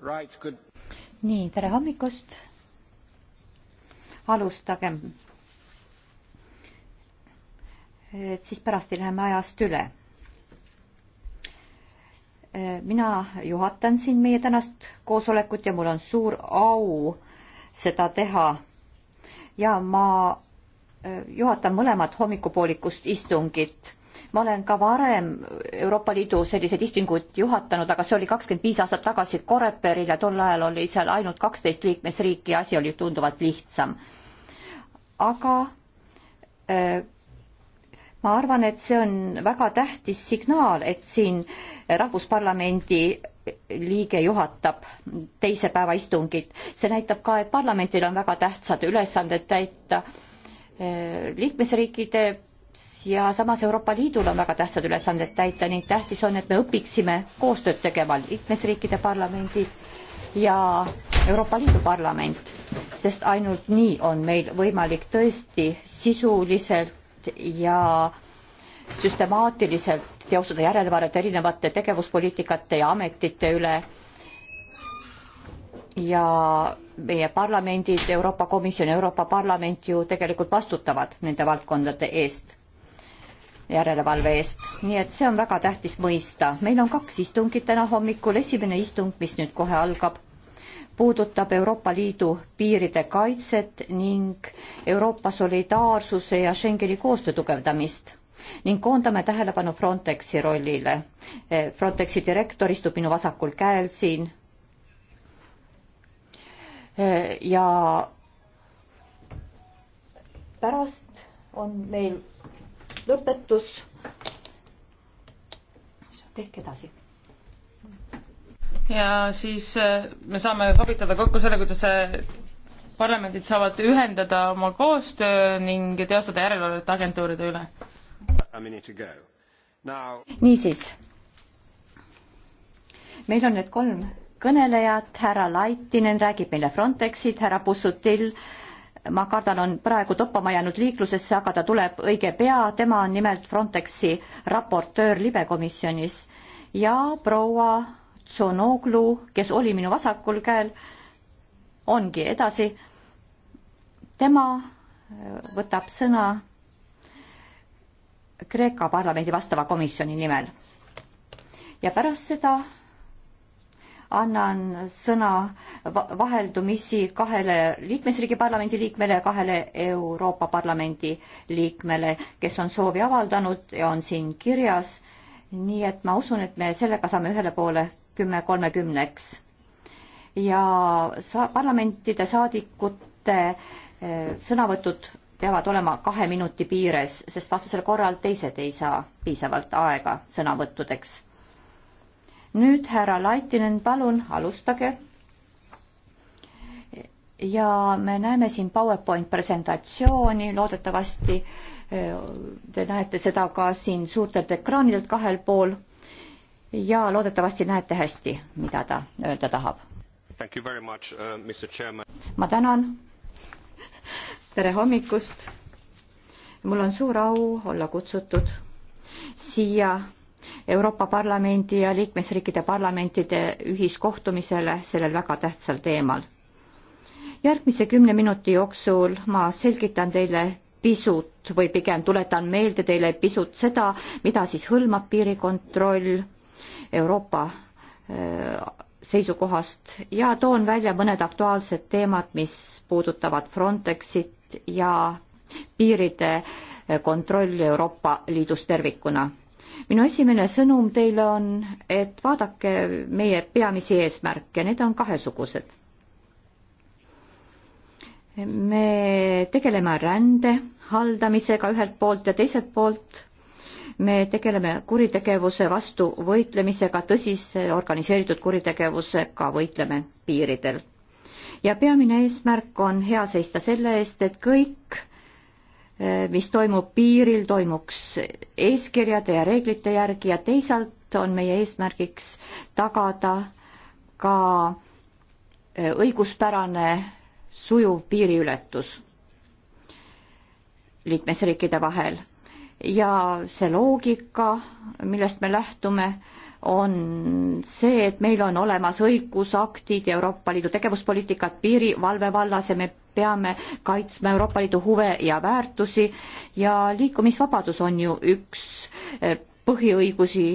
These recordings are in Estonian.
Right, good. nii, tere hommikust. alustagem. et siis pärast ei lähe me ajast üle. E, mina juhatan siin meie tänast koosolekut ja mul on suur au seda teha. ja ma e, juhatan mõlemat hommikupoolikust istungit ma olen ka varem Euroopa Liidu selliseid istunguid juhatanud, aga see oli kakskümmend viis aastat tagasi Coreperil ja tol ajal oli seal ainult kaksteist liikmesriiki ja asi oli tunduvalt lihtsam. aga äh, ma arvan, et see on väga tähtis signaal, et siin Rahvusparlamendi liige juhatab teise päeva istungit. see näitab ka, et parlamendil on väga tähtsad ülesanded täita äh, liikmesriikide ja samas Euroopa Liidul on väga tähtsad ülesanded täita ning tähtis on, et me õpiksime koostööd tegema liikmesriikide parlamendid ja Euroopa Liidu parlament, sest ainult nii on meil võimalik tõesti sisuliselt ja süstemaatiliselt teostada järelevalvet erinevate tegevuspoliitikate ja ametite üle ja meie parlamendid, Euroopa Komisjon ja Euroopa Parlament ju tegelikult vastutavad nende valdkondade eest järelevalve eest. nii et see on väga tähtis mõista. meil on kaks istungit täna hommikul, esimene istung, mis nüüd kohe algab, puudutab Euroopa Liidu piiride kaitset ning Euroopa solidaarsuse ja Schengeni koostöö tugevdamist ning koondame tähelepanu Frontexi rollile. Eh, Frontexi direktor istub minu vasakul käel siin. Eh, ja pärast on meil lõpetus. tehke edasi. ja siis äh, me saame sobitada kokku selle, kuidas äh, parlamendid saavad ühendada oma koostöö ning teostada järelevalvet agentuuride üle. niisiis, meil on need kolm kõnelejat, härra Laitinen räägib meile Frontexit, härra Pussutil äh, ma kardan, on praegu toppama jäänud liiklusesse, aga ta tuleb õige pea, tema on nimelt Frontexi raportöör libekomisjonis ja proua Tsonoglu, kes oli minu vasakul käel, ongi edasi. tema äh, võtab sõna Kreeka parlamendi vastava komisjoni nimel. ja pärast seda annan sõna vaheldumisi kahele liikmesriigi parlamendi liikmele ja kahele Euroopa Parlamendi liikmele, kes on soovi avaldanud ja on siin kirjas. nii et ma usun, et me sellega saame ühele poole kümme kolmekümneks. ja sa-, parlamentide saadikute eh, sõnavõtud peavad olema kahe minuti piires, sest vastasel korral teised ei saa piisavalt aega sõnavõttudeks nüüd härra Laitinen, palun alustage. ja me näeme siin PowerPoint presentatsiooni, loodetavasti eh, te näete seda ka siin suurtelt ekraanidelt kahel pool. ja loodetavasti näete hästi, mida ta öelda tahab. Uh, ma tänan. tere hommikust. mul on suur au olla kutsutud siia Euroopa Parlamendi ja liikmesriikide parlamentide ühiskohtumisele sellel väga tähtsal teemal. järgmise kümne minuti jooksul ma selgitan teile pisut või pigem tuletan meelde teile pisut seda, mida siis hõlmab piirikontroll Euroopa äh, seisukohast ja toon välja mõned aktuaalsed teemad, mis puudutavad Frontexit ja piiride äh, kontrolli Euroopa Liidus tervikuna minu esimene sõnum teile on, et vaadake meie peamisi eesmärke, need on kahesugused. me tegeleme rände haldamisega ühelt poolt ja teiselt poolt me tegeleme kuritegevuse vastu võitlemisega, tõsise organiseeritud kuritegevusega võitleme piiridel. ja peamine eesmärk on hea seista selle eest, et kõik Eh, mis toimub piiril, toimuks eeskirjade ja reeglite järgi ja teisalt on meie eesmärgiks tagada ka eh, õiguspärane sujuv piiriületus liikmesriikide vahel ja see loogika, millest me lähtume, on see, et meil on olemas õigusaktid, Euroopa Liidu tegevuspoliitikad piirivalve vallas ja me peame kaitsma Euroopa Liidu huve ja väärtusi ja liikumisvabadus on ju üks eh, põhiõigusi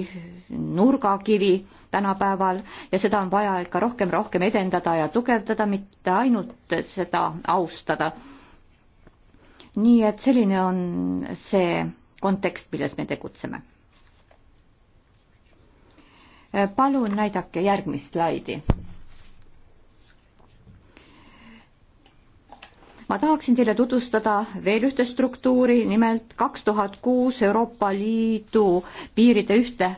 nurgakivi tänapäeval ja seda on vaja ikka rohkem, rohkem edendada ja tugevdada, mitte ainult seda austada. nii et selline on see kontekst, milles me tegutseme Eh, palun näidake järgmist slaidi. ma tahaksin teile tutvustada veel ühte struktuuri, nimelt kaks tuhat kuus Euroopa Liidu piiride ühte,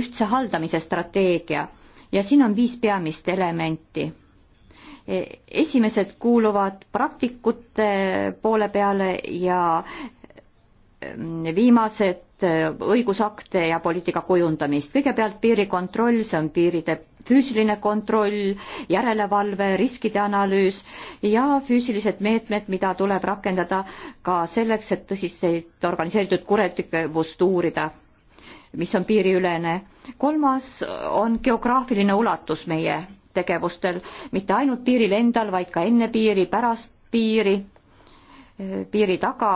ühtse haldamise strateegia ja siin on viis peamist elementi e, esimesed kuuluvad praktikute poole peale ja mm, viimased Äh, õigusakte ja poliitika kujundamist. kõigepealt piirikontroll, see on piiride füüsiline kontroll, järelevalve, riskide analüüs ja füüsilised meetmed, mida tuleb rakendada ka selleks, et tõsiseid organiseeritud kuritegevust uurida, mis on piiriülene. kolmas on geograafiline ulatus meie tegevustel, mitte ainult piiril endal, vaid ka enne piiri, pärast piiri, äh, piiri taga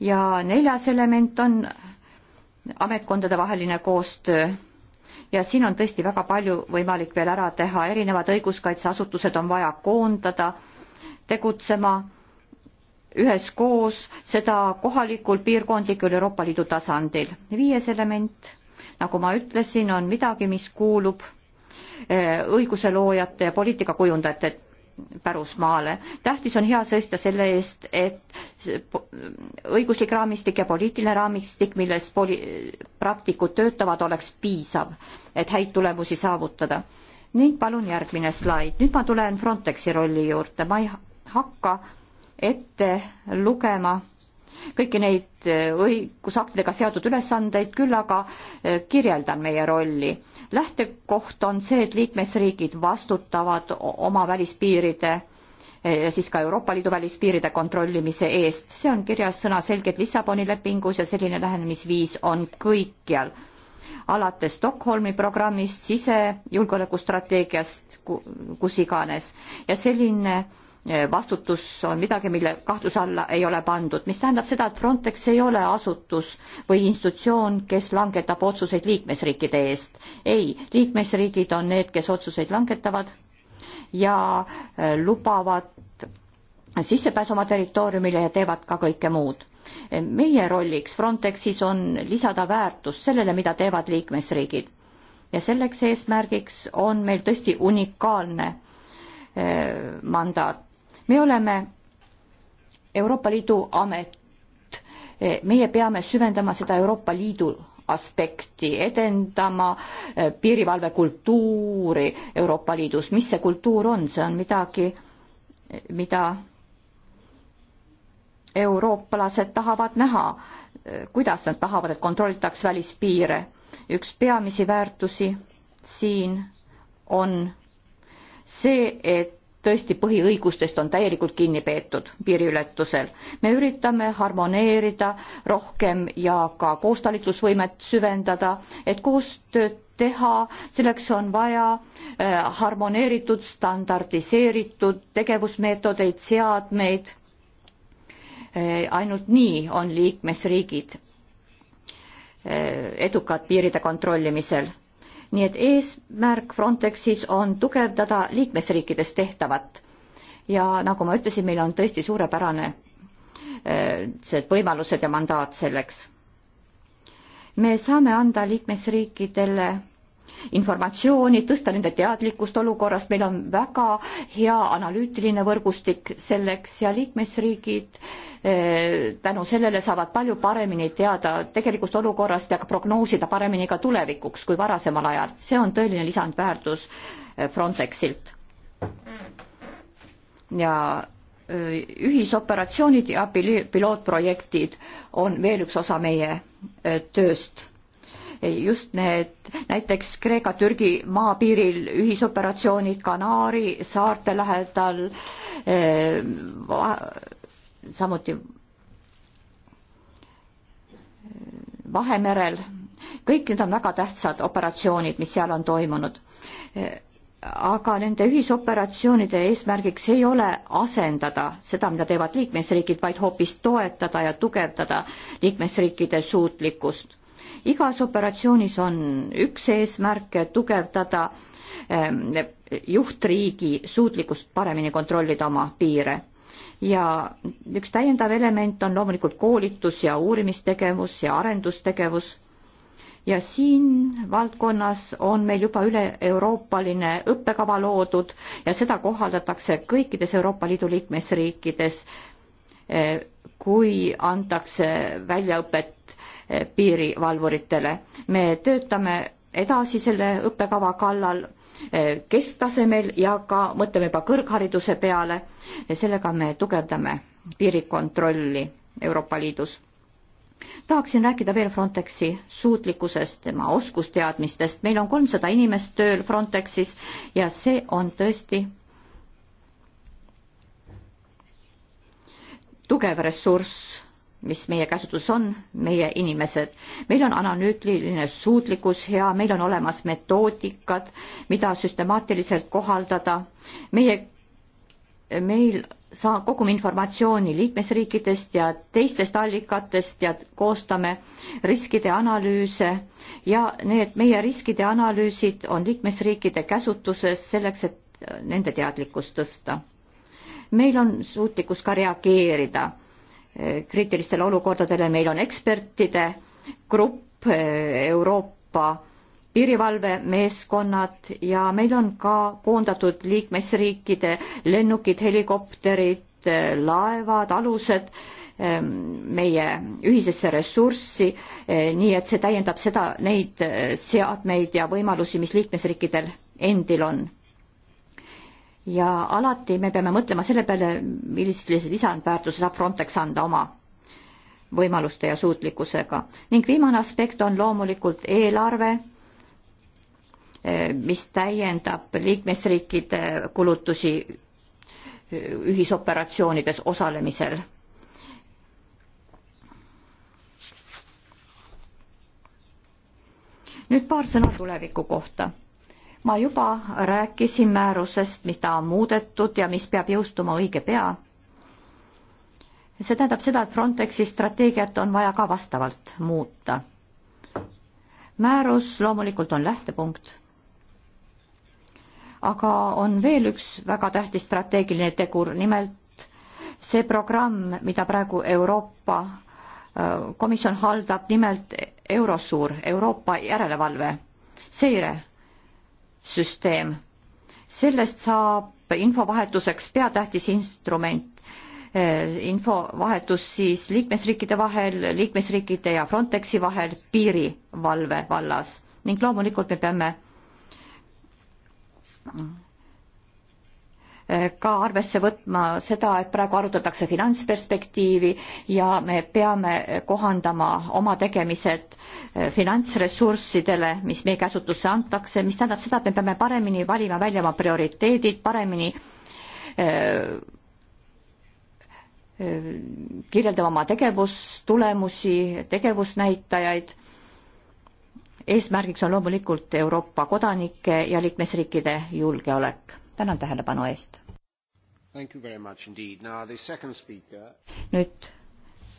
ja neljas element on ametkondadevaheline koostöö ja siin on tõesti väga palju võimalik veel ära teha, erinevad õiguskaitseasutused on vaja koondada, tegutsema üheskoos, seda kohalikul, piirkondlikul Euroopa Liidu tasandil. viies element, nagu ma ütlesin, on midagi, mis kuulub eh, õiguseloojate ja poliitikakujundajate pärusmaale. tähtis on hea seista selle eest, et õiguslik raamistik ja poliitiline raamistik, milles poli-, praktikud töötavad, oleks piisav, et häid tulemusi saavutada. ning palun järgmine slaid. nüüd ma tulen Frontexi rolli juurde, ma ei hakka ette lugema kõiki neid äh, õigusaktidega seotud ülesandeid, küll aga äh, kirjeldan meie rolli. lähtekoht on see, et liikmesriigid vastutavad oma välispiiride äh, ja siis ka Euroopa Liidu välispiiride kontrollimise eest. see on kirjas sõnaselgelt Lissaboni lepingus ja selline lähenemisviis on kõikjal. alates Stockholmi programmist, sisejulgeolekustrateegiast, kus iganes ja selline vastutus on midagi, mille kahtluse alla ei ole pandud, mis tähendab seda, et Frontex ei ole asutus või institutsioon, kes langetab otsuseid liikmesriikide eest. ei, liikmesriigid on need, kes otsuseid langetavad ja äh, lubavad sissepääsu oma territooriumile ja teevad ka kõike muud. meie rolliks Frontexis on lisada väärtust sellele, mida teevad liikmesriigid. ja selleks eesmärgiks on meil tõesti unikaalne äh, mandaat me oleme Euroopa Liidu amet, meie peame süvendama seda Euroopa Liidu aspekti, edendama eh, piirivalvekultuuri Euroopa Liidus, mis see kultuur on, see on midagi, mida eurooplased tahavad näha, kuidas nad tahavad, et kontrollitaks välispiire. üks peamisi väärtusi siin on see, et tõesti põhiõigustest on täielikult kinni peetud piiriületusel. me üritame harmoneerida rohkem ja ka koostalitlusvõimet süvendada, et koostööd teha, selleks on vaja äh, harmoneeritud, standardiseeritud tegevusmeetodeid, seadmeid. Äh, ainult nii on liikmesriigid äh, edukad piiride kontrollimisel nii et eesmärk Frontexis on tugevdada liikmesriikides tehtavat. ja nagu ma ütlesin, meil on tõesti suurepärane eh, see võimalused ja mandaat selleks. me saame anda liikmesriikidele informatsiooni, tõsta nende teadlikkust olukorrast, meil on väga hea analüütiline võrgustik selleks ja liikmesriigid eh, tänu sellele saavad palju paremini teada tegelikust olukorrast ja ka prognoosida paremini ka tulevikuks kui varasemal ajal. see on tõeline lisandväärtus eh, Frontexilt. ja eh, ühisoperatsioonid ja pilootprojektid on veel üks osa meie tööst just need näiteks Kreeka-Türgi maapiiril ühisoperatsioonid Kanaari saarte lähedal eh,, samuti eh, Vahemerel, kõik need on väga tähtsad operatsioonid, mis seal on toimunud eh, aga nende ühisoperatsioonide eesmärgiks ei ole asendada seda, mida teevad liikmesriigid, vaid hoopis toetada ja tugevdada liikmesriikide suutlikkust igas operatsioonis on üks eesmärk tugevdada ähm, juhtriigi suutlikkust paremini kontrollida oma piire ja üks täiendav element on loomulikult koolitus ja uurimistegevus ja arendustegevus. ja siin valdkonnas on meil juba üle-euroopaline õppekava loodud ja seda kohaldatakse kõikides Euroopa Liidu liikmesriikides, äh, kui antakse väljaõpet piirivalvuritele. me töötame edasi selle õppekava kallal eh, kesktasemel ja ka mõtleme juba kõrghariduse peale. sellega me tugevdame piirikontrolli Euroopa Liidus. tahaksin rääkida veel Frontexi suutlikkusest, tema oskusteadmistest. meil on kolmsada inimest tööl Frontexis ja see on tõesti tugev ressurss mis meie käsutuses on, meie inimesed. meil on analüütiline suutlikkus hea, meil on olemas metoodikad, mida süstemaatiliselt kohaldada. meie, meil saa-, kogume informatsiooni liikmesriikidest ja teistest allikatest ja koostame riskide analüüse ja need meie riskide analüüsid on liikmesriikide käsutuses selleks, et nende teadlikkust tõsta. meil on suutlikkus ka reageerida kriitilistele olukordadele, meil on ekspertide grupp, eh, Euroopa piirivalvemeeskonnad ja meil on ka koondatud liikmesriikide lennukid, helikopterid, eh, laevad, alused eh, meie ühisesse ressurssi, nii et see täiendab seda, neid seadmeid ja võimalusi, mis liikmesriikidel endil on ja alati me peame mõtlema selle peale, millist lisandväärtuse saab Frontex anda oma võimaluste ja suutlikkusega ning viimane aspekt on loomulikult eelarve, eh, mis täiendab liikmesriikide kulutusi eh, ühisoperatsioonides osalemisel. nüüd paar sõna tuleviku kohta ma juba rääkisin määrusest, mida on muudetud ja mis peab jõustuma õige pea. see tähendab seda, et Frontexi strateegiat on vaja ka vastavalt muuta. määrus loomulikult on lähtepunkt. aga on veel üks väga tähtis strateegiline tegur, nimelt see programm, mida praegu Euroopa äh, Komisjon haldab, nimelt Eurosuur, Euroopa järelevalve, seire süsteem. sellest saab infovahetuseks peatähtis instrument. Eh, infovahetus siis liikmesriikide vahel, liikmesriikide ja Frontexi vahel piirivalve vallas ning loomulikult me peame ka arvesse võtma seda, et praegu arutatakse finantsperspektiivi ja me peame kohandama oma tegemised eh, finantsressurssidele, mis meie käsutusse antakse, mis tähendab seda, et me peame paremini valima välja oma prioriteedid, paremini eh, eh, kirjeldama oma tegevustulemusi, tegevusnäitajaid. eesmärgiks on loomulikult Euroopa kodanike ja liikmesriikide julgeolek tänan tähelepanu eest. Speaker... nüüd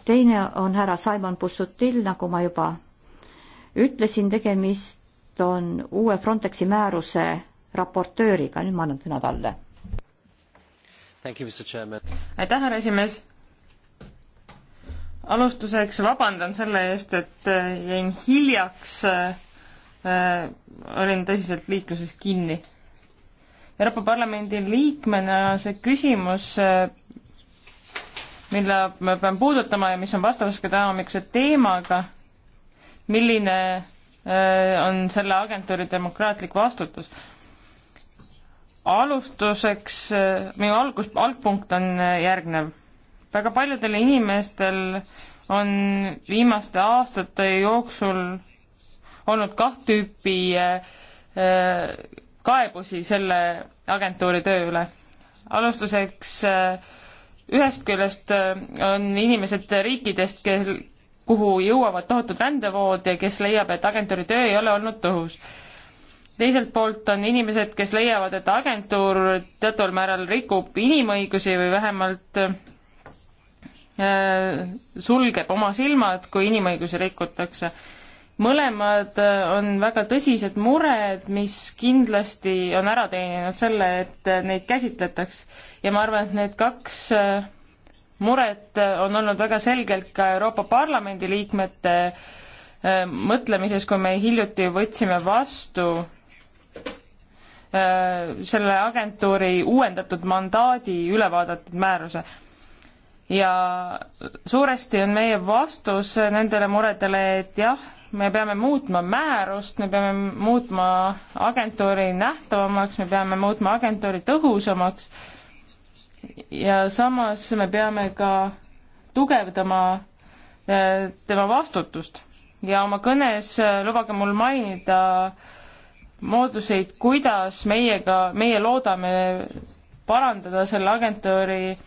teine on härra Simon Bussutil, nagu ma juba ütlesin, tegemist on uue Frontexi määruse raportööriga, nüüd ma annan sõna talle. aitäh, härra esimees alustuseks vabandan selle eest, et äh, jäin hiljaks äh,. äh olin tõsiselt liikluses kinni Euroopa Parlamendi liikmena see küsimus, mille ma pean puudutama ja mis on vastavuses ka täna hommikuse teemaga, milline äh, on selle agentuuri demokraatlik vastutus. alustuseks, äh, minu algus, algpunkt on äh, järgnev. väga paljudel inimestel on viimaste aastate jooksul olnud kaht tüüpi kaebusi selle agentuuri töö üle. alustuseks äh, ühest küljest äh, on inimesed riikidest, kel, kuhu jõuavad tohutud rändevood ja kes leiab, et agentuuri töö ei ole olnud tõhus. teiselt poolt on inimesed, kes leiavad, et agentuur teataval määral rikub inimõigusi või vähemalt äh, sulgeb oma silmad, kui inimõigusi rikutakse mõlemad äh, on väga tõsised mured, mis kindlasti on ära teeninud selle, et äh, neid käsitletaks. ja ma arvan, et need kaks äh, muret on olnud väga selgelt ka Euroopa Parlamendi liikmete mõtlemises, kui me hiljuti võtsime vastu selle agentuuri uuendatud mandaadi ülevaadatud määruse ja suuresti on meie vastus nendele muredele, et jah, me peame muutma määrust, me peame muutma agentuuri nähtavamaks, me peame muutma agentuuri tõhusamaks ja samas me peame ka tugevdama eh, tema vastutust. ja oma kõnes eh, lubage mul mainida mooduseid, kuidas meiega, meie loodame parandada selle agentuuri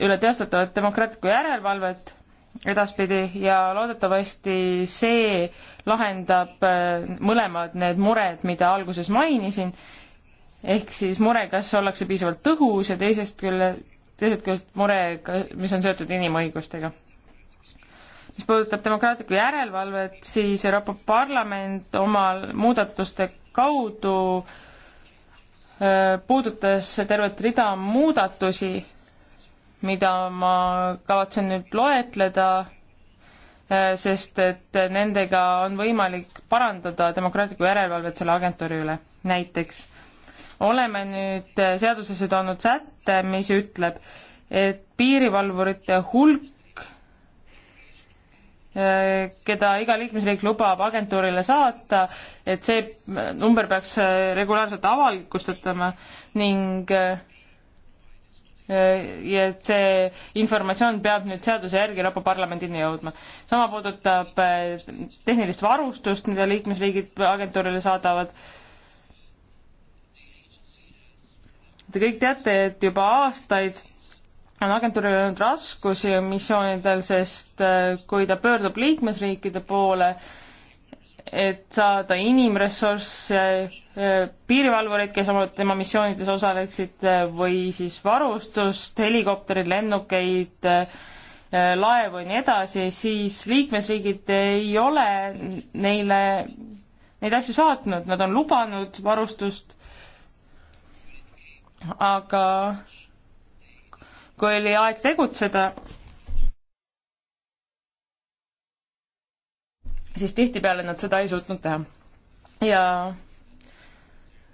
üle teostatavat demokraatlikku järelevalvet edaspidi ja loodetavasti see lahendab äh, mõlemad need mured, mida alguses mainisin, ehk siis mure, kas ollakse piisavalt tõhus ja teisest küll, teiselt küljest mure, mis on seotud inimõigustega. mis puudutab demokraatlikku järelevalvet, siis Euroopa Parlament oma muudatuste kaudu äh, puudutas tervet rida muudatusi mida ma kavatsen nüüd loetleda, äh, sest et nendega on võimalik parandada demokraatlikku järelevalvet selle agentuuri üle. näiteks oleme nüüd äh, seadusesse toonud sätte, mis ütleb, et piirivalvurite hulk, äh, keda iga liikmesriik lubab agentuurile saata, et see number peaks regulaarselt avalikustatama ning äh, ja et see informatsioon peab nüüd seaduse järgi Euroopa Parlamendini jõudma. sama puudutab äh, tehnilist varustust, mida liikmesriigid agentuurile saadavad. Te kõik teate, et juba aastaid on agentuuril olnud raskusi missioonidel, sest äh, kui ta pöördub liikmesriikide poole, et saada inimressursse, eh, piirivalvureid, kes oma, tema missioonides osaleksid, eh, või siis varustust, helikopterid, lennukeid, eh, laevu ja nii edasi, siis liikmesriigid ei ole neile neid asju saatnud, nad on lubanud varustust, aga kui oli aeg tegutseda, siis tihtipeale nad seda ei suutnud teha. ja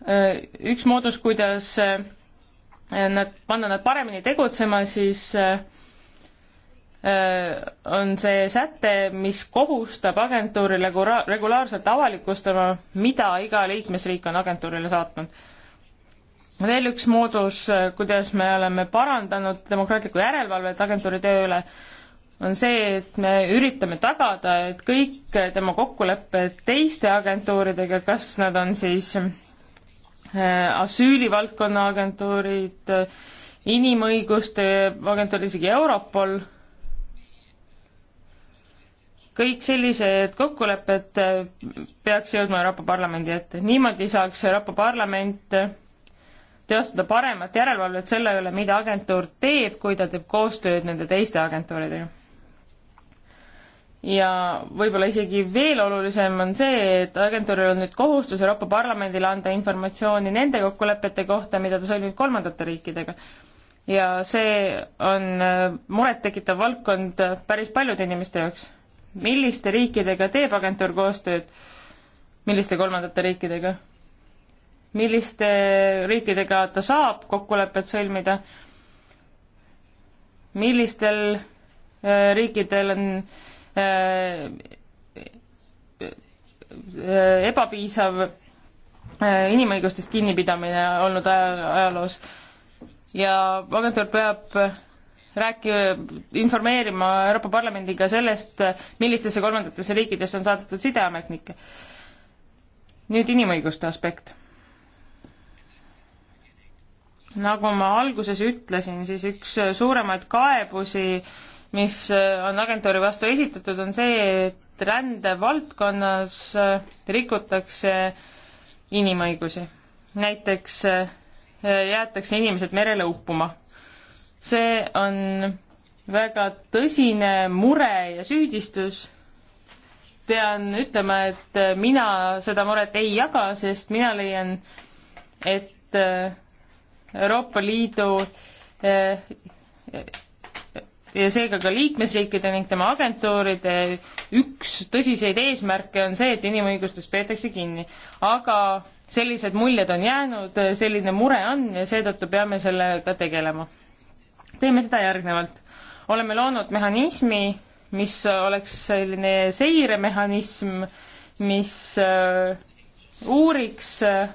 äh, üks moodus, kuidas äh, nad, panna nad paremini tegutsema, siis äh, on see säte, mis kohustab agentuuri regula-, regulaarselt avalikustama, mida iga liikmesriik on agentuurile saatnud. veel üks moodus, kuidas me oleme parandanud demokraatlikku järelevalvet agentuuri töö üle, on see, et me üritame tagada, et kõik tema kokkulepped teiste agentuuridega, kas nad on siis äh, asüülivaldkonna agentuurid, inimõiguste agentuur, isegi Europol, kõik sellised kokkulepped äh, peaks jõudma Euroopa Parlamendi ette. niimoodi saaks Euroopa Parlament äh, teostada paremat järelevalvet selle üle, mida agentuur teeb, kui ta teeb koostööd nende teiste agentuuridega ja võib-olla isegi veel olulisem on see, et agentuuril on nüüd kohustus Euroopa Parlamendile anda informatsiooni nende kokkulepete kohta, mida ta sõlmib kolmandate riikidega. ja see on äh, murettekitav valdkond äh, päris paljude inimeste jaoks. milliste riikidega teeb agentuur koostööd, milliste kolmandate riikidega? milliste riikidega ta saab kokkulepet sõlmida, millistel äh, riikidel on äh, Äh, äh, ebapiisav äh, inimõigustest kinnipidamine olnud ajaloos ja agentuur peab rääkima, informeerima Euroopa Parlamendi ka sellest, millistesse kolmandatesse riikidesse on saadetud sideametnikke. nüüd inimõiguste aspekt. nagu ma alguses ütlesin, siis üks suuremaid kaebusi mis äh, on agentuuri vastu esitatud, on see, et rändevaldkonnas äh, rikutakse inimõigusi. näiteks äh, jäetakse inimesed merele uppuma. see on väga tõsine mure ja süüdistus. pean ütlema, et mina seda muret ei jaga, sest mina leian, et Euroopa Liidu ja seega ka liikmesriikide ning tema agentuuride üks tõsiseid eesmärke on see, et inimõigustest peetakse kinni. aga sellised muljed on jäänud, selline mure on ja seetõttu peame sellega tegelema. teeme seda järgnevalt. oleme loonud mehhanismi, mis oleks selline seiremehhanism, mis äh, uuriks äh,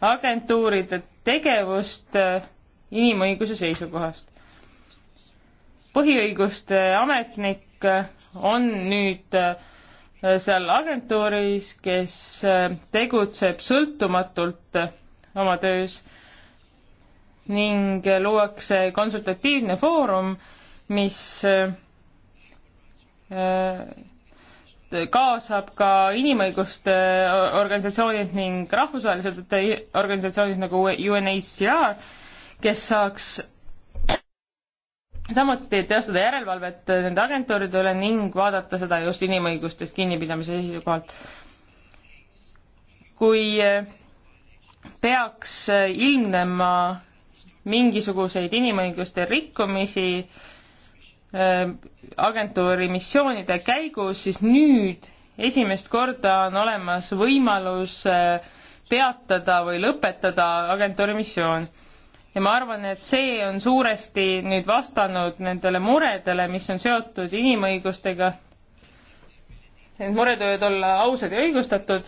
agentuuride tegevust äh, inimõiguse seisukohast põhiõiguste ametnik on nüüd äh, seal agentuuris, kes äh, tegutseb sõltumatult äh, oma töös ning luuakse konsultatiivne foorum, mis kaasab ka inimõiguste organisatsioonid ning rahvusvahelised organisatsioonid nagu UNHCR, kes saaks samuti teostada järelevalvet nende agentuuride üle ning vaadata seda just inimõigustest kinnipidamise seisukohalt. kui eh, peaks eh, ilmnema mingisuguseid inimõiguste rikkumisi eh, agentuuri missioonide käigus, siis nüüd esimest korda on olemas võimalus peatada või lõpetada agentuuri missioon ja ma arvan, et see on suuresti nüüd vastanud nendele muredele, mis on seotud inimõigustega. Need mured võivad olla ausad ja õigustatud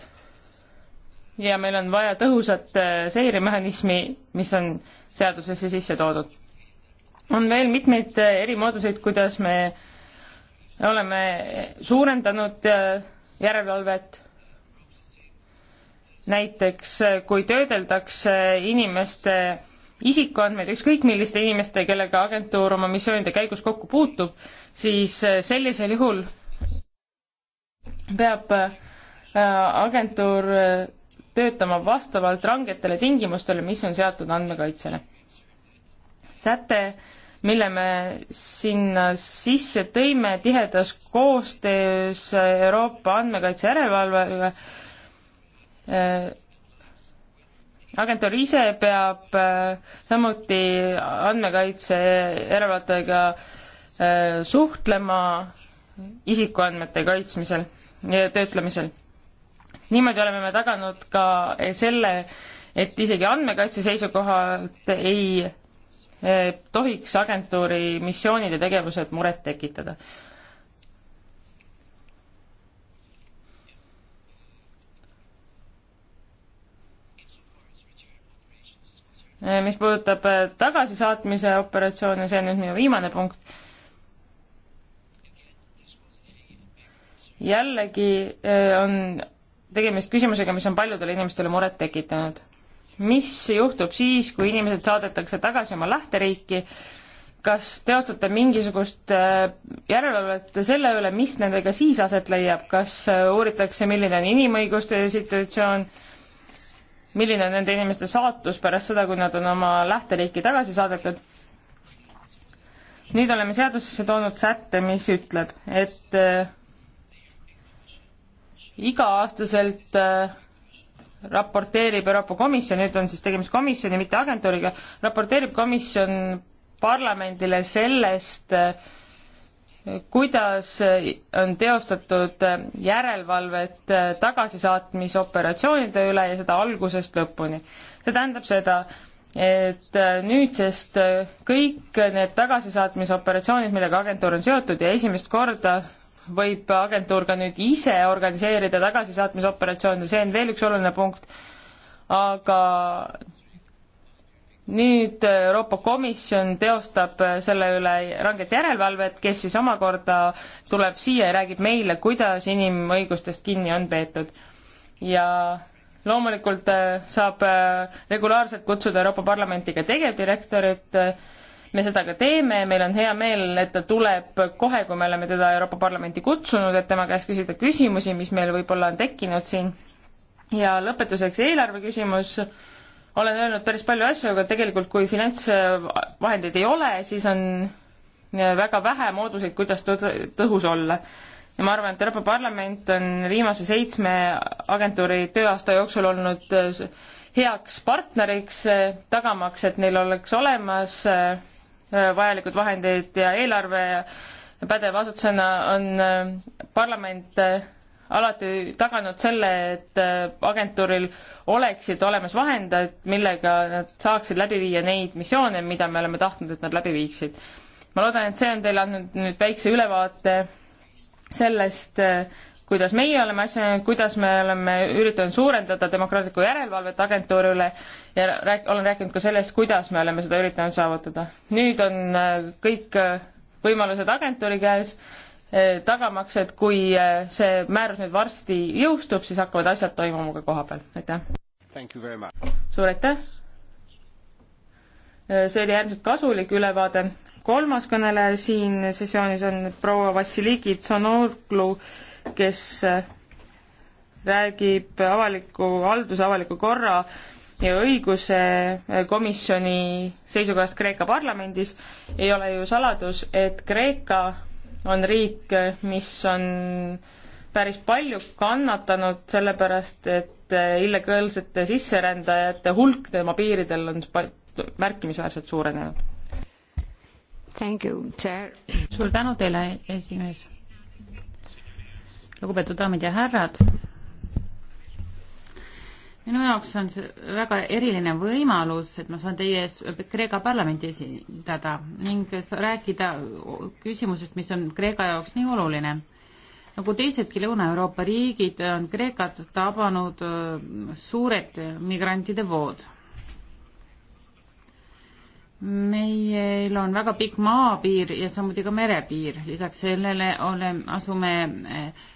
ja meil on vaja tõhusat äh, seiremehhanismi, mis on seadusesse sisse toodud. on veel mitmeid äh, erimooduseid, kuidas me oleme suurendanud äh, järelevalvet. näiteks kui töödeldakse inimeste isikuandmeid ükskõik milliste inimeste, kellega agentuur oma missioonide käigus kokku puutub, siis äh, sellisel juhul peab äh, agentuur äh, töötama vastavalt rangetele tingimustele, mis on seatud andmekaitsele. säte, mille me sinna sisse tõime tihedas koostöös Euroopa andmekaitse järelevalvega, agentuur ise peab äh, samuti andmekaitse järelevaatajaga äh, suhtlema isikuandmete kaitsmisel ja töötlemisel. niimoodi oleme me taganud ka selle, et isegi andmekaitse seisukohalt ei äh, tohiks agentuuri missioonid ja tegevused muret tekitada mis puudutab äh, tagasisaatmise operatsioone, see on nüüd minu viimane punkt. jällegi äh, on tegemist küsimusega, mis on paljudele inimestele muret tekitanud. mis juhtub siis, kui inimesed saadetakse tagasi oma lähteriiki, kas teostate mingisugust äh, järelevalvet selle üle, mis nendega siis aset leiab, kas uuritakse, milline on inimõiguste situatsioon, milline on nende inimeste saatus pärast seda, kui nad on oma lähteriiki tagasi saadetud. nüüd oleme seadusesse toonud sätte, mis ütleb, et äh, iga-aastaselt äh, raporteerib Euroopa Komisjon, nüüd on siis tegemist komisjoni, mitte agentuuriga, raporteerib komisjon parlamendile sellest äh,, kuidas on teostatud järelevalvet tagasisaatmisoperatsioonide üle ja seda algusest lõpuni. see tähendab seda, et nüüdsest kõik need tagasisaatmisoperatsioonid, millega agentuur on seotud ja esimest korda võib agentuur ka nüüd ise organiseerida tagasisaatmisoperatsioone, see on veel üks oluline punkt, aga nüüd äh, Euroopa Komisjon teostab äh, selle üle ranget järelevalvet, kes siis omakorda tuleb siia ja räägib meile, kuidas inimõigustest kinni on peetud. ja loomulikult äh, saab regulaarselt kutsuda Euroopa Parlamenti ka tegevdirektorit, me seda ka teeme, meil on hea meel, et ta tuleb kohe, kui me oleme teda Euroopa Parlamenti kutsunud, et tema käest küsida küsimusi, mis meil võib-olla on tekkinud siin. ja lõpetuseks eelarve küsimus olen öelnud päris palju asju, aga tegelikult kui finantsvahendeid ei ole, siis on äh, väga vähe mooduseid, kuidas tõhus olla. ja ma arvan, et Euroopa Parlament on viimase seitsme agentuuri tööaasta jooksul olnud äh, heaks partneriks, äh, tagamaks, et neil oleks olemas vajalikud vahendid ja eelarve pädeva asutusena on parlament alati taganud selle, et äh, agentuuril oleksid olemas vahendajad, millega nad saaksid läbi viia neid missioone, mida me oleme tahtnud, et nad läbi viiksid. ma loodan, et see on teile andnud nüüd väikse ülevaate sellest, äh, kuidas meie oleme asja näinud, kuidas me oleme üritanud suurendada demokraatlikku järelevalvet agentuuri üle ja rääk-, olen rääkinud ka sellest, kuidas me oleme seda üritanud saavutada. nüüd on äh, kõik võimalused agentuuri käes Eh, tagamaks, et kui eh, see määrus nüüd varsti jõustub, siis hakkavad asjad toimuma ka koha peal, aitäh. suur aitäh. Eh, see oli äärmiselt kasulik ülevaade. kolmas kõneleja siin sessioonis on proua Vassiliki Tsonoglu, kes räägib avaliku halduse, avaliku korra ja õiguse komisjoni seisukohast Kreeka parlamendis. ei ole ju saladus, et Kreeka on riik, mis on päris palju kannatanud sellepärast, et illegaalsete sisserändajate hulk tema piiridel on märkimisväärselt suurenenud. Thank you, chair. suur tänu teile, esimees. lugupeetud daamid ja härrad minu jaoks on see väga eriline võimalus, et ma saan teie ees Kreeka parlamenti esindada ning rääkida küsimusest, mis on Kreeka jaoks nii oluline. nagu teisedki Lõuna-Euroopa riigid, on Kreekat tabanud äh, suured migrantide vood. meil on väga pikk maapiir ja samuti ka merepiir, lisaks sellele oleme, asume äh,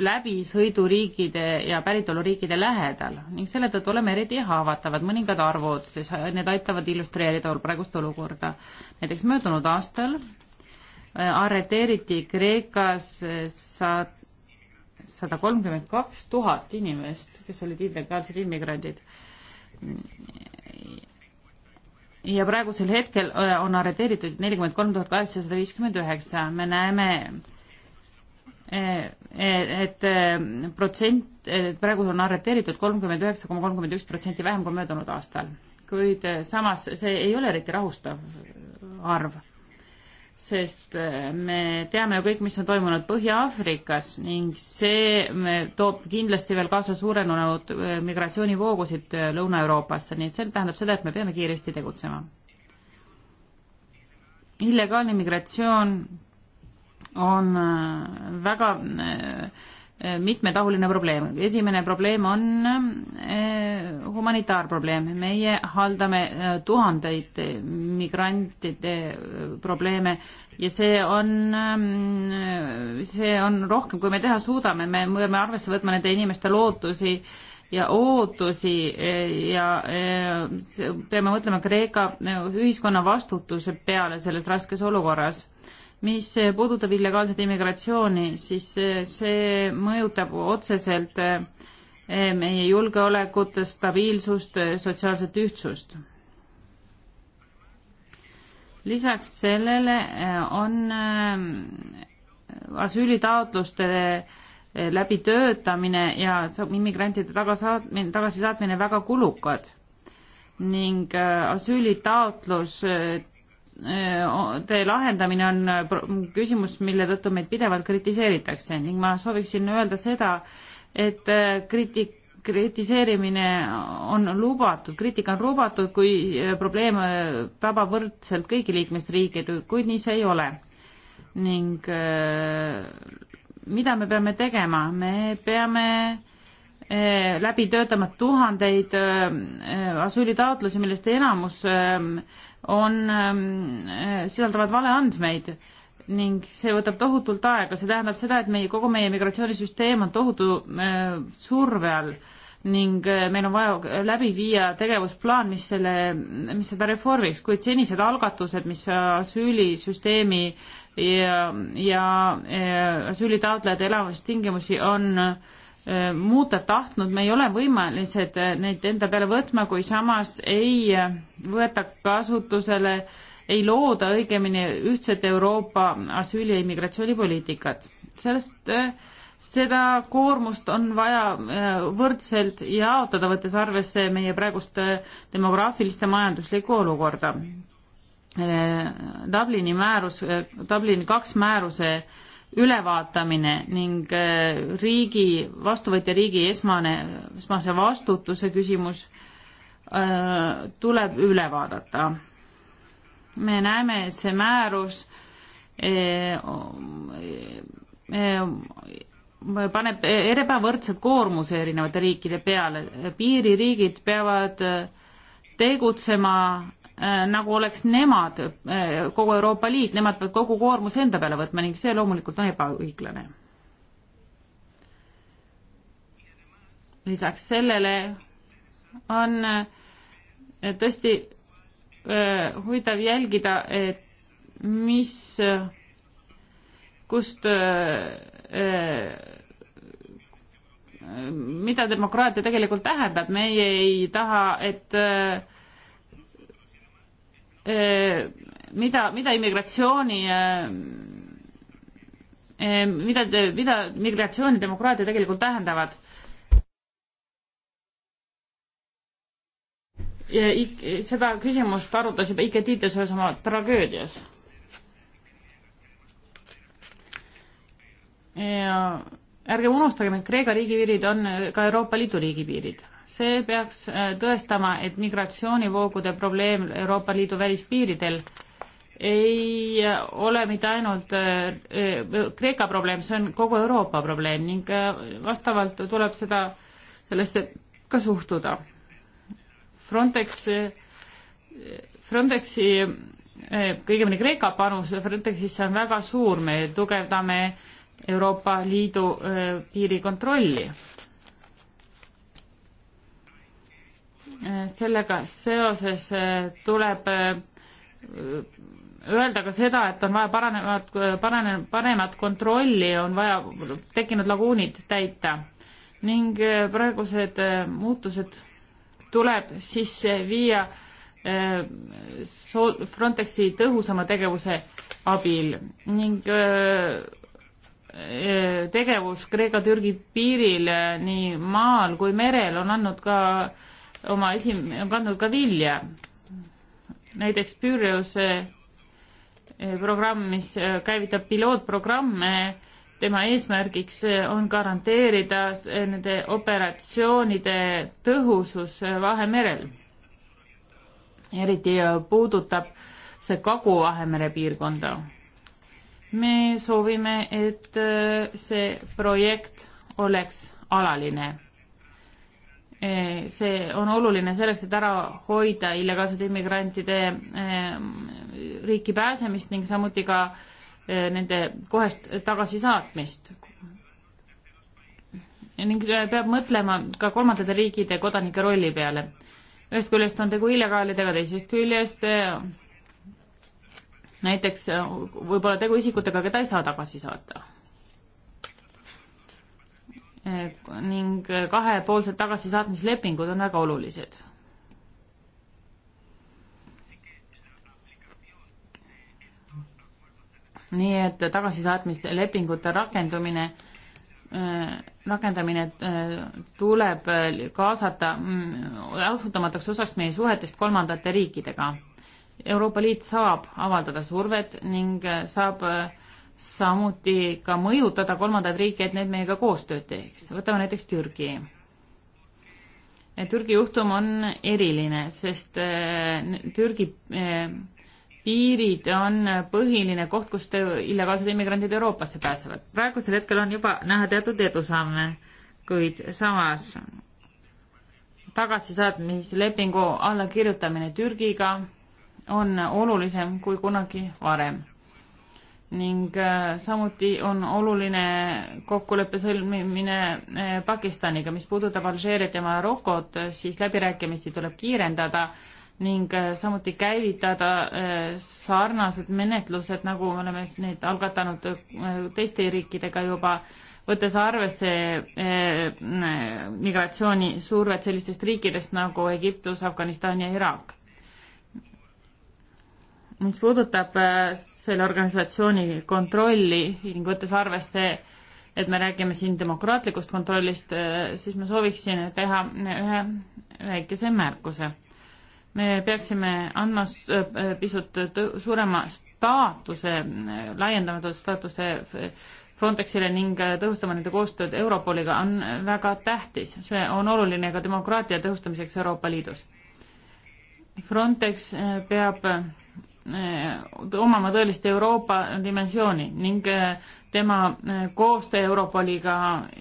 läbi sõiduriikide ja päritoluriikide lähedal ning selle tõttu oleme eriti haavatavad. mõningad arvud, siis need aitavad illustreerida praegust olukorda. näiteks möödunud aastal äh, arreteeriti Kreekas äh, sada kolmkümmend kaks tuhat inimest, kes olid illegaalsed immigrandid. ja praegusel hetkel äh, on arreteeritud nelikümmend kolm tuhat kaheksasada viiskümmend üheksa. me näeme Eh, eh, et eh, protsent, praegu on arreteeritud kolmkümmend üheksa koma kolmkümmend üks protsenti vähem kui möödunud aastal. kuid samas see ei ole eriti rahustav arv, sest me teame ju kõik, mis on toimunud Põhja-Aafrikas ning see toob kindlasti veel kaasa suurenenud migratsioonivoogusid Lõuna-Euroopasse, nii et see tähendab seda, et me peame kiiresti tegutsema. illegaalne migratsioon on äh, väga äh, äh, mitmetahuline probleem. esimene probleem on humanitaarprobleem. meie haldame tuhandeid migrantide probleeme ja see on, ähm, see on rohkem, kui me teha suudame, me peame arvesse võtma nende inimeste lootusi ja ootusi ja peame mõtlema Kreeka ühiskonna vastutuse peale selles raskes olukorras mis puudutab illegaalset immigratsiooni, siis see mõjutab otseselt eh, meie julgeolekut, stabiilsust, sotsiaalset ühtsust. lisaks sellele eh, on eh, asüülitaotluste läbitöötamine ja immigrantide tagasaatmine, tagasisaatmine väga kulukad ning asüülitaotlus Äh, te lahendamine on äh, küsimus, mille tõttu meid pidevalt kritiseeritakse ning ma sooviksin öelda seda, et äh, kriti-, kritiseerimine on lubatud, kriitika on lubatud, kui probleem tabab võrdselt kõigi liikmesriigid, kuid nii see ei ole. ning mida me peame tegema, me peame Eh, läbi töötama tuhandeid eh, asüülitaotlusi, millest enamus eh, on, sisaldavad valeandmeid ning see võtab tohutult aega, see tähendab seda, et meie, kogu meie migratsioonisüsteem on tohutu surve all ning meil on vaja läbi viia tegevusplaan, mis selle, mis seda reformiks, kuid senised algatused, mis asüülisüsteemi ja, ja asüülitaotlejate elamistingimusi on äh, Äh, muuta tahtnud, me ei ole võimelised äh, neid enda peale võtma, kui samas ei äh, võeta kasutusele, ei looda õigemini ühtset Euroopa asüüli- ja immigratsioonipoliitikat. sellest, seda koormust on vaja võrdselt jaotada, võttes arvesse meie praegust demograafilist ja majanduslikku olukorda. Dublini määrus, Dublini kaks määruse ülevaatamine ning äh, riigi, vastuvõtja riigi esmane, esmase vastutuse küsimus öö, äh, tuleb üle vaadata. me näeme, et see määrus öö, äh, öö, paneb ebavõrdse koormuse erinevate riikide peale, piiririigid peavad tegutsema Äh, nagu oleks nemad äh, kogu Euroopa Liit, nemad peavad kogu koormuse enda peale võtma ning see loomulikult on ebaõiglane. lisaks sellele on äh, tõesti huvitav jälgida, et mis, kust, mida demokraatia tegelikult tähendab, meie ei taha, et öö, mida, mida immigratsiooni, mida, mida migratsioonidemokraatia tegelikult tähendavad. seda küsimust arutas juba Ike Tiites ühes oma tragöödias. ja ärgem unustagem, et Kreeka riigipiirid on ka Euroopa Liidu riigipiirid see peaks äh, tõestama, et migratsioonivoogude probleem Euroopa Liidu välispiiridel ei äh, ole mitte ainult äh, Kreeka probleem, see on kogu Euroopa probleem ning vastavalt tuleb seda, sellesse ka suhtuda. Frontex, Frontexi, õigemini Kreeka panus Frontexisse on väga suur, me tugevdame Euroopa Liidu piirikontrolli Eh, sellega seoses eh, tuleb eh, öelda ka seda, et on vaja paranevat, parane, paremat kontrolli, on vaja tekkinud laguunid täita ning praegused muutused tuleb sisse viia Frontexi tõhusama tegevuse abil ning tegevus Kreeka-Türgi piiril nii maal kui merel on andnud ka äh, oma esim-, on kandnud ka vilja. näiteks Püriose eh, programm, mis eh, käivitab pilootprogramme, tema eesmärgiks eh, on garanteerida nende operatsioonide tõhusus Vahemerel. eriti puudutab see Kagu-Vahemere piirkonda. me soovime, et see projekt oleks alaline Eh, see on oluline selleks, et ära hoida illegaalsete immigrantide eh, riiki pääsemist ning samuti ka eh, nende kohest tagasisaatmist. ning peab mõtlema ka kolmandate riikide kodanike rolli peale. ühest küljest on tegu illegaalidega, teisest küljest näiteks võib-olla tegu isikutega, keda ei saa tagasi saata ning kahepoolsed tagasisaatmislepingud on väga olulised. nii et tagasisaatmislepingute rakendumine, rakendamine tuleb kaasata mm, asutamataks osaks meie suhetest kolmandate riikidega. Euroopa Liit saab avaldada survet ning saab äh, samuti ka mõjutada kolmandaid riike, et need meiega koostööd teeks. võtame näiteks Türgi. Türgi juhtum on eriline, sest äh, Türgi äh, piirid on põhiline koht, kust illegaalsed immigrandid Euroopasse pääsevad. praegusel hetkel on juba näha teatud edusamme, kuid samas tagasisaatmislepingu allakirjutamine Türgiga on olulisem kui kunagi varem ning äh, samuti on oluline kokkuleppe sõlmimine äh, Pakistaniga, mis puudutab Alžeeriat ja Marokot, siis läbirääkimisi tuleb kiirendada ning äh, samuti käivitada sarnased menetlused, nagu me oleme neid algatanud teiste riikidega juba, võttes arvesse migratsioonisurvet sellistest riikidest nagu Egiptus, Afganistan ja Iraak. mis puudutab selle organisatsiooni kontrolli ning võttes arvesse, et me räägime siin demokraatlikust kontrollist, eh, siis ma sooviksin teha ühe väikese märkuse. me peaksime andma eh, pisut suurema staatuse, eh, laiendamatud staatuse Frontexile ning tõhustama nende koostööd Europoliga on väga tähtis, see on oluline ka demokraatia tõhustamiseks Euroopa Liidus. Frontex peab Eh, omama tõelist Euroopa dimensiooni ning eh, tema eh, koostöö Europoliga,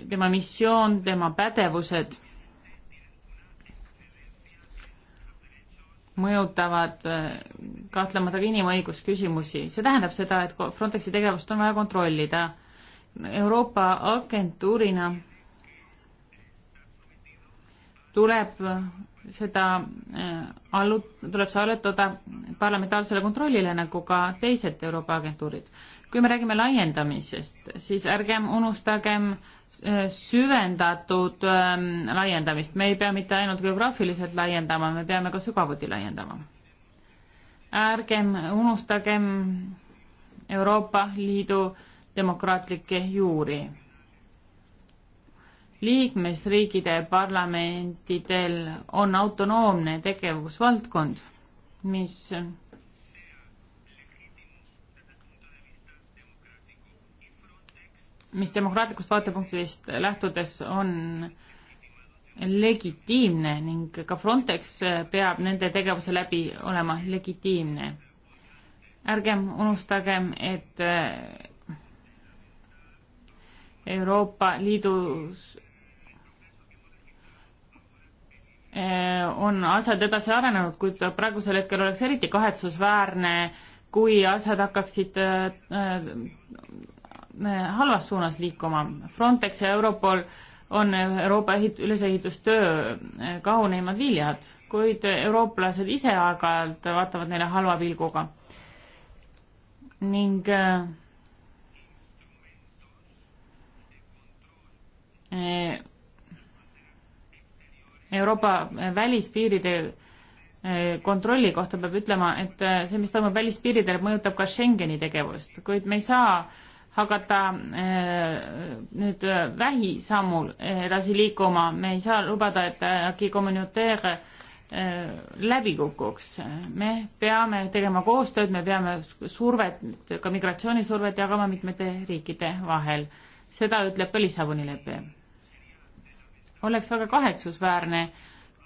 tema missioon, tema pädevused mõjutavad kahtlemata ka inimõigusküsimusi. see tähendab seda, et Frontexi tegevust on vaja kontrollida. Euroopa agentuurina tuleb seda äh, allu-, tuleb see allutada parlamentaarsele kontrollile, nagu ka teised Euroopa agentuurid. kui me räägime laiendamisest, siis ärgem unustagem äh, süvendatud ähm, laiendamist, me ei pea mitte ainult geograafiliselt laiendama, me peame ka sügavuti laiendama. ärgem unustagem Euroopa Liidu demokraatlikke juuri liikmesriikide parlamentidel on autonoomne tegevusvaldkond, mis mis demokraatlikust vaatepunktist lähtudes on legitiimne ning ka Frontex peab nende tegevuse läbi olema legitiimne. ärgem unustagem, et Euroopa Liidus Äh, on asjad edasi arenenud, kuid praegusel hetkel oleks eriti kahetsusväärne, kui asjad hakkaksid äh, äh, halvas suunas liikuma. Frontex ja Europol on Euroopa ehit-, ülesehitustöö kaunimad viljad, kuid eurooplased ise aeg-ajalt vaatavad neile halva pilguga. ning äh, Euroopa välispiiride eh, kontrolli kohta peab ütlema, et eh, see, mis toimub välispiiridel, mõjutab ka Schengeni tegevust, kuid me ei saa hakata eh, nüüd vähisammul edasi liikuma, me ei saa lubada, et äkki kommuniteer läbi kukuks. me peame tegema koostööd, me peame survet, ka migratsioonisurvet jagama mitmete riikide vahel. seda ütleb ka Lissaboni lepe oleks väga kahetsusväärne,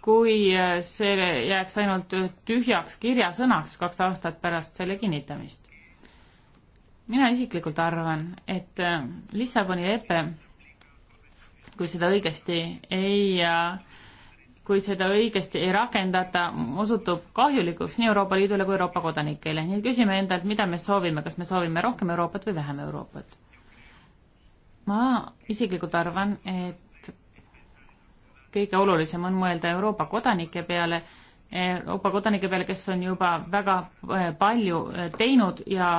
kui äh, see jääks ainult äh, tühjaks kirjasõnaks kaks aastat pärast selle kinnitamist. mina isiklikult arvan, et äh, Lissaboni lepe, kui seda õigesti ei kui seda õigesti ei rakendata, osutub kahjulikuks nii Euroopa Liidule kui Euroopa kodanikele. nii et küsime endalt, mida me soovime, kas me soovime rohkem Euroopat või vähem Euroopat? ma isiklikult arvan, et kõige olulisem on mõelda Euroopa kodanike peale, Euroopa kodanike peale, kes on juba väga eh, palju eh, teinud ja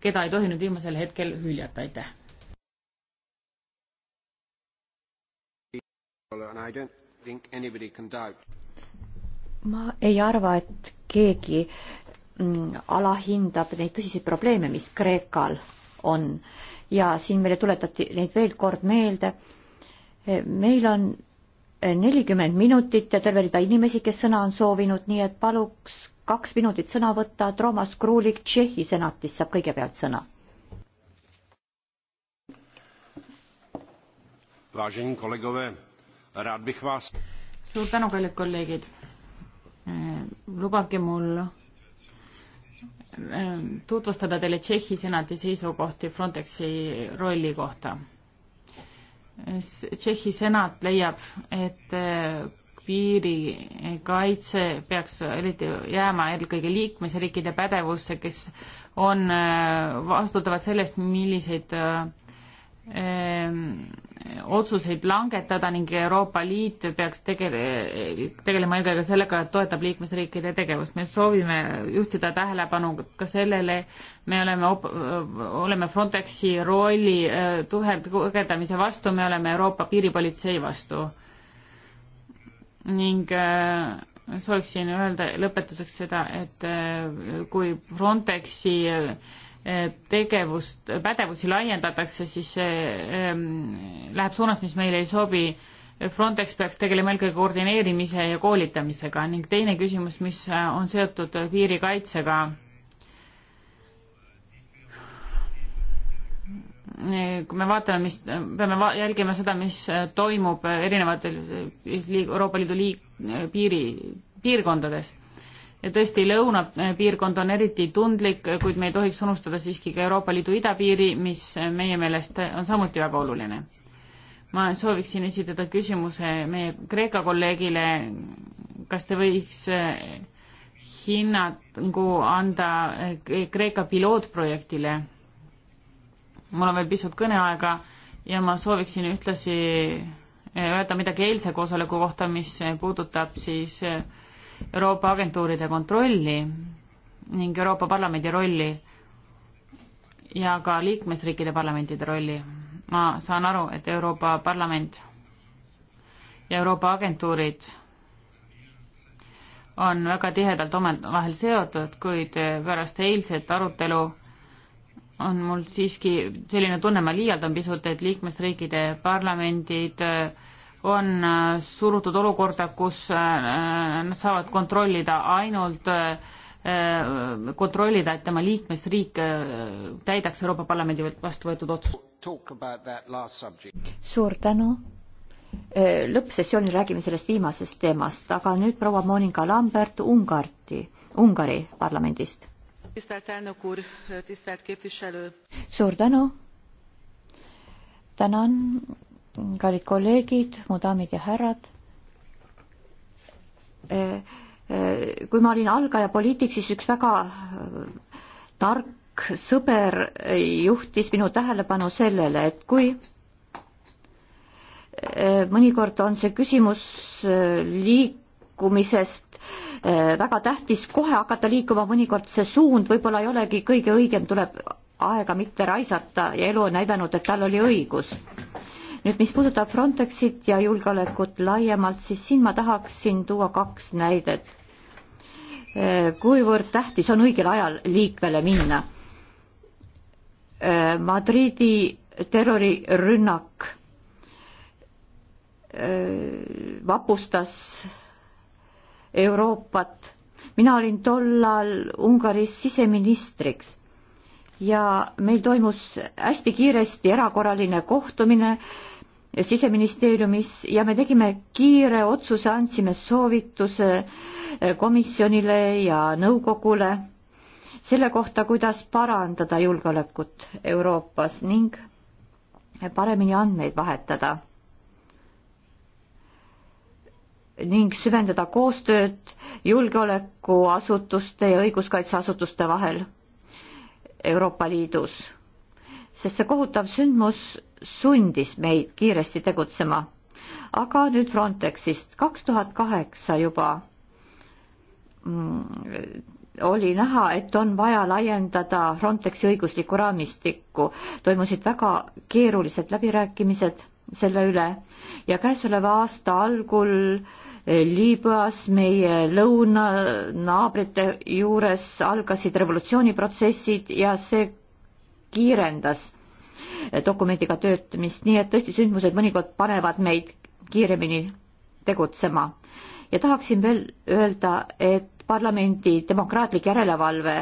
keda ei tohi nüüd viimasel hetkel hüljata, aitäh. ma ei arva, et keegi mm, alahindab neid tõsiseid probleeme, mis Kreekal on ja siin meile tuletati neid veel kord meelde. Eh, meil on nelikümmend minutit ja terve rida inimesi, kes sõna on soovinud, nii et paluks kaks minutit sõna võtta. Toomas Kruulik Tšehhi senatist saab kõigepealt sõna. Vážení kolegové, rád bych vás... Suur tänu, kallid kolleegid. lubage mul ehm, tutvustada teile Tšehhi senati seisukohti Frontexi rolli kohta Tšehhi senat leiab, et äh, piirikaitse peaks eriti jääma eelkõige liikmesriikide pädevusse, kes on, äh, vastutavad sellest, milliseid äh, otsuseid langetada ning Euroopa Liit peaks tegele-, tegelema eelkõige sellega, et toetab liikmesriikide tegevust. me soovime juhtida tähelepanu ka sellele, me oleme op-, oleme Frontexi rolli äh, tugevdamise vastu, me oleme Euroopa piiripolitsei vastu. ning äh, sooviksin öelda lõpetuseks seda, et äh, kui Frontexi tegevust, pädevusi laiendatakse, siis see ähm, läheb suunas, mis meile ei sobi. Frontex peaks tegelema eelkõige koordineerimise ja koolitamisega ning teine küsimus, mis äh, on seotud piirikaitsega. kui me vaatame, mis, peame va jälgima seda, mis äh, toimub erinevatel Euroopa Liidu liik-, piiri, piirkondades ja tõesti, lõunapiirkond on eriti tundlik, kuid me ei tohiks unustada siiski ka Euroopa Liidu idapiiri, mis meie meelest on samuti väga oluline. ma sooviksin esitada küsimuse meie Kreeka kolleegile, kas te võiks äh, hinnangu anda äh, Kreeka pilootprojektile? mul on veel pisut kõneaega ja ma sooviksin ühtlasi äh, öelda midagi eilse koosoleku kohta, mis puudutab siis äh, Euroopa agentuuride kontrolli ning Euroopa Parlamendi rolli ja ka liikmesriikide parlamentide rolli. ma saan aru, et Euroopa Parlament ja Euroopa agentuurid on väga tihedalt omavahel seotud, kuid pärast eilset arutelu on mul siiski selline tunne, ma liialdan pisut, et liikmesriikide parlamendid äh, on äh, surutud olukorda, kus äh, nad saavad kontrollida ainult, äh, kontrollida, et tema liikmesriik täidaks Euroopa Parlamendi vastu võetud otsust. suur tänu. lõppsessioonil räägime sellest viimasest teemast, aga nüüd proua Monika Lambert Ungarti, Ungari parlamendist. suur tänu. tänan kallid kolleegid, mu daamid ja härrad. Eh, eh, kui ma olin algaja poliitik, siis üks väga eh, tark sõber juhtis minu tähelepanu sellele, et kui mõnikord on see küsimus liikumisest väga tähtis kohe hakata liikuma, mõnikord see suund võib-olla ei olegi kõige õigem, tuleb aega mitte raisata ja elu on näidanud, et tal oli õigus nüüd, mis puudutab Frontexit ja julgeolekut laiemalt, siis siin ma tahaksin tuua kaks näidet. Äh, kuivõrd tähtis on õigel ajal liikvele minna. Äh, Madridi terrorirünnak äh, vapustas Euroopat. mina olin tollal Ungaris siseministriks ja meil toimus hästi kiiresti erakorraline kohtumine siseministeeriumis ja me tegime kiire otsuse, andsime soovituse eh, komisjonile ja nõukogule selle kohta, kuidas parandada julgeolekut Euroopas ning paremini andmeid vahetada ning süvendada koostööd julgeolekuasutuste ja õiguskaitseasutuste vahel Euroopa Liidus. sest see kohutav sündmus sundis meid kiiresti tegutsema. aga nüüd Frontexist, kaks tuhat kaheksa juba mm, oli näha, et on vaja laiendada Frontexi õiguslikku raamistikku, toimusid väga keerulised läbirääkimised selle üle ja käesoleva aasta algul eh, Liibüas meie lõunanaabrite juures algasid revolutsiooniprotsessid ja see kiirendas dokumendiga töötamist, nii et tõesti sündmused mõnikord panevad meid kiiremini tegutsema. ja tahaksin veel öelda, et parlamendi demokraatlik järelevalve,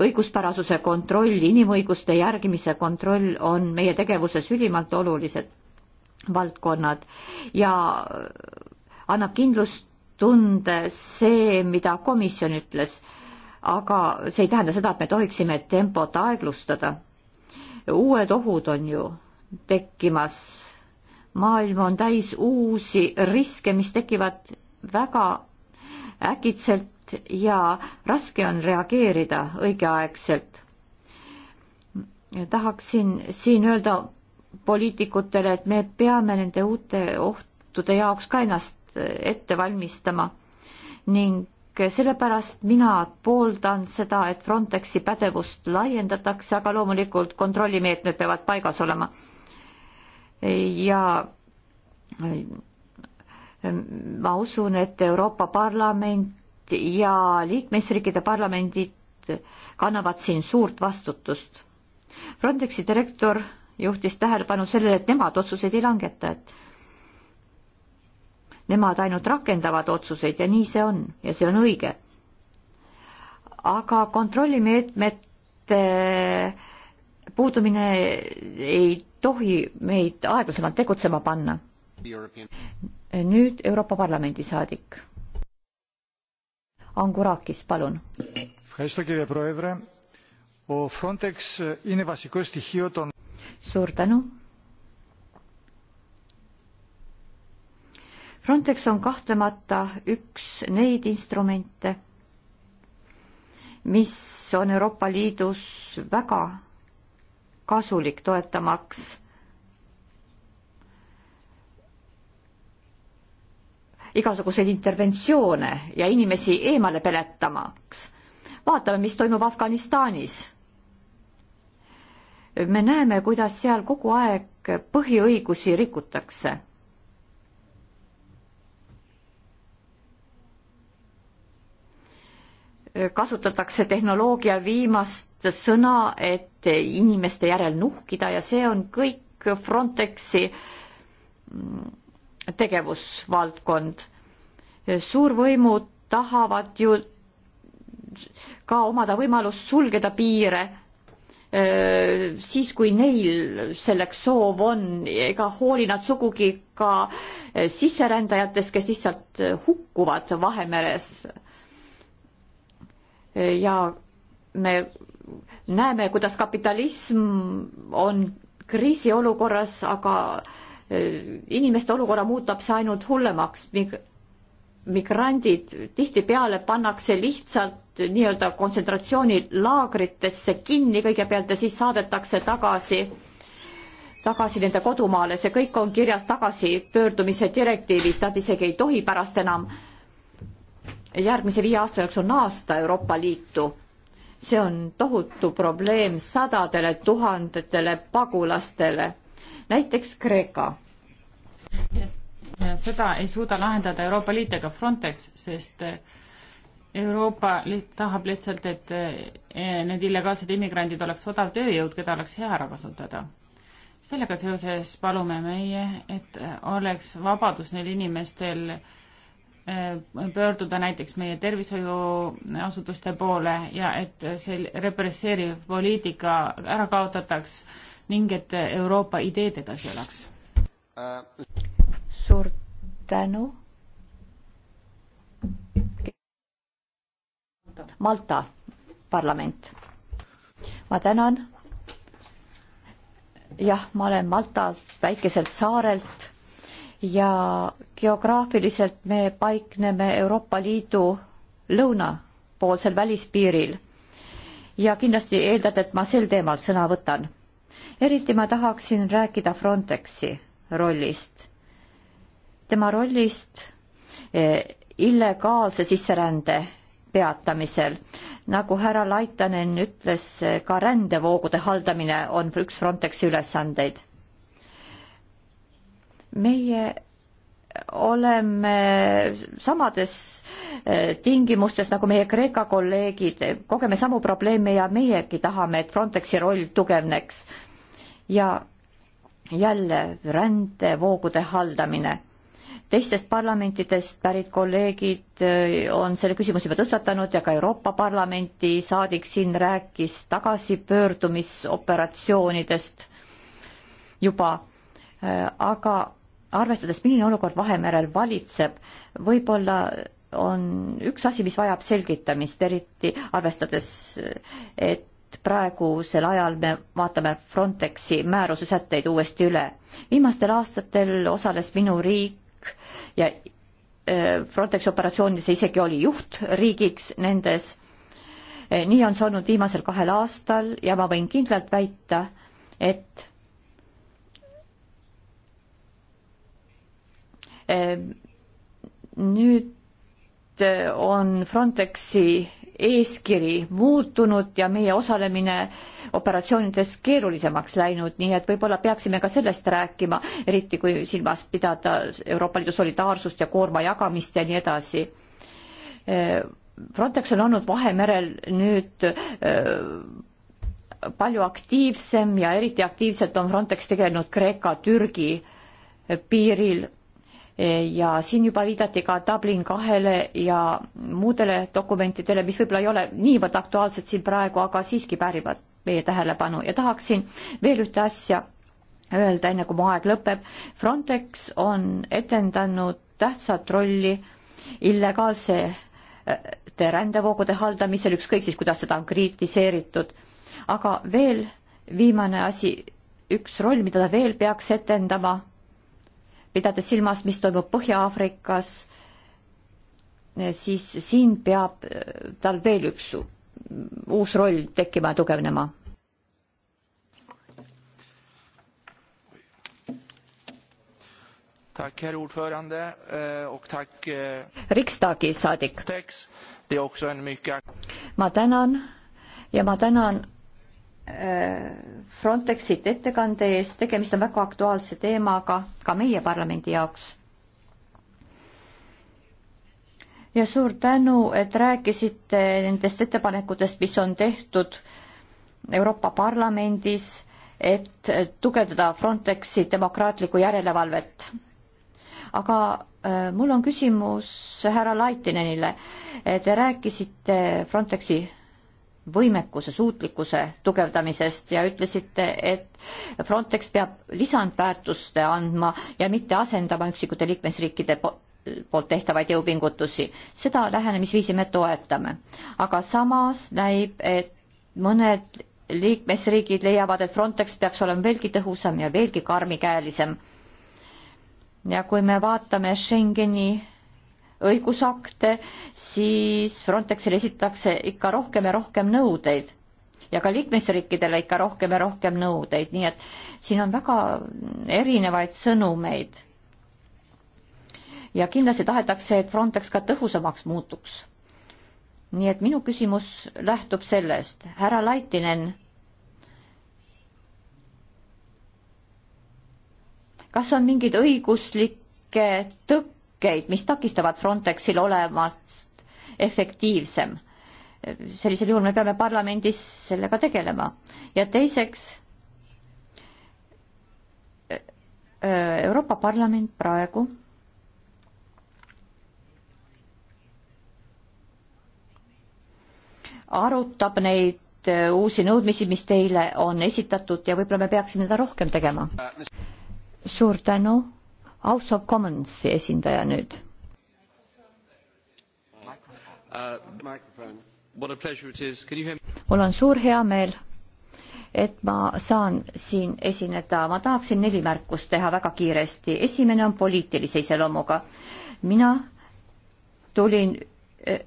õiguspärasuse kontroll, inimõiguste järgimise kontroll on meie tegevuses ülimalt olulised valdkonnad ja annab kindlustunde see, mida komisjon ütles, aga see ei tähenda seda, et me tohiksime tempot aeglustada uued ohud on ju tekkimas. maailm on täis uusi riske, mis tekivad väga äkitselt ja raske on reageerida õigeaegselt. tahaksin siin öelda poliitikutele, et me peame nende uute ohtude jaoks ka ennast ette valmistama ning sellepärast mina pooldan seda, et Frontexi pädevust laiendatakse, aga loomulikult kontrollimeetmed peavad paigas olema. ja ehm, ma usun, et Euroopa Parlament ja liikmesriikide parlamendid kannavad siin suurt vastutust. Frontexi direktor juhtis tähelepanu sellele, et nemad otsuseid ei langeta, et nemad ainult rakendavad otsuseid ja nii see on ja see on õige. aga kontrollimeetmete puudumine ei tohi meid aeglasemalt tegutsema panna. nüüd Euroopa Parlamendi saadik. Angurakis, palun. suur tänu Frontex on kahtlemata üks neid instrumente, mis on Euroopa Liidus väga kasulik toetamaks igasuguseid interventsioone ja inimesi eemale peletamaks. vaatame, mis toimub Afganistanis. me näeme, kuidas seal kogu aeg põhiõigusi rikutakse kasutatakse tehnoloogia viimast sõna, et inimeste järel nuhkida ja see on kõik Frontexi mm, tegevusvaldkond. suurvõimud tahavad ju ka omada võimalust sulgeda piire siis, kui neil selleks soov on, ega hooli nad sugugi ka sisserändajatest, kes lihtsalt hukkuvad Vahemeres ja me näeme, kuidas kapitalism on kriisiolukorras, aga e, inimeste olukorra muudab see ainult hullemaks. migrandid tihtipeale pannakse lihtsalt nii-öelda kontsentratsioonilaagritesse kinni kõigepealt ja siis saadetakse tagasi, tagasi nende kodumaale. see kõik on kirjas tagasipöördumise direktiivis, nad isegi ei tohi pärast enam äh, järgmise viie aasta jooksul naasta Euroopa Liitu. see on tohutu probleem sadadele tuhandetele pagulastele, näiteks Kreeka. seda ei suuda lahendada Euroopa Liit ega Frontex, sest Euroopa Liit tahab lihtsalt, et eh, need illegaalsed immigrandid oleks odav tööjõud, keda oleks hea ära kasutada sellega seoses palume meie, et oleks vabadus neil inimestel äh, Äh, pöörduda näiteks meie tervishoiuasutuste poole ja et see represseeriv poliitika ära kaotataks ning et Euroopa ideed edasi elaks äh.. suur tänu. Malta parlament. ma tänan. jah, ma olen Maltalt, väikeselt saarelt ja geograafiliselt me paikneme Euroopa Liidu lõunapoolsel välispiiril. ja kindlasti eeldad, et ma sel teemal sõna võtan. eriti ma tahaksin rääkida Frontexi rollist, tema rollist eh, illegaalse sisserände peatamisel. nagu härra Laitanen ütles, eh, ka rändevoogude haldamine on üks Frontexi ülesandeid meie oleme samades eh, tingimustes nagu meie Kreeka kolleegid, kogeme samu probleeme ja meiegi tahame, et Frontexi roll tugevneks. ja jälle rändevoogude haldamine. teistest parlamentidest pärit kolleegid eh, on selle küsimuse juba tõstatanud ja ka Euroopa Parlamenti saadik siin rääkis tagasipöördumisoperatsioonidest juba, eh, aga arvestades, milline olukord Vahemerel valitseb, võib-olla on üks asi, mis vajab selgitamist, eriti arvestades, et praegusel ajal me vaatame Frontexi määruse sätteid uuesti üle. viimastel aastatel osales minu riik ja äh, Frontexi operatsioonides isegi oli juhtriigiks nendes. Äh, nii on see olnud viimasel kahel aastal ja ma võin kindlalt väita, et Ehm, nüüd eh, on Frontexi eeskiri muutunud ja meie osalemine operatsioonides keerulisemaks läinud, nii et võib-olla peaksime ka sellest rääkima, eriti kui silmas pidada Euroopa Liidu solidaarsust ja koorma jagamist ja nii edasi. Ehm, Frontex on olnud Vahemerel nüüd eh, palju aktiivsem ja eriti aktiivselt on Frontex tegelenud Kreeka-Türgi eh, piiril ja siin juba viidati ka Dublin kahele ja muudele dokumentidele, mis võib-olla ei ole niivõrd aktuaalsed siin praegu, aga siiski väärivad meie tähelepanu ja tahaksin veel ühte asja öelda, enne kui mu aeg lõpeb. Frontex on etendanud tähtsat rolli illegaalsete äh, rändevoogude haldamisel, ükskõik siis, kuidas seda on kritiseeritud. aga veel viimane asi, üks roll, mida ta veel peaks etendama pidades silmas, mis toimub Põhja-Aafrikas, siis siin peab eh, tal veel üks uus roll tekkima ja tugevnema Tack herr ordförande eh, och tack eh, Riksdagi saadik. Det är också en mycket... ma tänan ja ma tänan Äh, Frontexit ettekande eest, tegemist on väga aktuaalse teemaga ka meie parlamendi jaoks. ja suur tänu, et rääkisite nendest ettepanekutest, mis on tehtud Euroopa Parlamendis, et tugevdada Frontexi demokraatlikku järelevalvet. aga äh, mul on küsimus härra Laitinenile. Te rääkisite Frontexi võimekuse, suutlikkuse tugevdamisest ja ütlesite, et Frontex peab lisandväärtust andma ja mitte asendama üksikute liikmesriikide poolt tehtavaid jõupingutusi. seda lähenemisviisi me toetame. aga samas näib, et mõned liikmesriigid leiavad, et Frontex peaks olema veelgi tõhusam ja veelgi karmikäelisem. ja kui me vaatame Schengeni õigusakte, siis Frontexile esitatakse ikka rohkem ja rohkem nõudeid ja ka liikmesriikidele ikka rohkem ja rohkem nõudeid, nii et siin on väga erinevaid sõnumeid. ja kindlasti tahetakse, et Frontex ka tõhusamaks muutuks. nii et minu küsimus lähtub sellest, härra Laitinen, kas on mingeid õiguslikke tõkke, tõkkeid, mis takistavad Frontexil olemast efektiivsem. sellisel juhul me peame parlamendis sellega tegelema. ja teiseks, Euroopa Parlament praegu arutab neid uusi nõudmisi, mis teile on esitatud ja võib-olla me peaksime seda rohkem tegema. Äh, suur tänu House of Commonsi esindaja nüüd. Uh, mul on suur heameel, et ma saan siin esineda, ma tahaksin neli märkust teha väga kiiresti. esimene on poliitilise iseloomuga. mina tulin eh,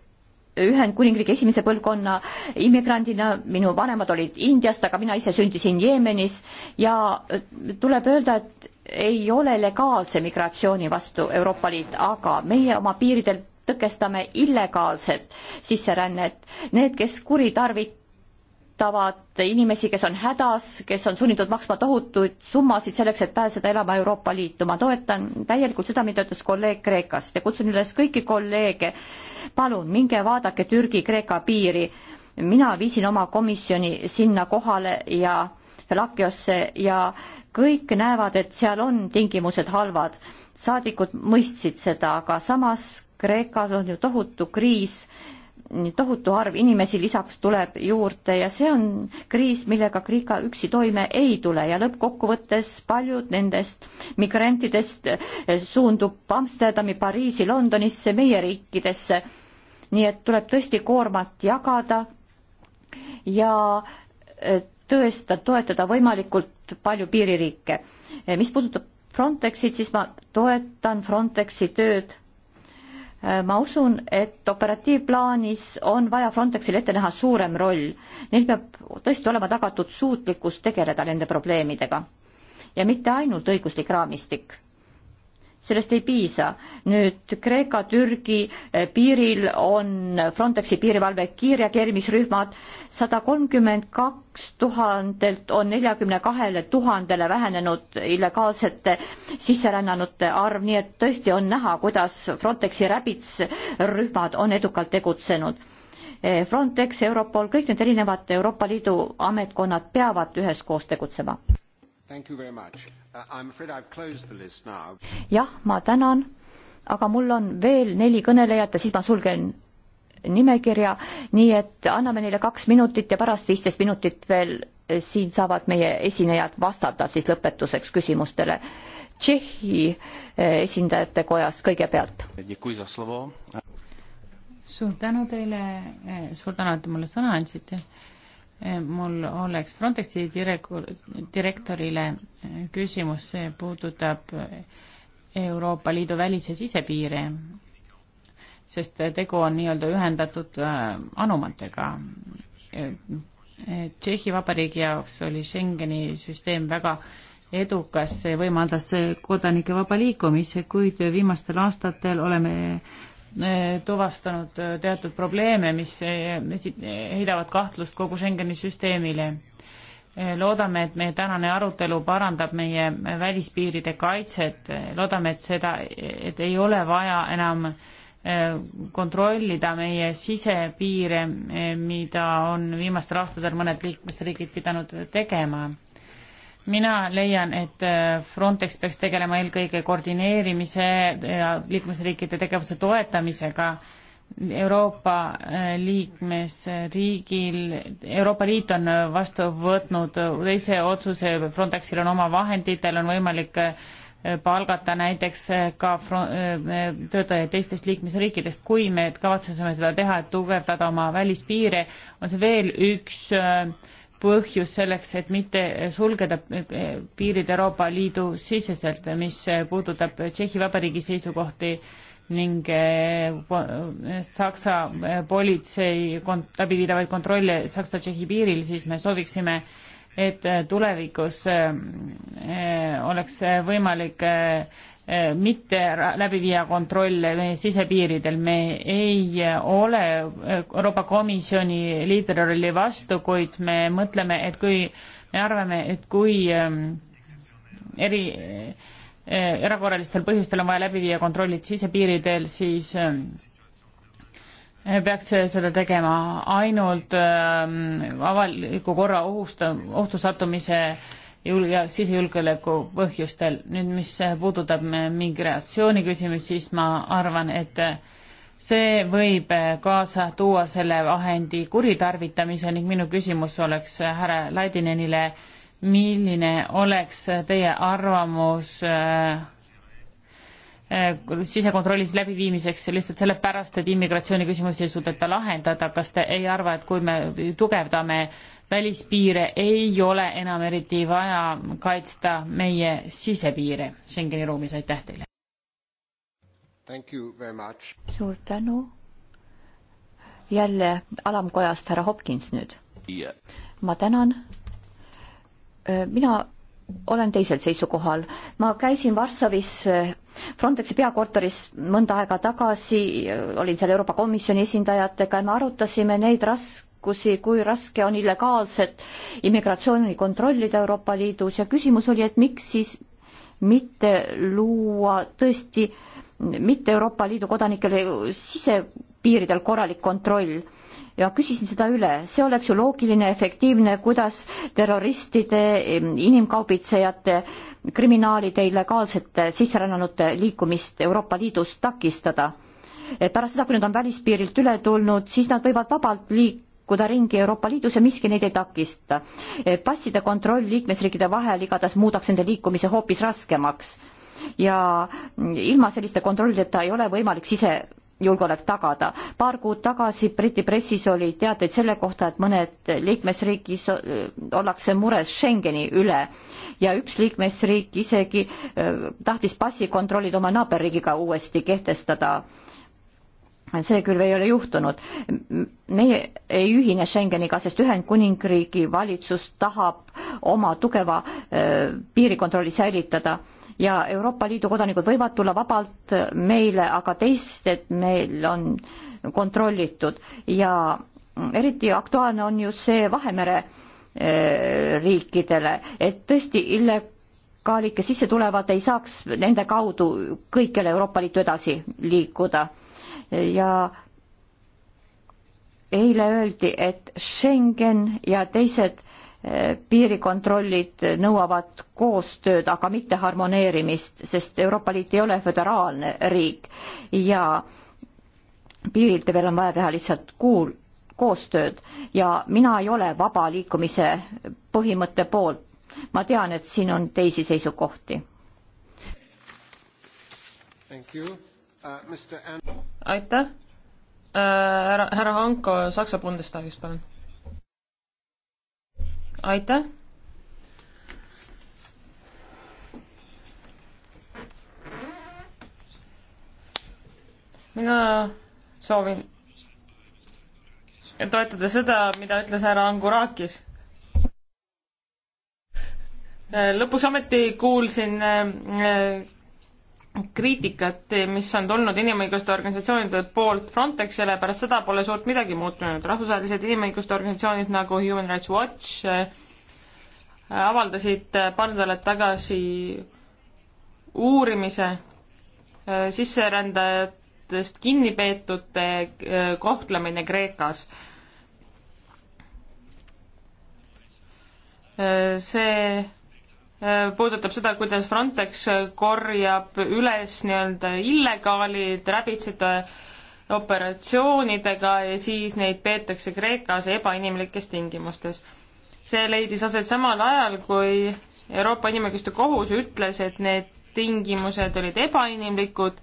Ühendkuningriigi esimese põlvkonna immigrandina, minu vanemad olid Indiast, aga mina ise sündisin Jeemenis ja eh, tuleb öelda, et ei ole legaalse migratsiooni vastu Euroopa Liit, aga meie oma piiridel tõkestame illegaalset sisserännet, need, kes kuritarvitavad inimesi, kes on hädas, kes on sunnitud maksma tohutuid summasid selleks, et pääseda elama Euroopa Liitu. ma toetan täielikult seda, mida ütles kolleeg Kreekast ja kutsun üles kõiki kolleege, palun minge vaadake Türgi-Kreeka piiri. mina viisin oma komisjoni sinna kohale ja Lakiosse ja äh, kõik näevad, et seal on tingimused halvad. saadikud mõistsid seda, aga samas Kreekas on ju tohutu kriis, tohutu arv inimesi lisaks tuleb juurde ja see on kriis, millega Kreeka üksi toime ei tule ja lõppkokkuvõttes paljud nendest migrantidest eh, suundub Amsterdami, Pariisi, Londonisse, meie riikidesse. nii et tuleb tõesti koormat jagada ja eh, tõestada, toetada võimalikult olnud palju piiririike. mis puudutab Frontexit, siis ma toetan Frontexi tööd. ma usun, et operatiivplaanis on vaja Frontexile ette näha suurem roll. Neil peab tõesti olema tagatud suutlikkus tegeleda nende probleemidega ja mitte ainult õiguslik raamistik sellest ei piisa. nüüd Kreeka-Türgi eh, piiril on Frontexi piirivalve kiirreageerimisrühmad, sada kolmkümmend kaks tuhandelt on neljakümne kahele tuhandele vähenenud illegaalsete sisserännanute arv, nii et tõesti on näha, kuidas Frontexi räbitsrühmad on edukalt tegutsenud. Eh, Frontex, Europol, kõik need erinevad Euroopa Liidu ametkonnad peavad üheskoos tegutsema. Uh, jah, ma tänan, aga mul on veel neli kõnelejat ja siis ma sulgen nimekirja, nii et anname neile kaks minutit ja pärast viisteist minutit veel eh, siin saavad meie esinejad vastata siis lõpetuseks küsimustele. Tšehhi eh, esindajate kojast kõigepealt. suur tänu teile, eh, suur tänu, et te mulle sõna andsite Eh, mul oleks Frontexi direktorile eh, küsimus, see puudutab eh, Euroopa Liidu välis- ja sisepiire, sest tegu on nii-öelda ühendatud anumatega. Tšehhi Vabariigi jaoks oli Schengeni süsteem väga edukas, see võimaldas kodanike vaba liikumise, kuid viimastel aastatel oleme Eh, tuvastanud eh, teatud probleeme, mis eh, heidavad kahtlust kogu Schengeni süsteemile. loodame, et meie tänane arutelu parandab meie välispiiride kaitset, loodame, et seda, et ei ole vaja enam kontrollida meie sisepiire, mida on viimastel aastatel mõned liikmesriigid pidanud tegema mina leian, et äh, Frontex peaks tegelema eelkõige koordineerimise ja liikmesriikide tegevuse toetamisega. Euroopa äh, liikmesriigil, Euroopa Liit on vastu võtnud teise otsuse, Frontexil on oma vahendid, tal on võimalik äh, palgata näiteks ka töötajaid teistest liikmesriikidest, kui me kavatsesime seda teha, et tugevdada oma välispiire, on see veel üks põhjus selleks, et mitte sulgeda eh, piirid Euroopa Liidu siseselt, mis puudutab Tšehhi Vabariigi seisukohti ning eh, Saksa eh, politsei kont-, läbiviidavaid kontrolle Saksa-Tšehhi piiril, siis me sooviksime äh, et äh, tulevikus äh, äh, oleks võimalik mitte läbi viia kontrolle meie sisepiiridel, me ei ole Euroopa Komisjoni liidrirolli vastu, kuid me mõtleme, et kui me arvame, et kui ähm, eri erakorralistel põhjustel on vaja läbi viia kontrollid sisepiiridel, siis ähm, peaks seda tegema ainult ähm, avaliku korra ohusta-, ohtu sattumise jul- ja sisejulgeoleku põhjustel. nüüd, mis puudutab migratsiooni küsimust, siis ma arvan, et see võib kaasa tuua selle vahendi kuritarvitamise ning minu küsimus oleks härra Ladinenile, milline oleks teie arvamus äh, Äh, sisekontrollis läbiviimiseks lihtsalt sellepärast, et immigratsiooniküsimusi ei suudeta lahendada, kas te ei arva, et kui me tugevdame välispiire, ei ole enam eriti vaja kaitsta meie sisepiire Schengeni ruumis, aitäh teile! suur tänu! jälle alamkojast härra Hopkins nüüd yeah.. ma tänan. Äh, mina olen teisel seisukohal. ma käisin Varssavis eh, Frontexi peakorteris mõnda aega tagasi, eh, olin seal Euroopa Komisjoni esindajatega ja me arutasime neid raskusi, kui raske on illegaalset immigratsiooni kontrollida Euroopa Liidus ja küsimus oli, et miks siis mitte luua tõesti mitte Euroopa Liidu kodanikele sisepiiridel korralik kontroll ja küsisin seda üle, see oleks ju loogiline, efektiivne, kuidas terroristide, inimkaubitsejate, kriminaalide, illegaalsete sisserännanute liikumist Euroopa Liidus takistada. pärast seda, kui nad on välispiirilt üle tulnud, siis nad võivad vabalt liik-, liikuda ringi Euroopa Liidus ja miski neid ei takista. E, passide kontroll liikmesriikide vahel igatahes muudaks nende liikumise hoopis raskemaks ja ilma selliste kontrollideta ei ole võimalik sise julgeolek tagada. paar kuud tagasi Briti pressis oli teateid selle kohta, et mõned liikmesriigis äh, ollakse mures Schengeni üle ja üks liikmesriik isegi äh, tahtis passikontrollid oma naaberriigiga uuesti kehtestada. see küll ei ole juhtunud. meie ei ühine Schengeniga, sest Ühendkuningriigi valitsus tahab oma tugeva äh, piirikontrolli säilitada ja Euroopa Liidu kodanikud võivad tulla vabalt meile, aga teised meil on kontrollitud ja eriti aktuaalne on just see Vahemere eh, riikidele, et tõesti illegaalid, kes sisse tulevad, ei saaks nende kaudu kõikjale Euroopa Liitu edasi liikuda ja eile öeldi, et Schengen ja teised piirikontrollid nõuavad koostööd, aga mitte harmoneerimist, sest Euroopa Liit ei ole föderaalne riik ja piiridel on vaja teha lihtsalt kuul-, koostööd ja mina ei ole vaba liikumise põhimõtte poolt. ma tean, et siin on teisi seisukohti. Uh, aitäh uh,, äh, härra, härra Hanko Saksa Bundestagist, palun aitäh. mina soovin toetada seda, mida ütles härra Angurakis. lõpuks ometi kuulsin äh, äh, kriitikat, mis on tulnud inimõiguste organisatsioonide poolt Frontexile, pärast seda pole suurt midagi muutunud. rahvusvahelised inimõiguste organisatsioonid nagu Human Rights Watch äh, avaldasid paar nädalat tagasi uurimise äh, sisserändajatest kinnipeetute äh, kohtlemine Kreekas. see Äh, puudutab seda, kuidas Frontex korjab üles nii-öelda illegaalid räbitsete äh, operatsioonidega ja siis neid peetakse Kreekas ebainimlikes tingimustes. see leidis aset samal ajal, kui Euroopa Inimõiguste Kohus ütles, et need tingimused olid ebainimlikud.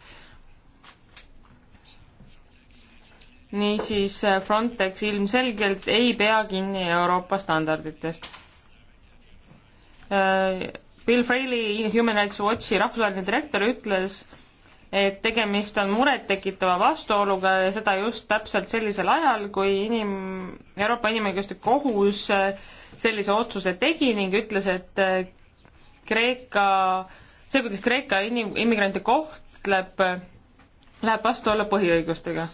niisiis Frontex ilmselgelt ei pea kinni Euroopa standarditest Bill Fraley, Human Rights Watchi rahvusvaheline direktor ütles, et tegemist on murettekitava vastuoluga ja seda just täpselt sellisel ajal, kui inim-, Euroopa Inimõiguste Kohus äh, sellise otsuse tegi ning ütles, et äh, Kreeka, see, kuidas Kreeka inim-, immigrante kohtleb, äh, läheb vastuollu põhiõigustega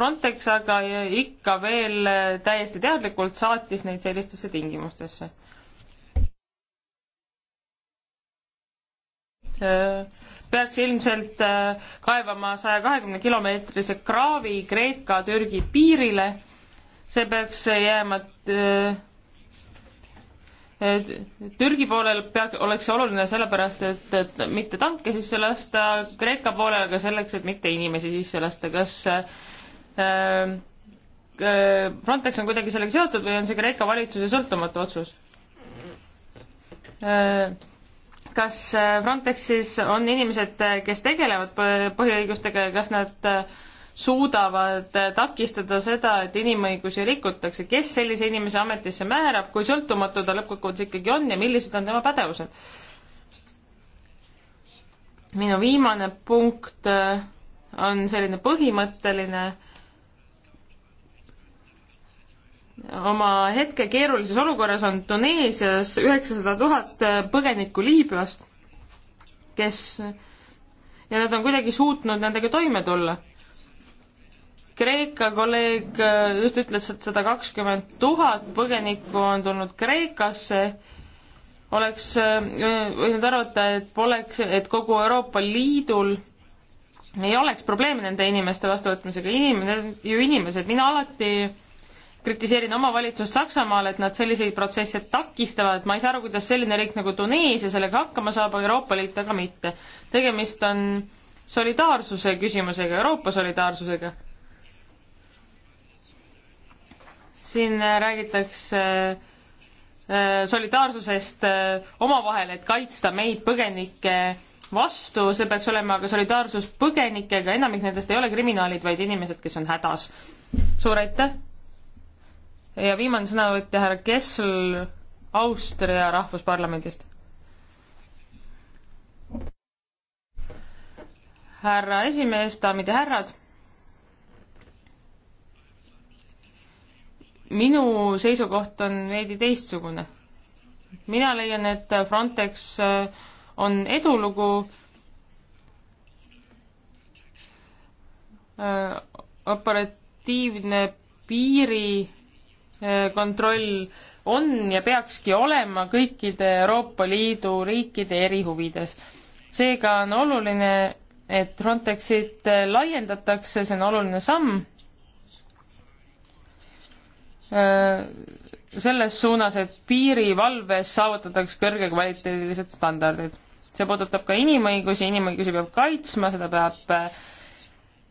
Frontex aga ikka veel täiesti teadlikult saatis neid sellistesse tingimustesse. peaks ilmselt äh, kaevama saja kahekümne kilomeetrise kraavi Kreeka-Türgi piirile. see peaks jääma äh, äh, Türgi poolel peaks, oleks see oluline sellepärast, et, et mitte tanke sisse lasta, Kreeka poolel aga selleks, et mitte inimesi sisse lasta. kas äh, Ehm, eh, Frontex on kuidagi sellega seotud või on see Kreeka valitsuse sõltumatu otsus? Ehm, kas eh, Frontexis on inimesed, eh, kes tegelevad põhiõigustega ja kas nad suudavad takistada seda, et inimõigusi rikutakse, kes sellise inimese ametisse määrab, kui sõltumatu ta lõppkokkuvõttes ikkagi on ja millised on tema pädevused? minu viimane punkt on selline põhimõtteline äh, oma hetke keerulises olukorras on Tuneesias üheksasada tuhat põgenikku Liibüast, kes ja nad on kuidagi suutnud nendega toime tulla. Kreeka kolleeg just ütles, et sada kakskümmend tuhat põgenikku on tulnud Kreekasse, oleks võinud arvata, et poleks, et kogu Euroopa Liidul ei oleks probleeme nende inimeste vastuvõtmisega, inimene, ju inimesed, mina alati kritiseerin oma valitsust Saksamaal, et nad selliseid protsesse takistavad, ma ei saa aru, kuidas selline riik nagu Tuneesia sellega hakkama saab, aga Euroopa Liit aga mitte. tegemist on solidaarsuse küsimusega, Euroopa solidaarsusega. siin räägitakse äh, äh, solidaarsusest äh, omavahel, et kaitsta meid põgenike vastu, see peaks olema aga solidaarsus põgenikega, enamik nendest ei ole kriminaalid, vaid inimesed, kes on hädas. suur aitäh! ja viimane sõnavõtja härra Kessel Austria Rahvusparlamendist. härra esimees, daamid ja härrad. minu seisukoht on veidi teistsugune. mina leian, et Frontex äh, on edulugu äh, operatiivne piiri Äh, kontroll on ja peakski olema kõikide Euroopa Liidu riikide erihuvides. seega on oluline, et Frontexit äh, laiendatakse, see on oluline samm äh, selles suunas, et piirivalves saavutatakse kõrgekvaliteedilised standardid. see puudutab ka inimõigusi, inimõigusi peab kaitsma, seda peab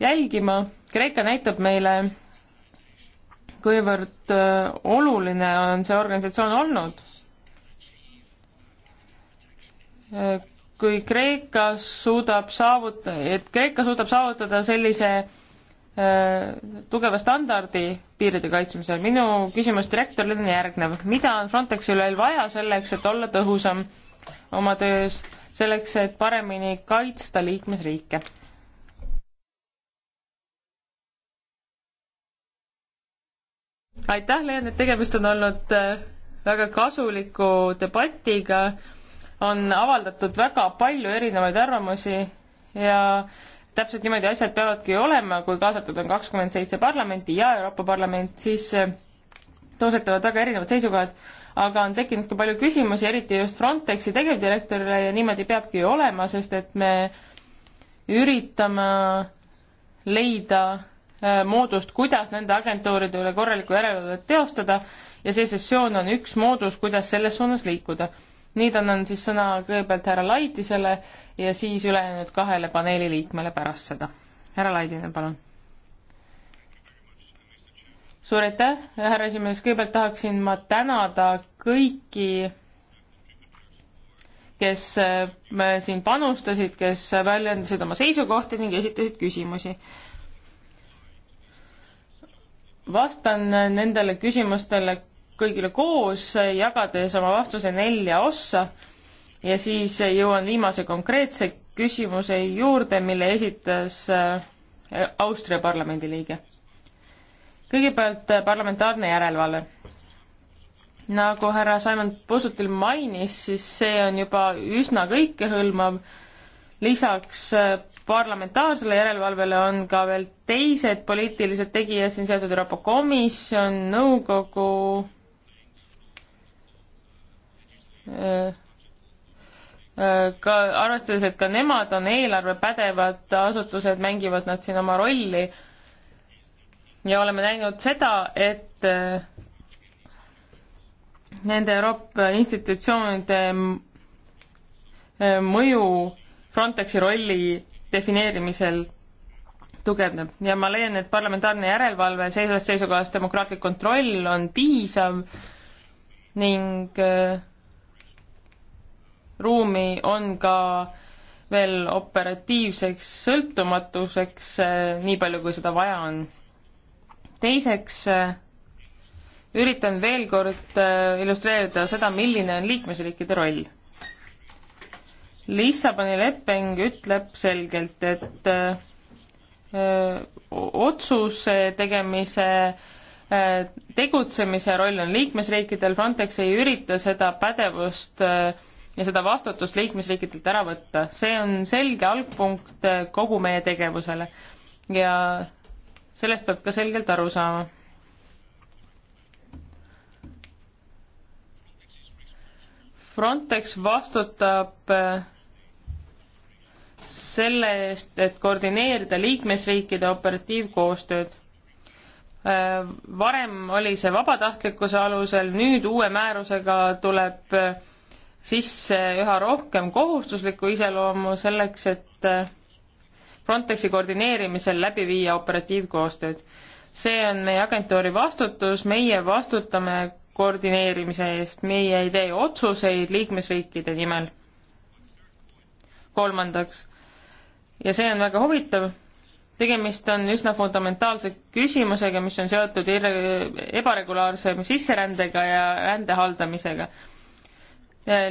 jälgima. Kreeka näitab meile kuivõrd äh, oluline on see organisatsioon olnud. Äh, kui Kreeka suudab saavutada, et Kreeka suudab saavutada sellise äh, tugeva standardi piiride kaitsmisel. minu küsimus direktorile on järgnev. mida on Frontexil veel vaja selleks, et olla tõhusam oma töös, selleks, et paremini kaitsta liikmesriike? aitäh, leian, et tegemist on olnud äh, väga kasuliku debatiga, on avaldatud väga palju erinevaid arvamusi ja täpselt niimoodi asjad peavadki olema, kui kaasatud on kakskümmend seitse parlamenti ja Euroopa Parlament, siis äh, tõusetuvad väga erinevad seisukohad, aga on tekkinud ka palju küsimusi, eriti just Frontexi tegevdirektorile ja niimoodi peabki olema, sest et me üritame leida Äh, moodust, kuidas nende agentuuride üle korralikku järelevalvet teostada ja see sessioon on üks moodus, kuidas selles suunas liikuda. nii ta on siis sõna kõigepealt härra Laitisele ja siis ülejäänud kahele paneeli liikmele pärast seda. härra Laidine, palun. suur aitäh, härra esimees, kõigepealt tahaksin ma tänada kõiki kes äh, siin panustasid, kes väljendasid oma seisukohti ning esitasid küsimusi vastan nendele küsimustele kõigile koos, jagades oma vastuse nelja ossa ja siis jõuan viimase konkreetse küsimuse juurde, mille esitas äh, Austria parlamendi liige. kõigepealt äh, parlamentaarne järelevalve. nagu härra Simon Pusutil mainis, siis see on juba üsna kõikehõlmav, lisaks äh, parlamentaarsele järelevalvele on ka veel teised poliitilised tegijad siin seotud Euroopa Komisjon, nõukogu äh, äh, ka arvestades, et ka nemad on eelarvepädevad asutused, mängivad nad siin oma rolli ja oleme näinud seda, et äh, nende Euroopa institutsioonide mõju Frontexi rolli defineerimisel tugevneb ja ma leian, et parlamentaarne järelevalve sellest seisukohast demokraatlik kontroll on piisav ning äh, ruumi on ka veel operatiivseks sõltumatuseks, äh, nii palju kui seda vaja on. teiseks äh, üritan veel kord illustreerida seda, milline on liikmesriikide roll Lissaboni leping ütleb selgelt, et äh, öö, otsuse tegemise öö, äh, tegutsemise roll on liikmesriikidel, Frontex ei ürita seda pädevust öö, äh, ja seda vastutust liikmesriikidelt ära võtta. see on selge algpunkt kogu meie tegevusele ja sellest peab ka selgelt aru saama. Frontex vastutab äh, selle eest, et koordineerida liikmesriikide operatiivkoostööd. Äh, varem oli see vabatahtlikkuse alusel, nüüd uue määrusega tuleb äh, sisse üha rohkem kohustuslikku iseloomu selleks, et äh, Frontexi koordineerimisel läbi viia operatiivkoostööd. see on meie agentuuri vastutus, meie vastutame koordineerimise eest, meie ei tee otsuseid liikmesriikide nimel kolmandaks. ja see on väga huvitav, tegemist on üsna fundamentaalse küsimusega, mis on seotud ebaregulaarse sisserändega ja rände haldamisega.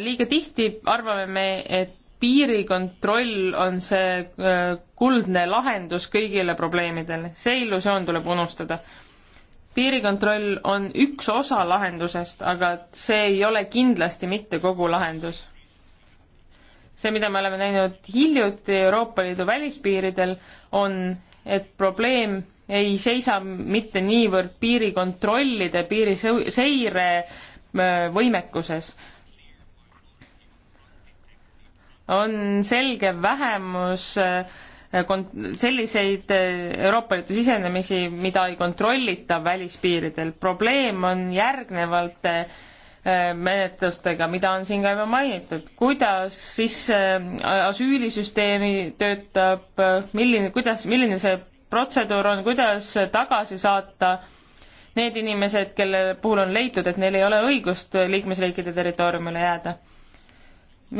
liiga tihti arvame me, et piirikontroll on see äh, kuldne lahendus kõigile probleemidele, see illusioon tuleb unustada piirikontroll on üks osa lahendusest, aga see ei ole kindlasti mitte kogu lahendus see, mida me oleme näinud hiljuti Euroopa Liidu välispiiridel, on, et probleem ei seisa mitte niivõrd piirikontrollide, piiriseire äh, võimekuses. on selge vähemus äh, kon-, selliseid äh, Euroopa Liidu sisenemisi, mida ei kontrollita välispiiridel. probleem on järgnevalt Äh, menetlustega, mida on siin ka juba mainitud, kuidas siis äh, asüülisüsteemi töötab, milline, kuidas, milline see protseduur on, kuidas tagasi saata need inimesed, kelle puhul on leitud, et neil ei ole õigust liikmesriikide territooriumile jääda.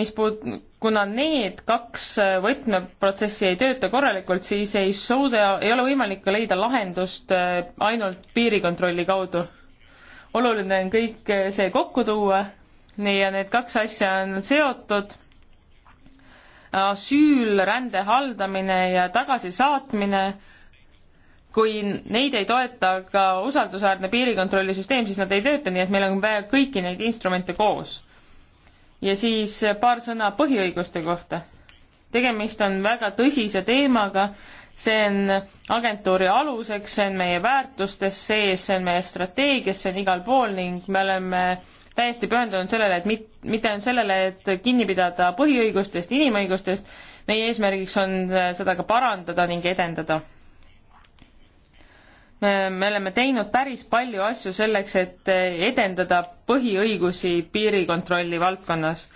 mis puut-, kuna need kaks võtmeprotsessi ei tööta korralikult, siis ei suuda, ei ole võimalik ka leida lahendust äh, ainult piirikontrolli kaudu oluline on kõik see kokku tuua, nii ja need kaks asja on seotud, asüül, rände haldamine ja tagasisaatmine, kui neid ei toeta ka usaldusväärne piirikontrollisüsteem, siis nad ei tööta, nii et meil on vaja kõiki neid instrumente koos. ja siis paar sõna põhiõiguste kohta. tegemist on väga tõsise teemaga see on agentuuri aluseks, see on meie väärtustes sees, see on meie strateegias, see on igal pool ning me oleme täiesti pühendunud sellele, et mit-, mitte ainult sellele, et kinni pidada põhiõigustest, inimõigustest, meie eesmärgiks on äh, seda ka parandada ning edendada me, me oleme teinud päris palju asju selleks, et äh, edendada põhiõigusi piirikontrolli valdkonnas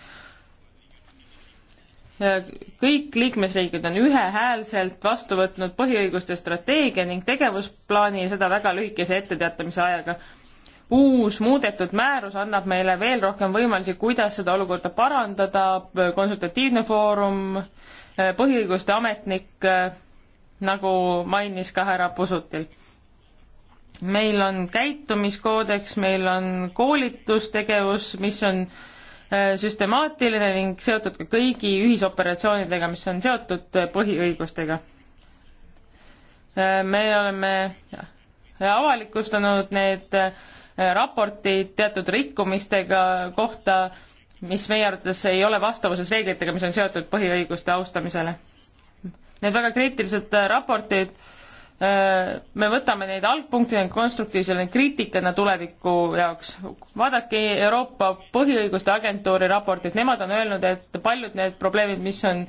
kõik liikmesriigid on ühehäälselt vastu võtnud põhiõiguste strateegia ning tegevusplaani ja seda väga lühikese etteteatamise ajaga. uus muudetud määrus annab meile veel rohkem võimalusi, kuidas seda olukorda parandada, konsultatiivne foorum, põhiõiguste ametnik, nagu mainis ka härra Pusutil. meil on käitumiskoodeks, meil on koolitustegevus, mis on äh, Äh, süstemaatiline ning seotud ka kõigi ühisoperatsioonidega, mis on seotud äh, põhiõigustega. Äh, me oleme avalikustanud need raportid teatud rikkumistega kohta, mis meie arvates ei ole vastavuses reeglitega, mis on seotud põhiõiguste austamisele. Need väga kriitilised raportid äh, Äh, me võtame neid algpunkte, konstruktiivsele kriitikana tuleviku jaoks. vaadake Euroopa Põhiõiguste Agentuuri raportit, nemad on öelnud, et paljud need probleemid, mis on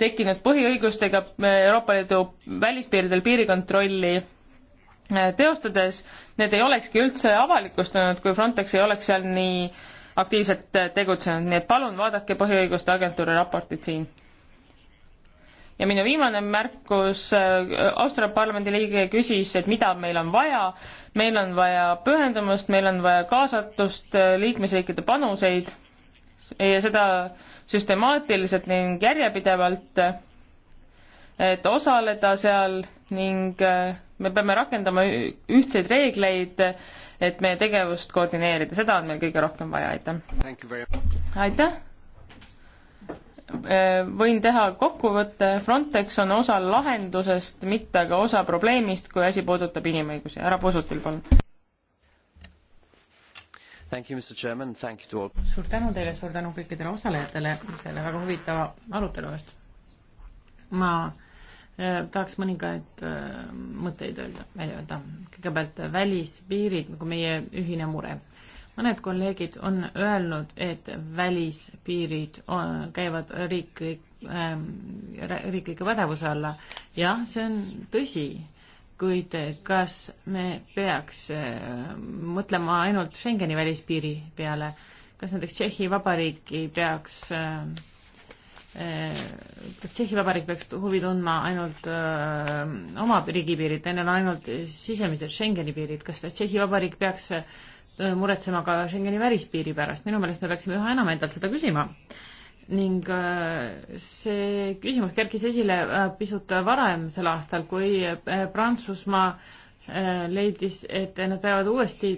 tekkinud põhiõigustega äh, Euroopa Liidu välispiiridel piirikontrolli äh, teostades, need ei olekski üldse avalikustunud, kui Frontex ei oleks seal nii aktiivselt tegutsenud, nii et palun vaadake Põhiõiguste Agentuuri raportit siin ja minu viimane märkus, äh, Austria parlamendi liige küsis, et mida meil on vaja, meil on vaja pühendumust, meil on vaja kaasatust, äh, liikmesriikide panuseid ja seda süstemaatiliselt ning järjepidevalt, äh, et osaleda seal ning me peame rakendama ühtseid reegleid, et meie tegevust koordineerida, seda on meil kõige rohkem vaja, aitäh. aitäh Äh, võin teha kokkuvõtte, Frontex on osa lahendusest, mitte aga osa probleemist, kui asi puudutab inimõigusi. härra Pusutil, palun. suur tänu teile, suur tänu kõikidele osalejatele selle väga huvitava arutelu eest. ma eh, tahaks mõningaid eh, mõtteid öelda, välja öelda. kõigepealt välispiirid nagu meie ühine mure eh, mõned kolleegid on öelnud, et välispiirid on, käivad riiklik ähm,, riikliku pädevuse alla. jah, see on tõsi, kuid kas me peaks äh, mõtlema ainult Schengeni välispiiri peale? kas näiteks Tšehhi Vabariik ei peaks äh, äh, kas Tšehhi Vabariik peaks huvi tundma ainult öö, ähm, oma riigipiirid, neil on ainult sisemised Schengeni piirid, kas Tšehhi Vabariik peaks öö, Äh, muretsema ka Schengeni välispiiri pärast, minu meelest me peaksime üha enam endalt seda küsima. ning äh, see küsimus kerkis esile äh, pisut varem sel aastal, kui Prantsusmaa leidis, et nad peavad uuesti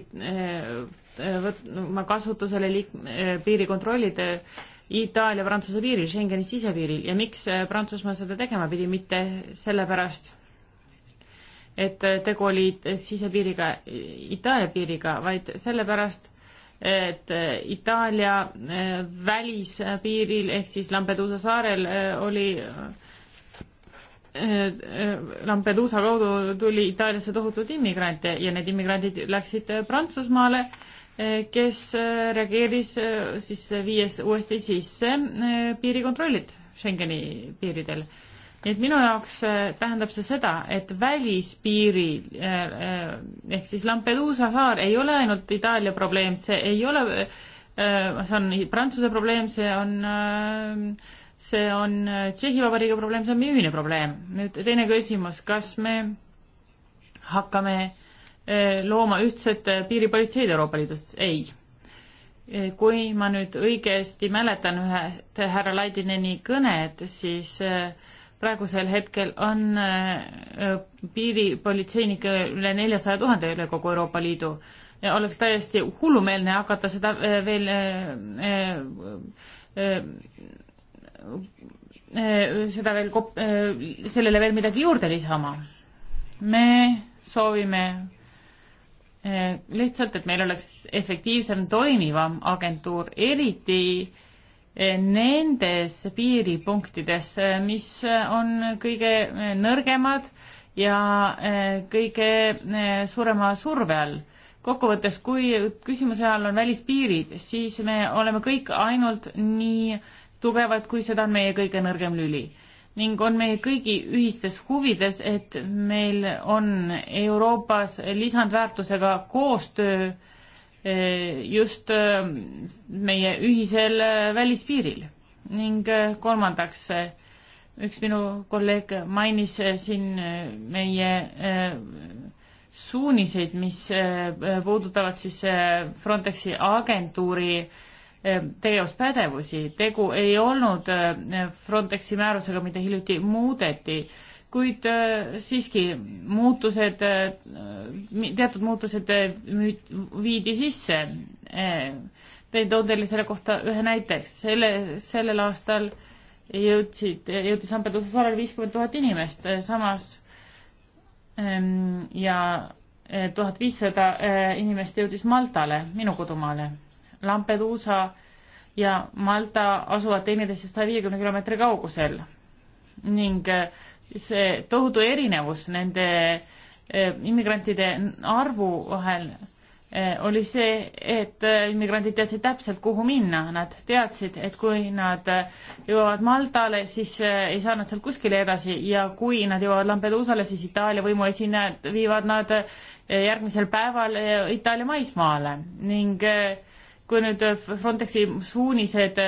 võtma kasutusele liik-, piirikontrollid Itaalia-Prantsuse piiril, Schengeni sisepiiril ja miks Prantsusmaa seda tegema pidi, mitte sellepärast, et tegu oli sisepiiriga, Itaalia piiriga, vaid sellepärast, et Itaalia eh, välispiiril ehk siis Lampedusa saarel eh, oli eh, Lampedusa kaudu tuli Itaaliasse tohutud immigrante ja need immigrandid läksid Prantsusmaale, kes reageeris siis viies uuesti sisse piirikontrollid Schengeni piiridel nii et minu jaoks äh, tähendab see seda, et välispiiril äh, äh, ehk siis Lampeduusa saar ei ole ainult Itaalia probleem, see ei ole, see on Prantsuse probleem, see on, see on Tšehhi Vabariigi probleem, see on meie ühine probleem. nüüd teine küsimus, kas me hakkame looma ühtset piiripolitseid Euroopa Liidust? ei kui ma nüüd õigesti mäletan ühe härra Laidineni kõnet, siis äh, praegusel hetkel on äh, piiripolitseinike üle neljasaja tuhande üle kogu Euroopa Liidu ja oleks täiesti hullumeelne hakata seda äh, veel äh, seda veel kop-, sellele veel midagi juurde lisama. me soovime lihtsalt, et meil oleks efektiivsem, toimivam agentuur, eriti äh, nendes piiripunktides, mis on kõige nõrgemad ja eh, kõige eh, suurema surve all. kokkuvõttes, kui küsimuse all on välispiirid, siis me oleme kõik ainult nii tugevad, kui seda on meie kõige nõrgem lüli. ning on meie kõigi ühistes huvides, et meil on Euroopas lisandväärtusega koostöö Eh, just eh, meie ühisel eh, välispiiril ning kolmandaks, üks minu kolleeg mainis siin meie suuniseid, mis puudutavad siis Frontexi agentuuri tegevuspädevusi. tegu ei olnud Frontexi määrusega, mida hiljuti muudeti kuid äh, siiski muutused, äh, teatud muutused äh, müüd-, viidi sisse. toon teile selle kohta ühe näiteks, selle, sellel aastal jõudsid, jõudis Lampedusa saarel viiskümmend tuhat inimest, samas ähm, ja tuhat viissada inimest jõudis Maltale, minu kodumaale. Lampedusa ja Malta asuvad teineteisest saja viiekümne kilomeetri kaugusel ning äh, see tohutu erinevus nende eh, immigrantide arvu vahel eh, oli see, et eh, immigrandid teadsid täpselt, kuhu minna, nad teadsid, et kui nad jõuavad Maltale, siis ei saa nad sealt kuskile edasi ja kui nad jõuavad Lampeduusale, siis Itaalia võimuesinejad viivad nad järgmisel päeval Itaalia maismaale ning kui nüüd Frontexi suunised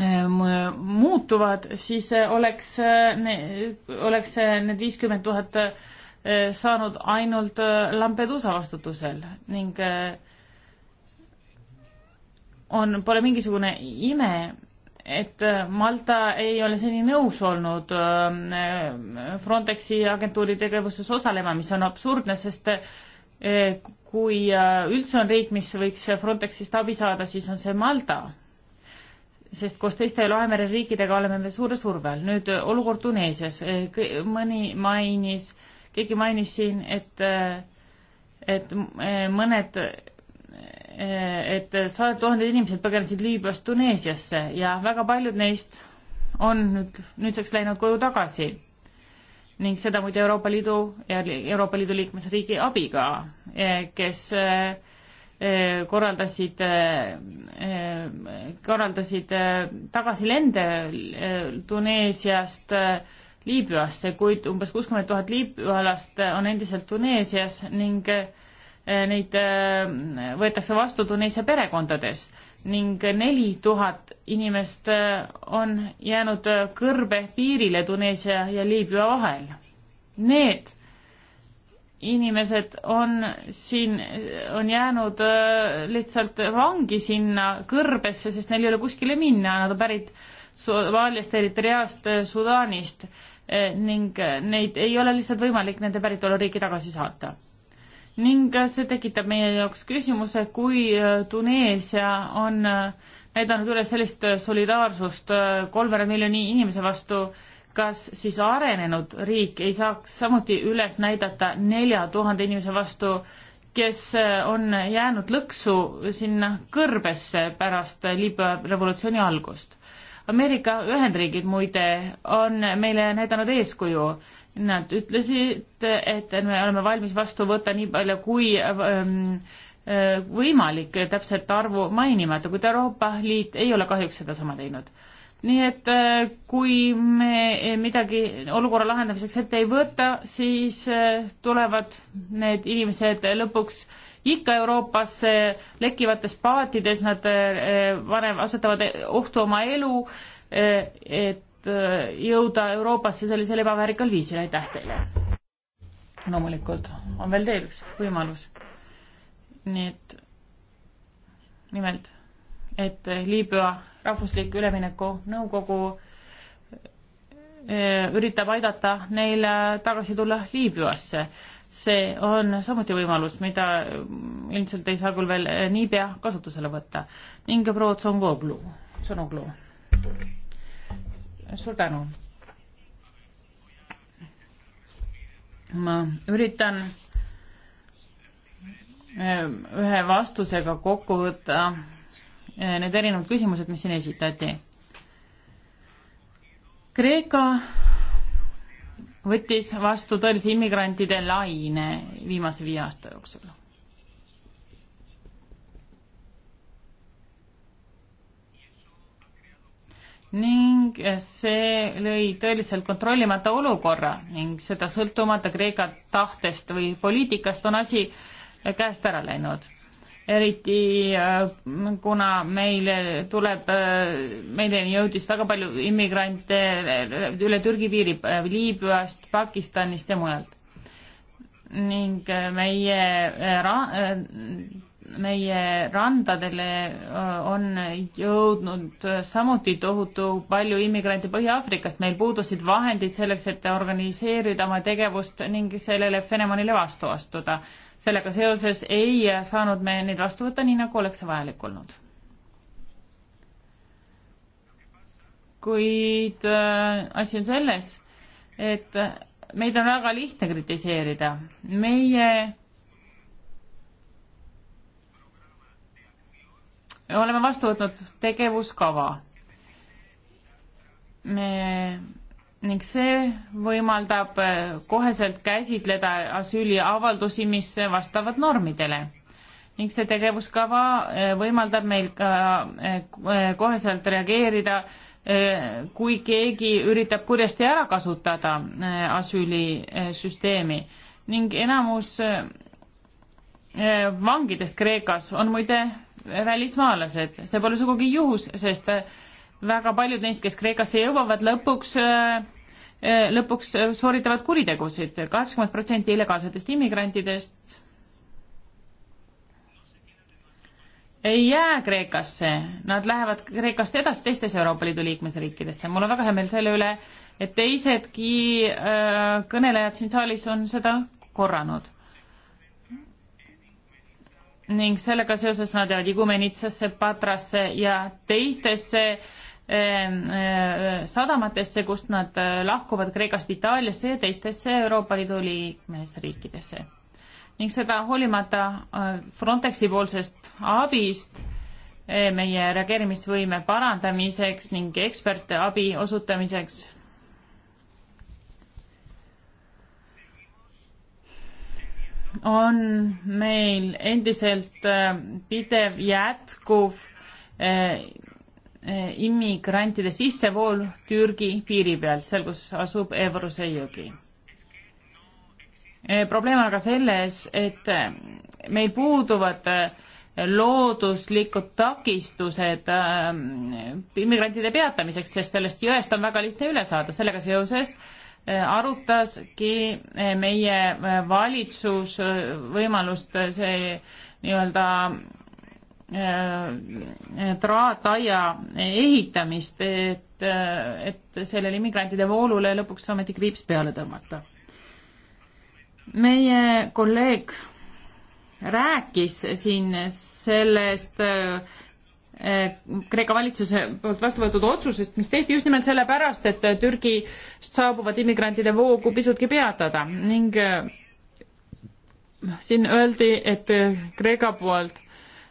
Ehm, muutuvad, siis eh, oleks, eh, oleks eh, need viiskümmend tuhat saanud ainult Lampedusa vastutusel ning on, pole mingisugune ime, et Malta ei ole seni nõus olnud ehm, Frontexi agentuuri tegevuses osalema, mis on absurdne, sest kui üldse on riik, mis võiks Frontexist abi saada, siis on see Malta sest koos teiste Lahemere riikidega oleme me suure surve all. nüüd äh, olukord Tuneesias, äh, mõni mainis, keegi mainis siin, et, äh, et mõned, et sajad tuhanded inimesed põgenesid Liibüast Tuneesiasse ja väga paljud neist on nüüd, nüüdseks läinud koju tagasi. ning seda muide Euroopa Liidu ja Euroopa Liidu liikmesriigi abiga, kes äh, Äh, korraldasid, äh, äh, korraldasid tagasilende Tuneesiast Liibüasse, kuid umbes kuuskümmend tuhat liibüalast on endiselt Tuneesias ning neid võetakse vastu Tuneesia perekondades ning neli tuhat inimest on jäänud kõrbe piirile Tuneesia ja Liibüa vahel. Need inimesed on siin, on jäänud äh, lihtsalt vangi sinna kõrbesse, sest neil ei ole kuskile minna, nad on pärit Somaaliast, Eritreast, äh, Sudaanist äh, ning neid ei ole lihtsalt võimalik nende päritoluriiki tagasi saata. ning see tekitab meie jaoks küsimuse, kui Tuneesia on näidanud üles sellist solidaarsust kolmele miljoni inimese vastu, kas siis arenenud riik ei saaks samuti üles näidata nelja tuhande inimese vastu, kes äh, on jäänud lõksu sinna kõrbesse pärast Liibüa revolutsiooni algust. Ameerika Ühendriigid muide on meile näidanud eeskuju. Nad ütlesid, et me oleme valmis vastu võtta nii palju kui ähm, äh, võimalik, täpset arvu mainimata, kuid Euroopa Liit ei ole kahjuks sedasama teinud nii et äh, kui me äh, midagi olukorra lahendamiseks ette ei võta, siis äh, tulevad need inimesed lõpuks ikka Euroopasse lekkivates paatides, nad vanem asetavad ohtu oma elu, et jõuda Euroopasse sellisel ebaväärikal viisil, aitäh teile! loomulikult on veel teil üks võimalus. nii et nimelt, et Liibüa rahvuslik ülemineku nõukogu eh, üritab aidata neil eh, tagasi tulla Liibüasse. see on samuti võimalus, mida mm, ilmselt ei saa küll veel eh, niipea kasutusele võtta ning proua Tsongoglu, Tsonoglu. suur tänu. ma üritan ühe vastusega kokku võtta Äh, need erinevad küsimused, mis siin esitati. Kreeka võttis vastu tõelise immigrantide laine viimase viie aasta jooksul. ning see lõi tõeliselt kontrollimata olukorra ning seda sõltumata Kreeka tahtest või poliitikast on asi käest ära läinud eriti äh, kuna meile tuleb, äh, meileni jõudis väga palju immigrante üle Türgi piiri äh, Liibüast, Pakistanist ja mujalt. ning meie ra-, meie randadele on jõudnud samuti tohutu palju immigrante Põhja-Aafrikast, meil puudusid vahendid selleks, et organiseerida oma tegevust ning sellele fenomenile vastu astuda sellega seoses ei saanud me neid vastu võtta nii, nagu oleks see vajalik olnud. kuid äh, asi on selles, et meid on väga lihtne kritiseerida. meie me oleme vastu võtnud tegevuskava. me ning see võimaldab äh, koheselt käsitleda asüüliavaldusi, mis vastavad normidele. ning see tegevuskava äh, võimaldab meil ka äh, koheselt reageerida, kui keegi üritab kurjasti ära kasutada asüülisüsteemi ning enamus vangidest Kreekas on muide välismaalased, see pole sugugi juhus, sest väga paljud neist, kes Kreekasse jõuavad, lõpuks äh, äh, lõpuks äh, sooritavad kuritegusid. kaheksakümmend protsenti illegaalsetest immigrantidest ei jää Kreekasse, nad lähevad Kreekast edasi teistesse Euroopa Liidu liikmesriikidesse. mul on väga hea meel selle üle, et teisedki öö, kõnelejad siin saalis on seda korranud. ning sellega seoses nad jäävad Igumenitsasse, Patrasse ja teistesse öö, Ähm, äh, sadamatesse, kust nad äh, lahkuvad Kreekast Itaaliasse ja teistesse Euroopa Liidu liikmesriikidesse. ning seda hoolimata äh, Frontexi poolsest abist meie reageerimisvõime parandamiseks ning ekspertabi osutamiseks. on meil endiselt pidev jätkuv Eh, immigrantide sissevool Türgi piiri pealt, seal, kus asub Evruse jõgi. Eh, probleem on aga selles, et eh, meil puuduvad looduslikud takistused immigrantide peatamiseks, sest sellest jõest on väga lihtne üle saada, sellega seoses arutaski meie valitsus võimalust see nii-öelda Äh, traataia ehitamist, et, äh, et sellele immigrantide voolule lõpuks ometi kriips peale tõmmata. meie kolleeg rääkis siin sellest äh, Kreeka valitsuse poolt vastu võetud otsusest, mis tehti just nimelt sellepärast, et Türgist saabuvad immigrantide voogu pisutki peatada ning siin öeldi, et Kreeka poolt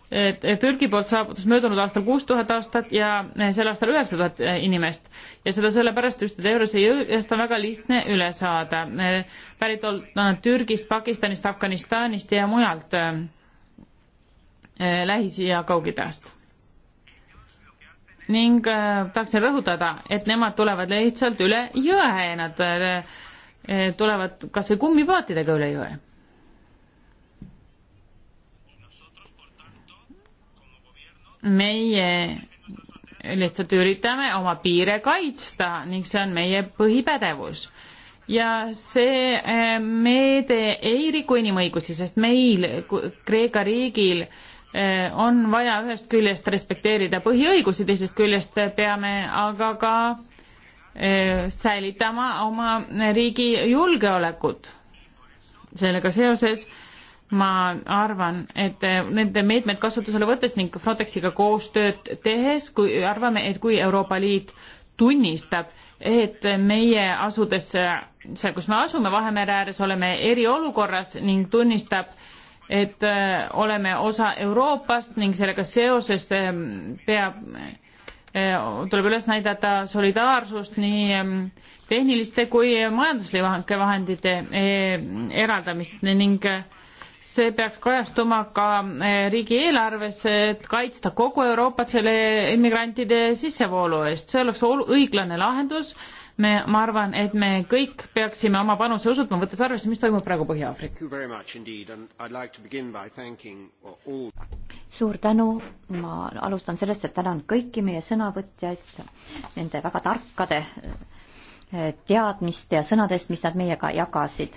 Türgi poolt saabus möödunud aastal kuus tuhat aastat ja eh, sel aastal üheksa tuhat eh, inimest ja seda sellepärast just, et eurosse jõudest on väga lihtne üle saada. Eh, pärit olnud Türgist, Pakistanist, Afganistanist ja mujalt Lähis- ja Kaug-Idast. ning tahaksin rõhutada, et nemad tulevad lihtsalt üle jõe, nad tulevad kas või kummipaatidega üle jõe meie lihtsalt üritame oma piire kaitsta ning see on meie põhipädevus. ja see eh, meede ei riku inimõigusi, sest meil, Kreeka riigil eh, on vaja ühest küljest respekteerida põhiõigusi, teisest küljest peame aga ka eh, säilitama oma riigi julgeolekut. sellega seoses ma arvan, et eh, nende meetmed kasutusele võttes ning Frontexiga koostööd tehes, kui arvame, et kui Euroopa Liit tunnistab, et meie asudes seal, kus me asume Vahemere ääres, oleme eriolukorras ning tunnistab, et eh, oleme osa Euroopast ning sellega seoses eh, peab, tuleb üles näidata solidaarsust nii tehniliste kui majanduslike vahendite eraldamist ning see peaks kajastuma ka eh, riigieelarves, et kaitsta kogu Euroopat selle immigrantide sissevoolu eest, see oleks õiglane lahendus, me, ma arvan, et me kõik peaksime oma panuse usutama, võttes arvesse, mis toimub praegu Põhja-Aafrikas. suur tänu, ma alustan sellest, et tänan kõiki meie sõnavõtjaid nende väga tarkade eh, teadmiste ja sõnadest, mis nad meiega jagasid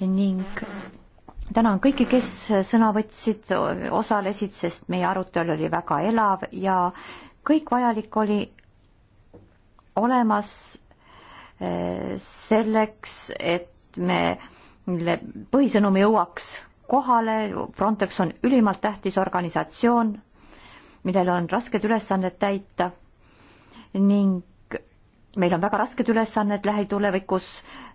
ning tänan kõiki, kes sõna võtsid, osalesid, sest meie arutelu oli väga elav ja kõik vajalik oli olemas eh, selleks, et me, mille põhisõnum jõuaks kohale, Frontex on ülimalt tähtis organisatsioon, millel on rasked ülesanded täita ning meil on väga rasked ülesanded lähitulevikus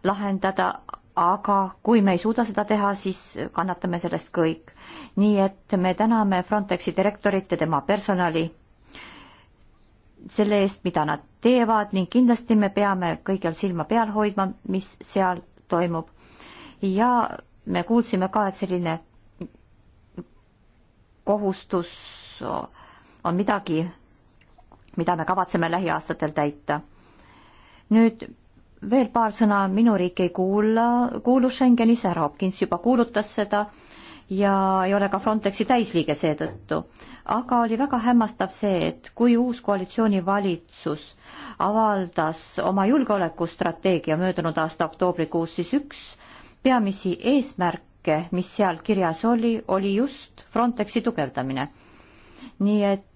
lahendada, aga kui me ei suuda seda teha, siis kannatame sellest kõik. nii et me täname Frontexi direktorit ja tema personali selle eest, mida nad teevad ning kindlasti me peame kõigil silma peal hoidma, mis seal toimub. ja me kuulsime ka, et selline kohustus on midagi, mida me kavatseme lähiaastatel täita. nüüd veel paar sõna, minu riik ei kuula, kuulu Schengenis, härra Hopkins juba kuulutas seda ja ei ole ka Frontexi täisliige seetõttu. aga oli väga hämmastav see, et kui uus koalitsioonivalitsus avaldas oma julgeolekustrateegia möödunud aasta oktoobrikuus, siis üks peamisi eesmärke, mis seal kirjas oli, oli just Frontexi tugevdamine. nii et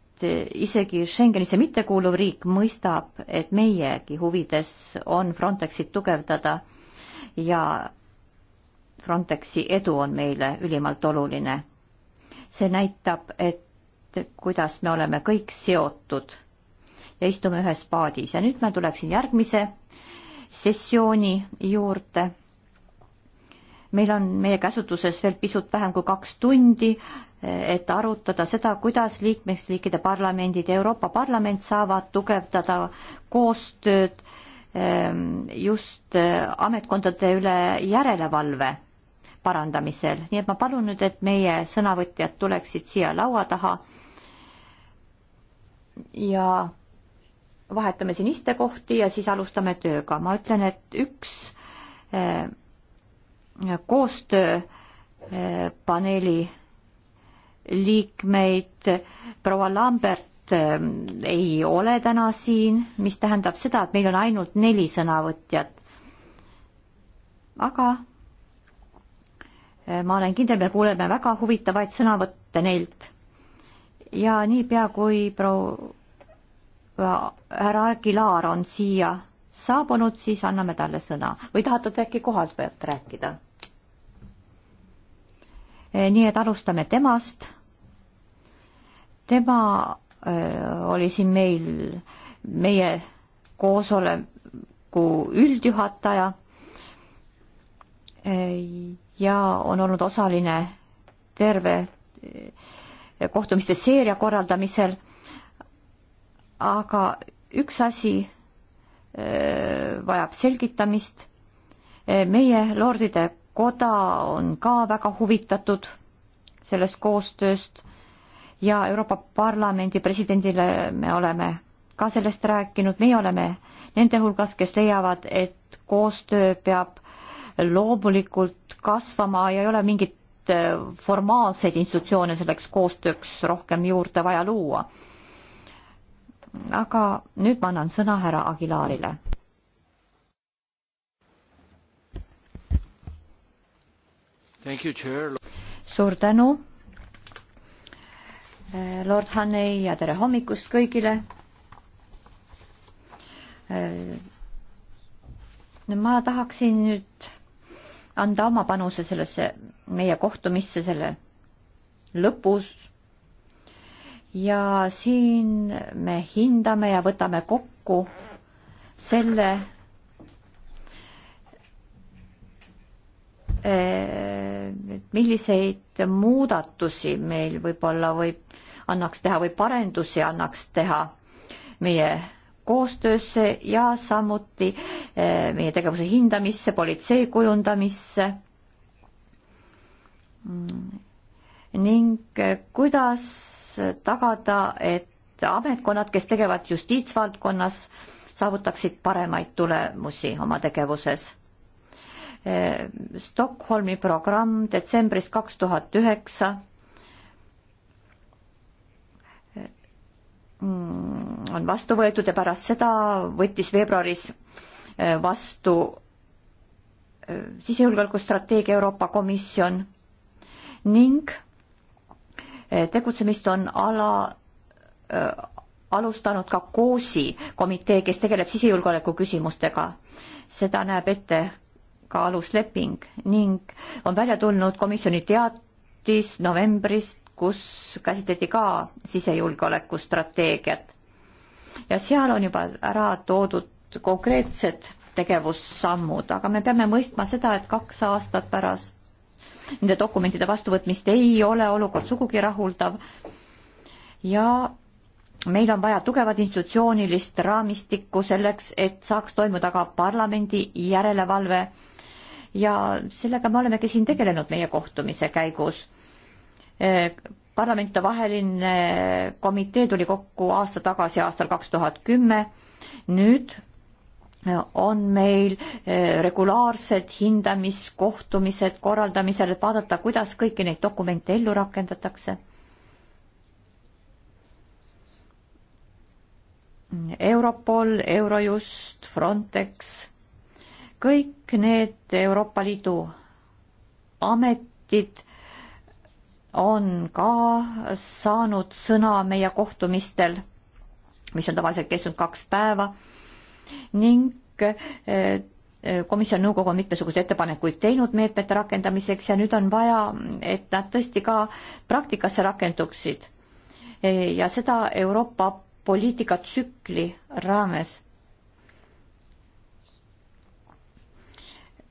isegi Schengenisse mittekuuluv riik mõistab, et meiegi huvides on Frontexit tugevdada ja Frontexi edu on meile ülimalt oluline. see näitab, et kuidas me oleme kõik seotud ja istume ühes paadis ja nüüd ma tuleksin järgmise sessiooni juurde meil on meie käsutuses veel pisut vähem kui kaks tundi et arutada seda, kuidas liikmesriikide parlamendid ja Euroopa Parlament saavad tugevdada koostööd ehm, just eh, ametkondade üle järelevalve parandamisel, nii et ma palun nüüd, et meie sõnavõtjad tuleksid siia laua taha ja vahetame siin istekohti ja siis alustame tööga. ma ütlen, et üks eh, koostööpaneeli liikmeid, proua Lambert ähm, ei ole täna siin, mis tähendab seda, et meil on ainult neli sõnavõtjat. aga äh, ma olen kindel, me kuuleme väga huvitavaid sõnavõtte neilt. ja niipea, kui proua härra Aguilar on siia saabunud, siis anname talle sõna või tahate te äkki kohalt pealt rääkida? Äh, nii et alustame temast tema öö, äh, oli siin meil, meie koosoleku üldjuhataja äh, ja on olnud osaline terve äh, kohtumiste seeria korraldamisel. aga üks asi vajab selgitamist. meie Lordide Koda on ka väga huvitatud sellest koostööst ja Euroopa Parlamendi presidendile me oleme ka sellest rääkinud, meie oleme nende hulgas, kes leiavad, et koostöö peab loomulikult kasvama ja ei ole mingit äh, formaalseid institutsioone selleks koostööks rohkem juurde vaja luua. aga nüüd ma annan sõna härra Aguilarile. suur tänu Eh, Lord Hanei ja tere hommikust kõigile. Eh, ma tahaksin nüüd anda oma panuse sellesse meie kohtumisse selle lõpus. ja siin me hindame ja võtame kokku selle eh, et milliseid muudatusi meil võib-olla võib, annaks teha või parendusi annaks teha meie koostöösse ja samuti eh, meie tegevuse hindamisse, politsei kujundamisse. Mm. ning eh, kuidas tagada, et ametkonnad, kes tegevad justiitsvaldkonnas, saavutaksid paremaid tulemusi oma tegevuses Eh, Stockholmi programm detsembris kaks tuhat üheksa eh, mm, on vastu võetud ja pärast seda võttis veebruaris eh, vastu sisejulgeolekustrateegia Euroopa Komisjon ning tegutsemist on ala, alustanud ka COSI komitee, kes tegeleb sisejulgeoleku küsimustega. seda näeb ette ka alusleping ning on välja tulnud komisjoni teatis novembrist, kus käsitleti ka sisejulgeoleku strateegiat. ja seal on juba ära toodud konkreetsed tegevussammud, aga me peame mõistma seda, et kaks aastat pärast nende dokumentide vastuvõtmist ei ole olukord sugugi rahuldav ja meil on vaja tugevat institutsioonilist raamistikku selleks, et saaks toimuda ka parlamendi järelevalve ja sellega me olemegi siin tegelenud meie kohtumise käigus. E, parlamentidevaheline komitee tuli kokku aasta tagasi, aastal kaks tuhat kümme. nüüd on meil e, regulaarsed hindamiskohtumised korraldamisel, et vaadata, kuidas kõiki neid dokumente ellu rakendatakse Europol, Eurojust, Frontex, kõik need Euroopa Liidu ametid on ka saanud sõna meie kohtumistel, mis on tavaliselt kestnud kaks päeva ning eh, komisjon nõukogu on mitmesuguseid ettepanekuid teinud meetmete rakendamiseks ja nüüd on vaja, et nad tõesti ka praktikasse rakenduksid. Eh, ja seda Euroopa poliitikatsükli raames,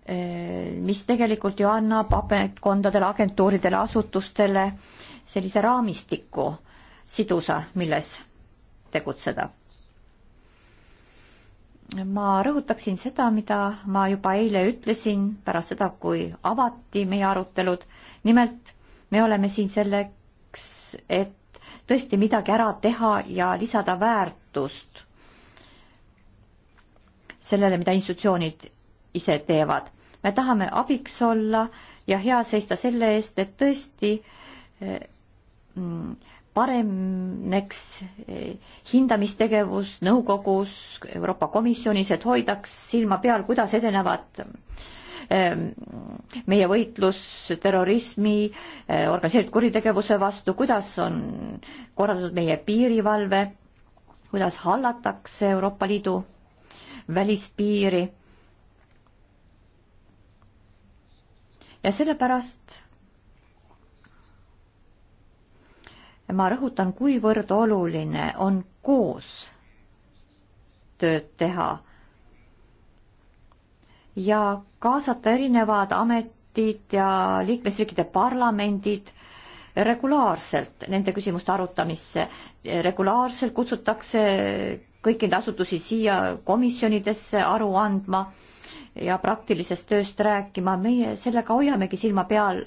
eh, mis tegelikult ju annab ametkondadele, agentuuridele, asutustele sellise raamistiku sidusa, milles tegutseda. ma rõhutaksin seda, mida ma juba eile ütlesin pärast seda, kui avati meie arutelud. nimelt me oleme siin selleks, et tõesti midagi ära teha ja lisada väärtust sellele, mida institutsioonid ise teevad. me tahame abiks olla ja hea seista selle eest, et tõesti eh, mm, pareneks eh, hindamistegevus nõukogus, Euroopa Komisjonis, et hoidaks silma peal, kuidas edenevad Ehm, meie võitlus terrorismi, eh, organiseeritud kuritegevuse vastu, kuidas on korraldatud meie piirivalve, kuidas hallatakse Euroopa Liidu välispiiri. ja sellepärast ma rõhutan, kuivõrd oluline on koos tööd teha ja kaasata erinevad ametid ja liikmesriikide parlamendid regulaarselt nende küsimuste arutamisse. regulaarselt kutsutakse kõiki neid asutusi siia komisjonidesse aru andma ja praktilisest tööst rääkima. meie sellega hoiamegi silma peal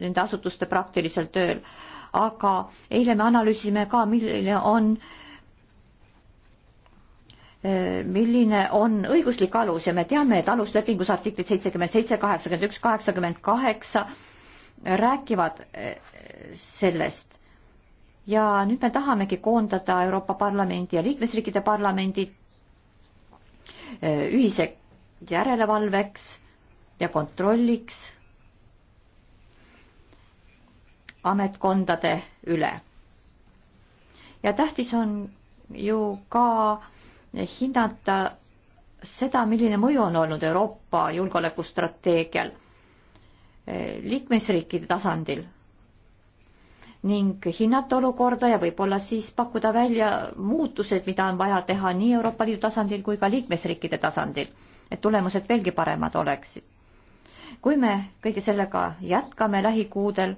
nende asutuste praktilisel tööl. aga eile me analüüsisime ka, milline on äh, milline on õiguslik alus ja me teame, et aluslepingus artiklid seitsekümmend seitse, kaheksakümmend üks, kaheksakümmend kaheksa räägivad eh, sellest. ja nüüd me tahamegi koondada Euroopa Parlamendi ja liikmesriikide parlamendid eh, ühise järelevalveks ja kontrolliks ametkondade üle. ja tähtis on ju ka hinnata seda, milline mõju on olnud Euroopa julgeolekustrateegial eh, liikmesriikide tasandil ning hinnata olukorda ja võib-olla siis pakkuda välja muutused, mida on vaja teha nii Euroopa Liidu tasandil kui ka liikmesriikide tasandil, et tulemused veelgi paremad oleksid. kui me kõige sellega jätkame lähikuudel,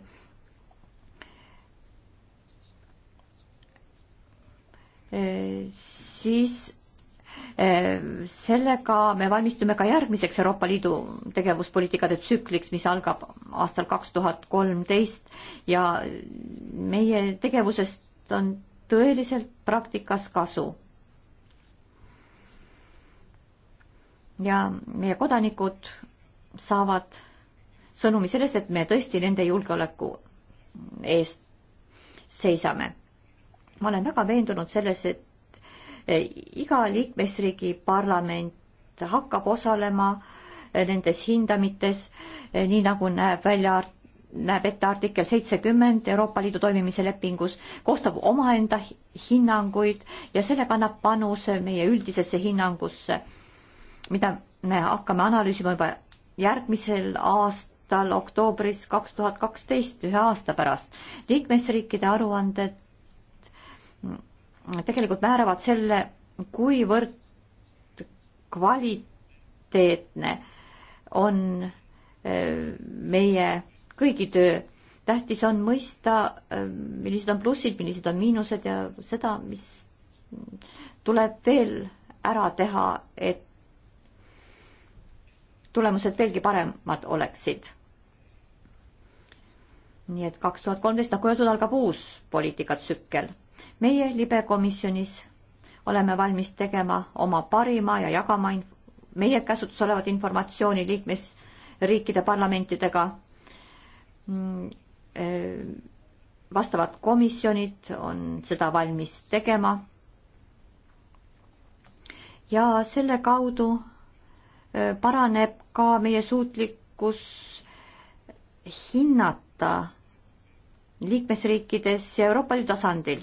eh, siis Ehm, sellega me valmistume ka järgmiseks Euroopa Liidu tegevuspoliitikade tsükliks, mis algab aastal kaks tuhat kolmteist ja meie tegevusest on tõeliselt praktikas kasu. ja meie kodanikud saavad sõnumi sellest, et me tõesti nende julgeoleku eest seisame. ma olen väga veendunud selles, et Eh, iga liikmesriigi parlament hakkab osalema eh, nendes hindamites, eh, nii nagu näeb välja, näeb ette artikkel seitsekümmend Euroopa Liidu toimimise lepingus, koostab omaenda hinnanguid ja sellega annab panuse meie üldisesse hinnangusse, mida me hakkame analüüsima juba järgmisel aastal, oktoobris kaks tuhat kaksteist, ühe aasta pärast. liikmesriikide aruanded tegelikult määravad selle, kuivõrd kvaliteetne on äh, meie kõigi töö. tähtis on mõista, äh, millised on plussid, millised on miinused ja seda, mis tuleb veel ära teha, et tulemused veelgi paremad oleksid. nii et kaks tuhat kolmteist, nagu öeldud, algab uus poliitikatsükkel meie libekomisjonis oleme valmis tegema oma parima ja jagama meie käsutuses olevat informatsiooni liikmesriikide parlamentidega. Mm, eh, vastavad komisjonid on seda valmis tegema. ja selle kaudu eh, paraneb ka meie suutlikkus hinnata liikmesriikides ja Euroopa Liidu tasandil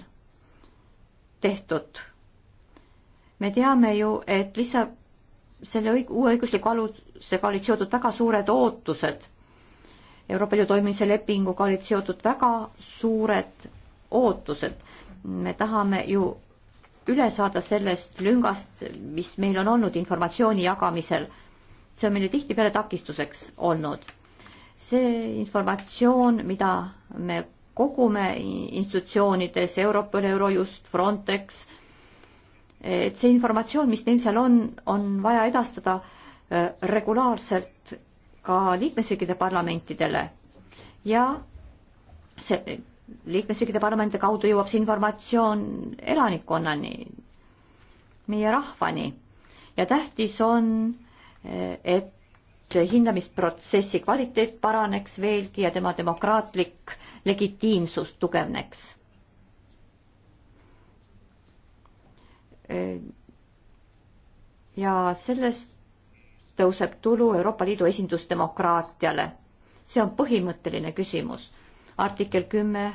tehtud. me teame ju, et lihtsalt selle õig-, uue õigusliku alusega olid seotud väga suured ootused. Euroopa Liidu toimimise lepinguga olid seotud väga suured ootused. me tahame ju üle saada sellest lüngast, mis meil on olnud informatsiooni jagamisel. see on meile tihtipeale takistuseks olnud. see informatsioon, mida me kogume institutsioonides, Europol, Eurojust, Frontex, et see informatsioon, mis neil seal on, on vaja edastada äh, regulaarselt ka liikmesriikide parlamentidele ja see liikmesriikide parlamentide kaudu jõuab see informatsioon elanikkonnani, meie rahvani ja tähtis on, äh, et hindamisprotsessi kvaliteet paraneks veelgi ja tema demokraatlik äh, legitiimsus tugevneks. ja sellest tõuseb tulu Euroopa Liidu esindusdemokraatiale. see on põhimõtteline küsimus. artikkel kümme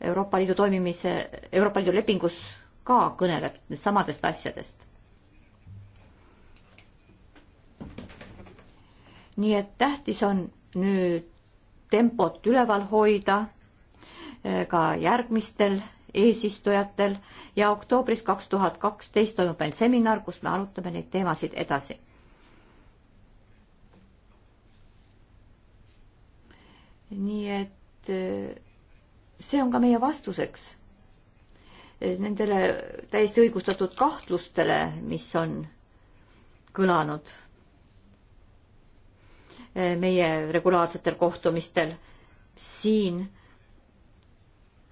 Euroopa Liidu toimimise, Euroopa Liidu lepingus ka kõneleb samadest asjadest. nii et tähtis on nüüd tempot üleval hoida eh, ka järgmistel eesistujatel ja oktoobris kaks tuhat kaksteist toimub meil seminar, kus me arutame neid teemasid edasi. nii et eh, see on ka meie vastuseks eh, nendele täiesti õigustatud kahtlustele, mis on kõlanud meie regulaarsetel kohtumistel siin,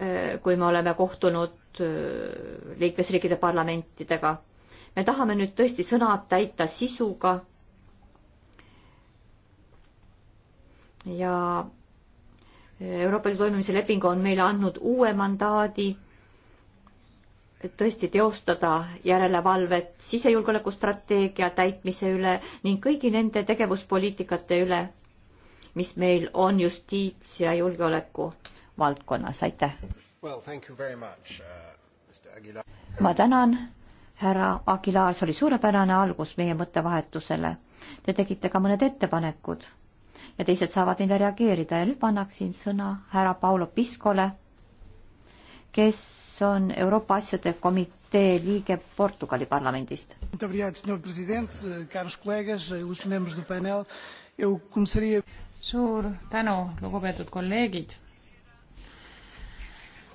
äh, kui me oleme kohtunud äh, liikmesriikide parlamentidega. me tahame nüüd tõesti sõnad täita sisuga. ja Euroopa Liidu toimimise leping on meile andnud uue mandaadi tõesti teostada järelevalvet sisejulgeolekustrateegia täitmise üle ning kõigi nende tegevuspoliitikate üle, mis meil on justiits- ja julgeoleku valdkonnas, aitäh well,! Uh, ma tänan, härra Aguilar, see oli suurepärane algus meie mõttevahetusele. Te tegite ka mõned ettepanekud ja teised saavad neile reageerida ja nüüd ma annaksin sõna härra Paulo Piskole kes on Euroopa Asjade Komitee liige Portugali parlamendist. suur tänu, lugupeetud kolleegid.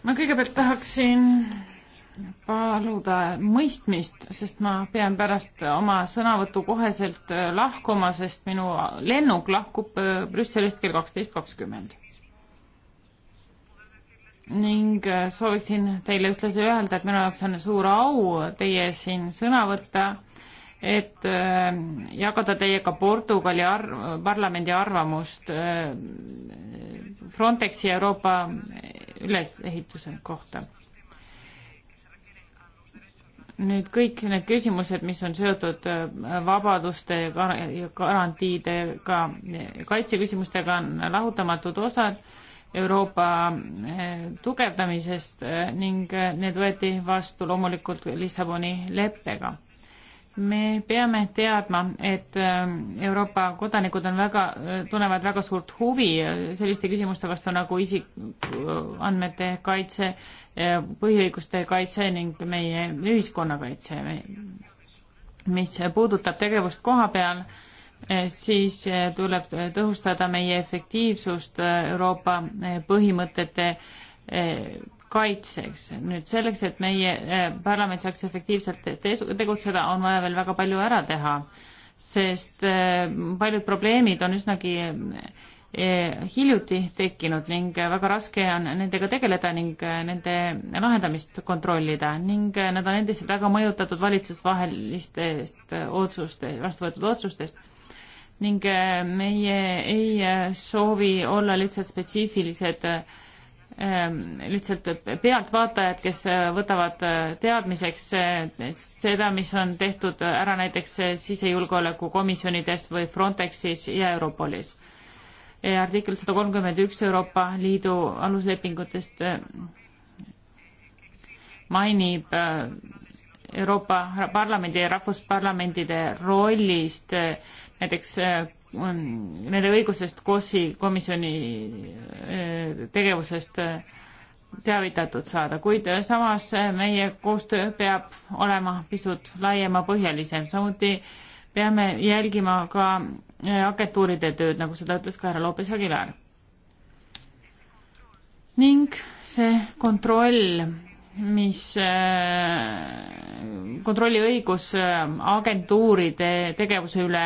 ma kõigepealt tahaksin paluda mõistmist, sest ma pean pärast oma sõnavõttu koheselt lahkuma, sest minu lennuk lahkub äh, Brüsselist kell kaksteist kakskümmend ning äh, sooviksin teile ühtlasi öelda, et minu jaoks on suur au teie siin sõna võtta, et äh, jagada teiega Portugali arv, parlamendi arvamust äh, Frontexi Euroopa ülesehituse kohta. nüüd kõik need küsimused, mis on seotud vabaduste ja garantiidega, kaitseküsimustega on lahutamatud osad Euroopa eh, tugevdamisest eh, ning eh, need võeti vastu loomulikult Lissaboni leppega. me peame teadma, et Euroopa kodanikud on väga, tunnevad väga suurt huvi selliste küsimuste vastu nagu isikuandmete kaitse, põhiõiguste kaitse ning meie ühiskonnakaitse, mis puudutab tegevust koha peal Eh, siis eh, tuleb eh, tõhustada meie efektiivsust Euroopa põhimõtete kaitseks. nüüd selleks, et meie parlament saaks efektiivselt tegutseda, on vaja veel väga palju ära teha, sest paljud probleemid on üsnagi hiljuti tekkinud ning väga raske on nendega tegeleda ning nende lahendamist kontrollida ning nad on endiselt väga mõjutatud valitsusvahelistest otsuste, vastu võetud otsustest ning äh, meie ei äh, soovi olla lihtsalt spetsiifilised, äh, ähm, lihtsalt pealtvaatajad, kes võtavad teadmiseks seda, mis on tehtud ära näiteks sisejulgeolekukomisjonides või Frontexis ja Europolis. artikkel sada kolmkümmend üks Euroopa Liidu aluslepingutest mainib Euroopa Parlamendi ja Rahvusparlamentide rollist näiteks äh, nende õigusest KOS-i komisjoni äh, tegevusest äh, teavitatud saada, kuid samas meie koostöö peab olema pisut laiemapõhjalisem, samuti peame jälgima ka agentuuride tööd, nagu seda ütles ka härra Lopes Aguilar. ning see kontroll, mis, kontrolliõigus agentuuride tegevuse üle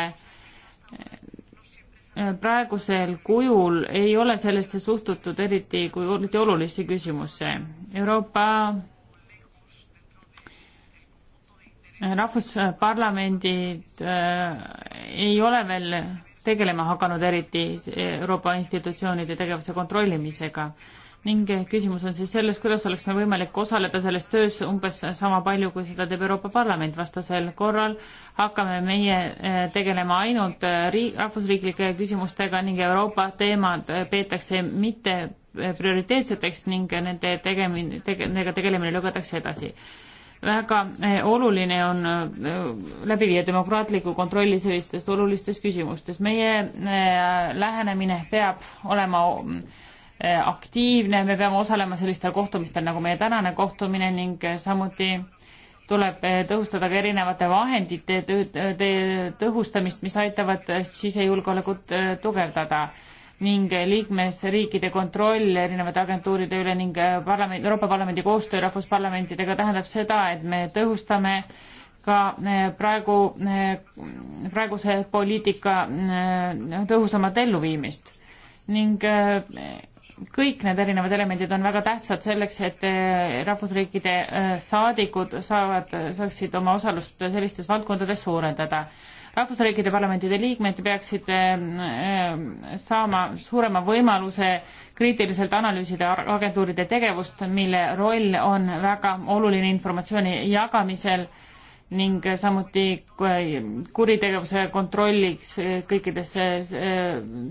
Äh, praegusel kujul ei ole sellesse suhtutud eriti kui eriti olulisse küsimusse. Euroopa äh, rahvusparlamendid äh, ei ole veel tegelema hakanud eriti Euroopa institutsioonide tegevuse kontrollimisega ning küsimus on siis selles, kuidas oleks meil võimalik osaleda selles töös umbes sama palju, kui seda teeb Euroopa Parlament, vastasel korral hakkame meie eh, tegelema ainult eh, riik, rahvusriiklike küsimustega ning Euroopa teemad eh, peetakse mitte prioriteetseteks ning nende tegemine tege,, nendega tegelemine lükatakse edasi. väga oluline on läbi viia demokraatlikku kontrolli sellistes olulistes küsimustes. meie lähenemine peab olema mm, Äh, aktiivne, me peame osalema sellistel kohtumistel nagu meie tänane kohtumine ning äh, samuti tuleb äh, tõhustada ka erinevate vahendite tõhustamist, mis aitavad sisejulgeolekut tugevdada ning liikmesriikide kontroll erinevate agentuuride üle ning parlament, Euroopa Parlamendi koostöö rahvusparlamentidega tähendab seda, et me tõhustame ka praegu, praeguse poliitika tõhusamat elluviimist ning kõik need erinevad elemendid on väga tähtsad selleks, et äh, rahvusriikide äh, saadikud saavad, saaksid oma osalust sellistes valdkondades suurendada. rahvusriikide parlamentide liikmed peaksid ähm, ähm, saama suurema võimaluse kriitiliselt analüüsida agentuuride tegevust, mille roll on väga oluline informatsiooni jagamisel äh, ning samuti kuritegevuse kontrolliks eh, kõikides eh,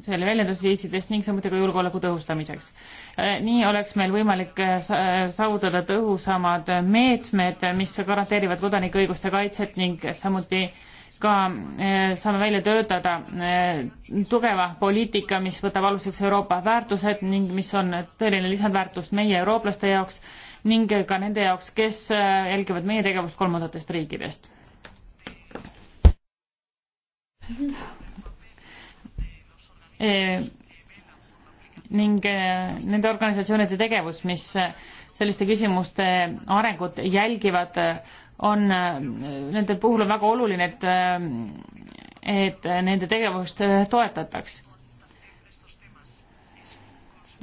selle väljendusviisides ning samuti ka julgeoleku tõhustamiseks. Eh, nii oleks meil võimalik saavutada tõhusamad meetmed, mis garanteerivad kodanikuõiguste kaitset ning samuti ka saame välja töötada tugeva poliitika, mis võtab aluseks Euroopa väärtused ning mis on tõeline lisandväärtus meie eurooplaste jaoks ning ka nende jaoks, kes äh, jälgivad meie tegevust kolmandatest riikidest. Äh, ning äh, nende organisatsioonide tegevus, mis selliste küsimuste arengut jälgivad, on, nende puhul on väga oluline, et, et nende tegevust toetataks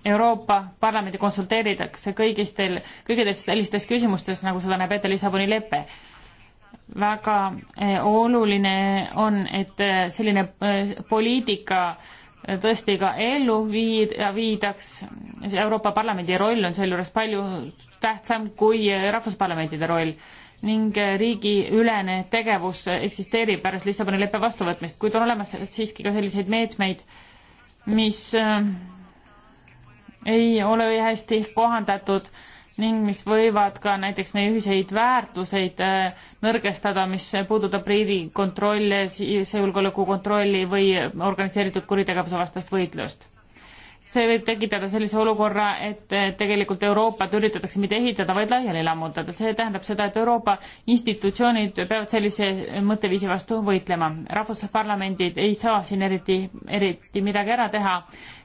Euroopa Parlamendi konsulteeritakse kõigis teil, kõikides sellistes küsimustes, nagu seda näeb ette Lissaboni lepe. väga eh, oluline on, et eh, selline eh, poliitika tõesti ka ellu viid-, viidaks, Euroopa Parlamendi roll on sealjuures palju tähtsam kui rahvusparlamentide roll ning riigiülene tegevus eksisteerib pärast Lissaboni leppe vastuvõtmist, kuid on olemas siiski ka selliseid meetmeid, mis ei ole hästi kohandatud ning mis võivad ka näiteks meie ühiseid väärtuseid äh, nõrgestada, mis puudutab riigi kontrolle, sisejulgeoleku kontrolli või organiseeritud kuritegevuse vastast võitlust see võib tekitada sellise olukorra, et eh, tegelikult Euroopat üritatakse mitte ehitada, vaid laiali lammutada. see tähendab seda, et Euroopa institutsioonid peavad sellise mõtteviisi vastu võitlema. rahvusparlamendid ei saa siin eriti, eriti midagi ära teha.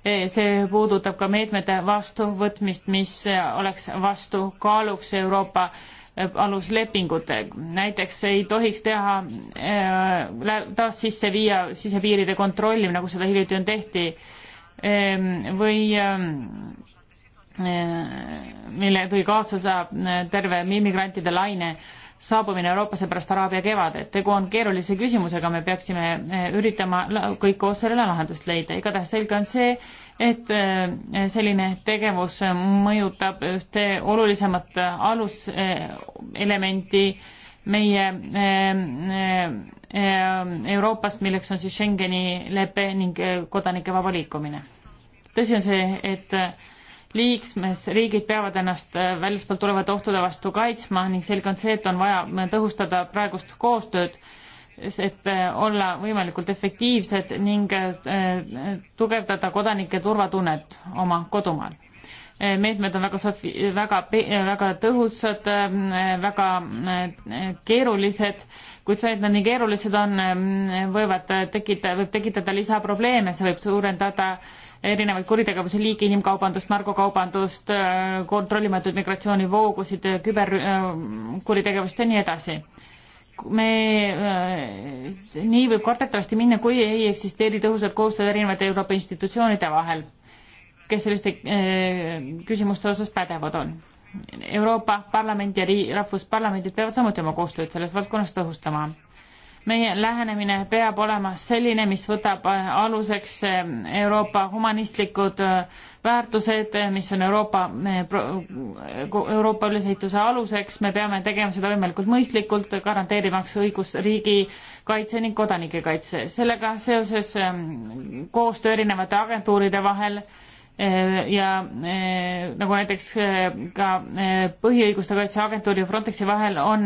Eh, see puudutab ka meetmete vastuvõtmist, mis oleks vastukaaluks Euroopa eh, aluslepingut, näiteks ei tohiks teha äh,, taas sisse viia sisepiiride kontrolli, nagu seda hiljuti on tehti äh, või mille tõi kaasa terve immigrantide laine saabumine Euroopasse pärast Araabia kevadet. tegu on keerulise küsimusega, me peaksime üritama kõik koos sellele lahendust leida. igatahes selge on see, et selline tegevus mõjutab ühte olulisemat aluselementi eh, meie ähm, ähm, ähm, Euroopast, milleks on siis Schengeni lepe ning äh, kodanike vaba liikumine. tõsi on see, et äh, liikmesriigid peavad ennast äh, väljastpoolt tulevate ohtude vastu kaitsma ning selge on see, et on vaja tõhustada praegust koostööd, et olla võimalikult efektiivsed ning tugevdada kodanike turvatunnet oma kodumaal meetmed on väga sofi-, väga, väga tõhusad, väga keerulised, kuid see, et nad nii keerulised on, võivad tekita-, võib tekitada lisaprobleeme, see võib suurendada erinevaid kuritegevuse liike, inimkaubandust, narkokaubandust, kontrollimatuid migratsioonivoogusid, küberkuritegevust ja nii edasi me äh,, nii võib kardetavasti minna, kui ei eksisteeri tõhusat koostööd erinevate Euroopa institutsioonide vahel kes selliste eh, küsimuste osas pädevad on. Euroopa Parlament ja rahvusparlamendid peavad samuti oma koostööd selles valdkonnas tõhustama. meie lähenemine peab olema selline, mis võtab eh, aluseks eh, Euroopa humanistlikud väärtused, mis on Euroopa, Euroopa ülesehituse aluseks, me peame tegema seda võimalikult mõistlikult, garanteerimaks õigusriigi kaitse ning kodanike kaitse. sellega seoses koostöö erinevate agentuuride vahel äh, Äh, ja äh, nagu näiteks äh, ka põhiõiguste kaitseagentuuri ja Frontexi vahel on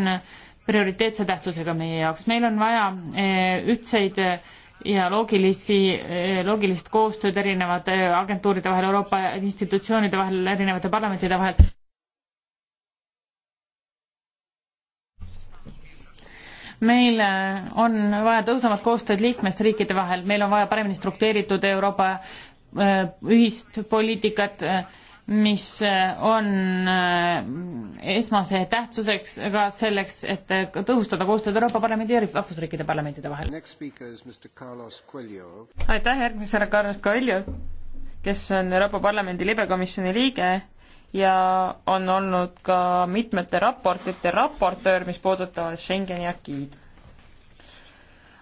prioriteetse tähtsusega meie jaoks. meil on vaja ühtseid ja loogilisi, loogilist koostööd erinevate agentuuride vahel, Euroopa institutsioonide vahel, erinevate parlamentide vahel. meil on vaja tõhusamat koostööd liikmesriikide vahel, meil on vaja paremini struktureeritud Euroopa Äh, ühist poliitikat, äh, mis äh, on esmase tähtsuseks ka selleks, et tõhustada koostööd Euroopa Parlamendi ja rahvusriikide parlamentide vahel. aitäh, järgmiseks härra Carlos Coelho, kes on Euroopa Parlamendi libekomisjoni liige ja on olnud ka mitmete raportite raportöör, mis puudutavad Schengeni akiid.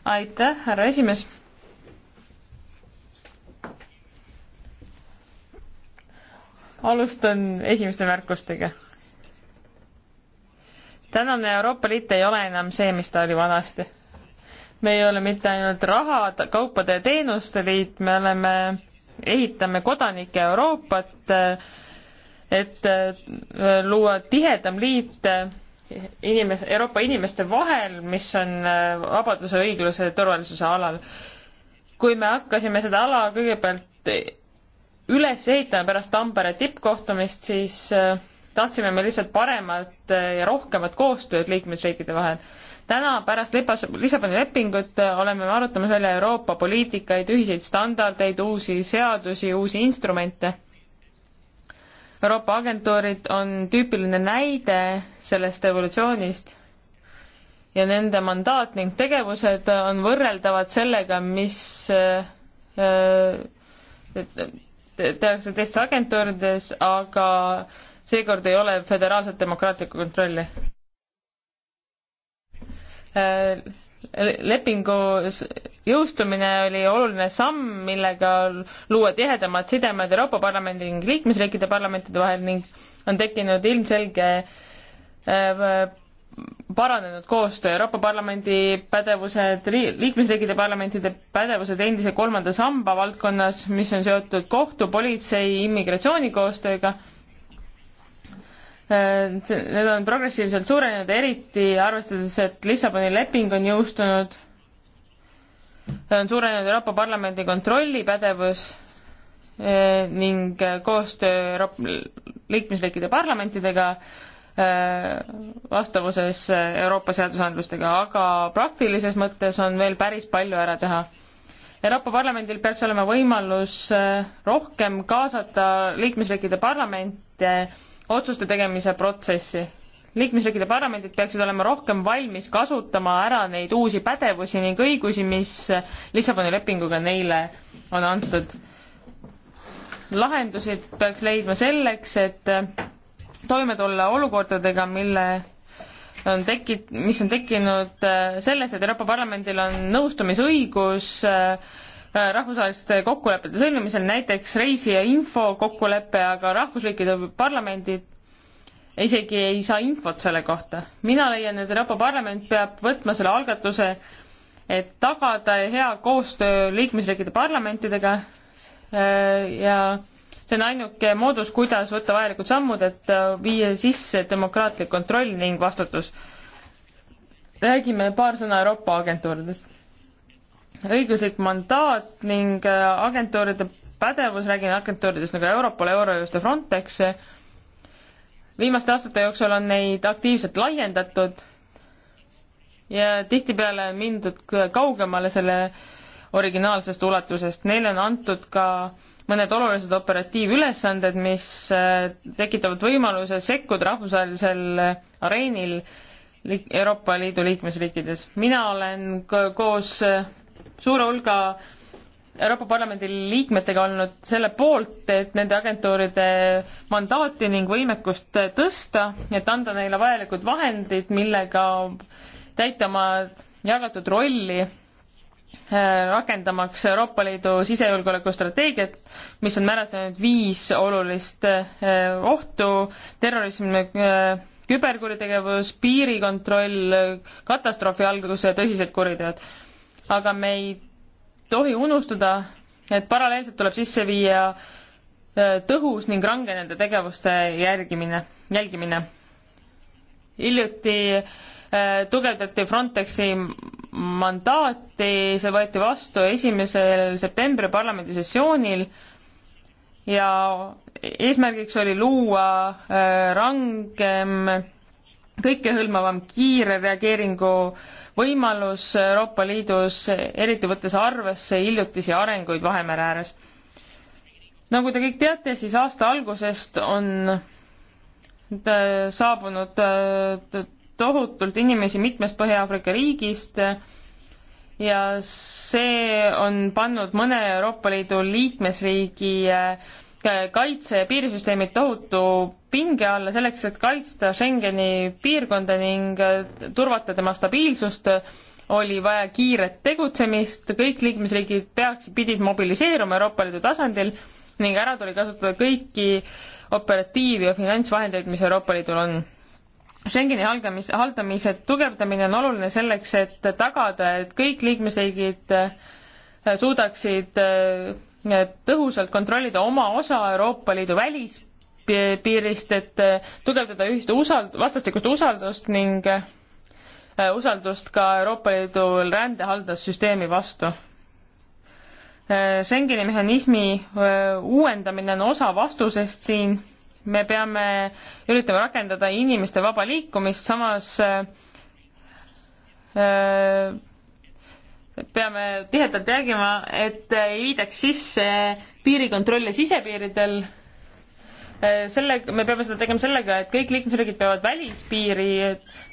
aitäh, härra esimees alustan esimeste märkustega. tänane Euroopa Liit ei ole enam see, mis ta oli vanasti. me ei ole mitte ainult raha, kaupade ja teenuste liit, me oleme, ehitame kodanike Euroopat, et äh, luua tihedam liit äh, inimes-, Euroopa inimeste vahel, mis on äh, vabaduse, õigluse ja turvalisuse alal. kui me hakkasime seda ala kõigepealt üles ehitame pärast Tampere tippkohtumist, siis äh, tahtsime me lihtsalt paremat äh, ja rohkemat koostööd liikmesriikide vahel. täna pärast lipas, Lissaboni lepingut äh, oleme arutamas välja Euroopa poliitikaid, ühiseid standardeid, uusi seadusi, uusi instrumente. Euroopa agentuurid on tüüpiline näide sellest evolutsioonist ja nende mandaat ning tegevused on võrreldavad sellega, mis äh, äh, tehakse teistes agentuurides, aga seekord ei ole föderaalset demokraatlikku kontrolli. Äh, lepingu jõustumine oli oluline samm, millega luua tihedamad sidemed Euroopa Parlamendi ning liikmesriikide parlamentide vahel ning on tekkinud ilmselge äh, paranenud koostöö, Euroopa Parlamendi pädevused, liikmesriikide parlamentide pädevused endise kolmanda samba valdkonnas, mis on seotud kohtu, politsei, immigratsioonikoostööga, äh, need on progressiivselt suurenenud, eriti arvestades, et Lissaboni leping on jõustunud, on suurenenud Euroopa Parlamendi kontrollipädevus äh, ning äh, koostöö Euroopa liikmesriikide parlamentidega, Äh, vastavuses äh, Euroopa seadusandlustega, aga praktilises mõttes on veel päris palju ära teha. Euroopa Parlamendil peaks olema võimalus äh, rohkem kaasata liikmesriikide parlamente otsuste tegemise protsessi. liikmesriikide parlamendid peaksid olema rohkem valmis kasutama ära neid uusi pädevusi ning õigusi, mis Lissaboni lepinguga neile on antud. lahendusi peaks leidma selleks, et toime tulla olukordadega, mille on teki-, mis on tekkinud äh, sellest, et Euroopa Parlamendil on nõustumisõigus äh, äh, rahvusvaheliste kokkulepete sõlmimisel, näiteks reisija info kokkulepe, aga rahvusriikide parlamendid isegi ei saa infot selle kohta. mina leian, et Euroopa Parlament peab võtma selle algatuse, et tagada hea koostöö liikmesriikide parlamentidega ja see on ainuke moodus, kuidas võtta vajalikud sammud, et äh, viia sisse demokraatlik kontroll ning vastutus. räägime paar sõna Euroopa agentuuridest. õiguslik mandaat ning äh, agentuuride pädevus, räägin agentuuridest nagu Europol, Eurojust ja Frontex, viimaste aastate jooksul on neid aktiivselt laiendatud ja tihtipeale on mindud kaugemale selle originaalsest ulatusest, neile on antud ka äh, mõned olulised operatiivülesanded, mis äh, tekitavad võimaluse sekkuda rahvusvahelisel äh, areenil Euroopa Liidu liikmesriikides. mina olen koos äh, suure hulga Euroopa Parlamendi liikmetega olnud selle poolt, et nende agentuuride mandaati ning võimekust tõsta, et anda neile vajalikud vahendid, millega täita oma jagatud rolli Äh, rakendamaks Euroopa Liidu sisejulgeolekustrateegiat, mis on määratlenud viis olulist äh, ohtu, terrorism, äh, küberkuritegevus, piirikontroll, katastroofi algus ja tõsised kuriteod. aga me ei tohi unustada, et paralleelselt tuleb sisse viia tõhus ning range nende tegevuste järgimine, jälgimine. hiljuti tugevdati Frontexi mandaati, see võeti vastu esimesel septembri parlamendi sessioonil ja eesmärgiks oli luua äh, rangem, kõikehõlmavam kiire reageeringu võimalus Euroopa Liidus, eriti võttes arvesse hiljutisi arenguid Vahemere ääres. nagu te kõik teate, siis aasta algusest on saabunud äh, tohutult inimesi mitmest Põhja-Aafrika riigist ja see on pannud mõne Euroopa Liidu liikmesriigi äh, kaitse- ja piirisüsteemid tohutu pinge alla selleks, et kaitsta Schengeni piirkonda ning äh, turvata tema stabiilsust, oli vaja kiiret tegutsemist, kõik liikmesriigid peaks, pidid mobiliseeruma Euroopa Liidu tasandil ning ära tuli kasutada kõiki operatiiv- ja finantsvahendeid, mis Euroopa Liidul on Schengeni haldamise, haldamise tugevdamine on oluline selleks, et tagada, et kõik liikmesriigid äh, suudaksid äh, tõhusalt kontrollida oma osa Euroopa Liidu välispiirist, et äh, tugevdada ühist usald-, vastastikust usaldust ning usaldust ka Euroopa Liidu rändehaldussüsteemi vastu. Schengeni mehhanismi uuendamine on osa vastusest siin me peame üritama rakendada inimeste vaba liikumist, samas äh, äh, peame tihedalt jälgima, et ei viidaks sisse piirikontrolle sisepiiridel. Äh, selle, me peame seda tegema sellega, et kõik liikmesriigid peavad välispiiri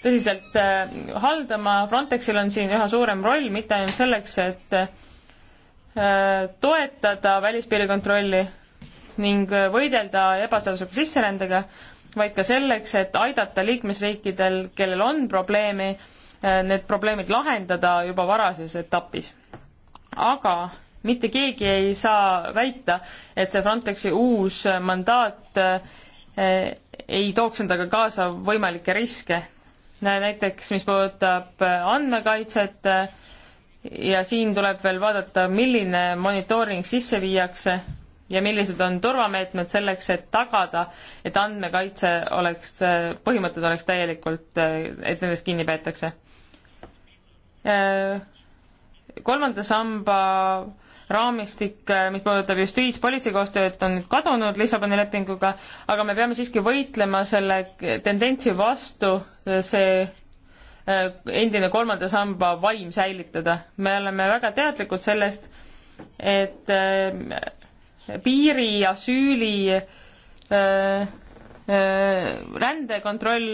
tõsiselt äh, haldama. Frontexil on siin üha suurem roll, mitte ainult selleks, et toetada välispiiri kontrolli ning võidelda ebaseadusliku sisserändega, vaid ka selleks, et aidata liikmesriikidel, kellel on probleemi, eh, need probleemid lahendada juba varases etapis. aga mitte keegi ei saa väita, et see Frontexi uus mandaat eh, ei tooks endaga kaasa võimalikke riske. näiteks, mis puudutab eh, andmekaitset ja siin tuleb veel vaadata, milline monitooring sisse viiakse ja millised on turvameetmed selleks, et tagada, et andmekaitse oleks, põhimõtted oleks täielikult, et nendest kinni peetakse. kolmanda samba raamistik, mis puudutab justiitspolitsei koostööd, on nüüd kadunud Lissaboni lepinguga, aga me peame siiski võitlema selle tendentsi vastu, see endine kolmanda samba vaim säilitada. me oleme väga teadlikud sellest, et piiri, asüüli äh, äh, rändekontroll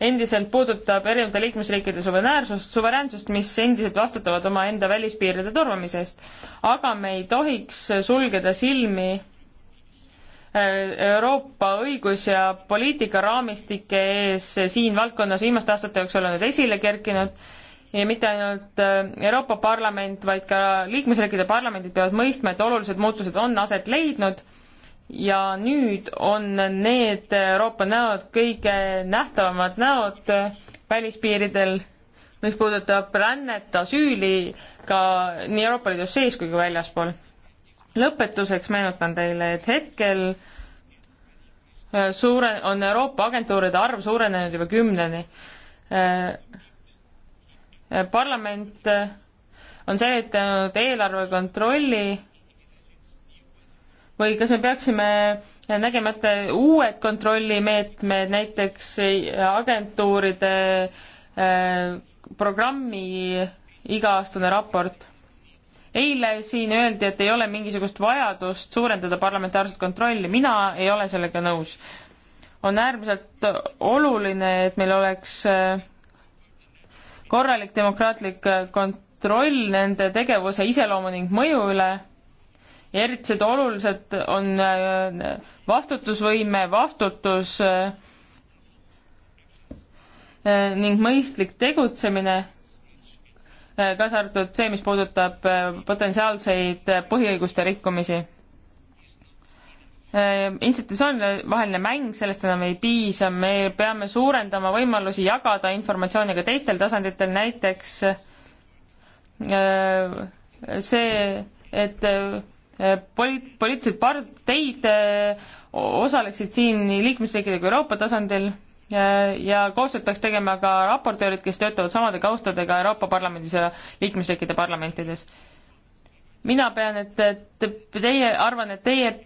endiselt puudutab erinevate liikmesriikide suveräänsust, suveräänsust, mis endiselt vastutavad omaenda välispiiride turvamise eest. aga me ei tohiks sulgeda silmi äh, Euroopa õigus- ja poliitikaraamistike ees siin valdkonnas viimaste aastate jooksul on need esile kerkinud ja mitte ainult äh, Euroopa Parlament, vaid ka liikmesriikide parlamendid peavad mõistma, et olulised muutused on aset leidnud ja nüüd on need Euroopa näod kõige nähtavamad näod äh, välispiiridel, mis puudutab rännet, asüüli ka nii Euroopa Liidus sees kui ka väljaspool. lõpetuseks meenutan teile, et hetkel äh, suure, on Euroopa agentuuride arv suurenenud juba kümneni parlament äh, on säilitanud eelarve kontrolli või kas me peaksime nägema ette uued kontrollimeetmed, näiteks agentuuride äh, programmi iga-aastane raport? eile siin öeldi, et ei ole mingisugust vajadust suurendada parlamentaarset kontrolli, mina ei ole sellega nõus. on äärmiselt oluline, et meil oleks äh, korralik demokraatlik äh, kontroll nende tegevuse iseloomu ning mõju üle ja eriti seda olulised on äh, vastutusvõime, vastutus äh, ning mõistlik tegutsemine, kaasa arvatud see, mis puudutab potentsiaalseid põhiõiguste rikkumisi Ehm, institutsioonide vaheline mäng, sellest enam ei piisa, me peame suurendama võimalusi jagada informatsiooni ka teistel tasanditel, näiteks ehm, see, et ehm, poli-, poliitilised parteid eh, osaleksid siin nii liikmesriikide kui Euroopa tasandil ja, eh, ja koostööd peaks tegema ka raportöörid, kes töötavad samade kaustadega Euroopa Parlamendis ja liikmesriikide parlamentides. mina pean, et, et teie, arvan, et teie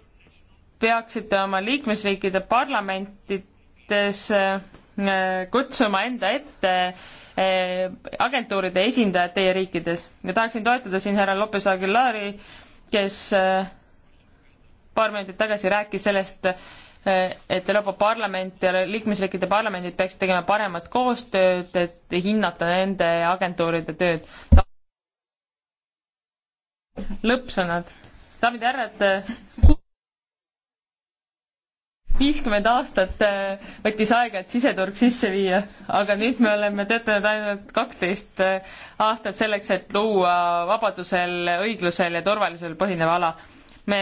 peaksite oma liikmesriikide parlamentides äh, kutsuma enda ette äh, agentuuride esindajad teie riikides. ja tahaksin toetada siin härra Lopez Aguilari, kes äh, paar minutit tagasi rääkis sellest, et Euroopa Parlament ja liikmesriikide parlamendid peaksid tegema paremat koostööd, et hinnata nende agentuuride tööd. lõppsõnad. daamid ja härrad viiskümmend aastat äh, võttis aega, et siseturg sisse viia, aga nüüd me oleme töötanud ainult kaksteist äh, aastat selleks, et luua vabadusel, õiglusel ja turvalisusel põhinev ala. me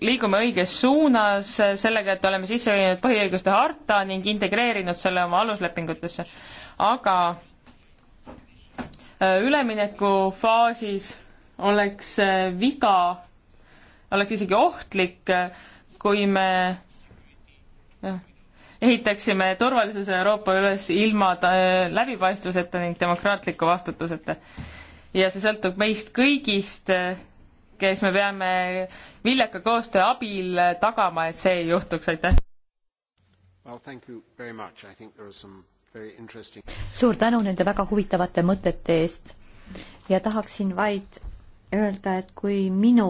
liigume õiges suunas äh, sellega, et oleme sisse viinud põhiõiguste harta ning integreerinud selle oma aluslepingutesse, aga üleminekufaasis oleks viga, oleks isegi ohtlik, kui me ehitaksime turvalisuse Euroopa üles ilma äh, läbipaistvuseta ning demokraatliku vastutuseta. ja see sõltub meist kõigist, äh, kes me peame viljaka koostöö abil äh, tagama, et see ei juhtuks, aitäh! Well, thank you very much. I think there are some very interesting suur tänu nende väga huvitavate mõtete eest ja tahaksin vaid öelda, et kui minu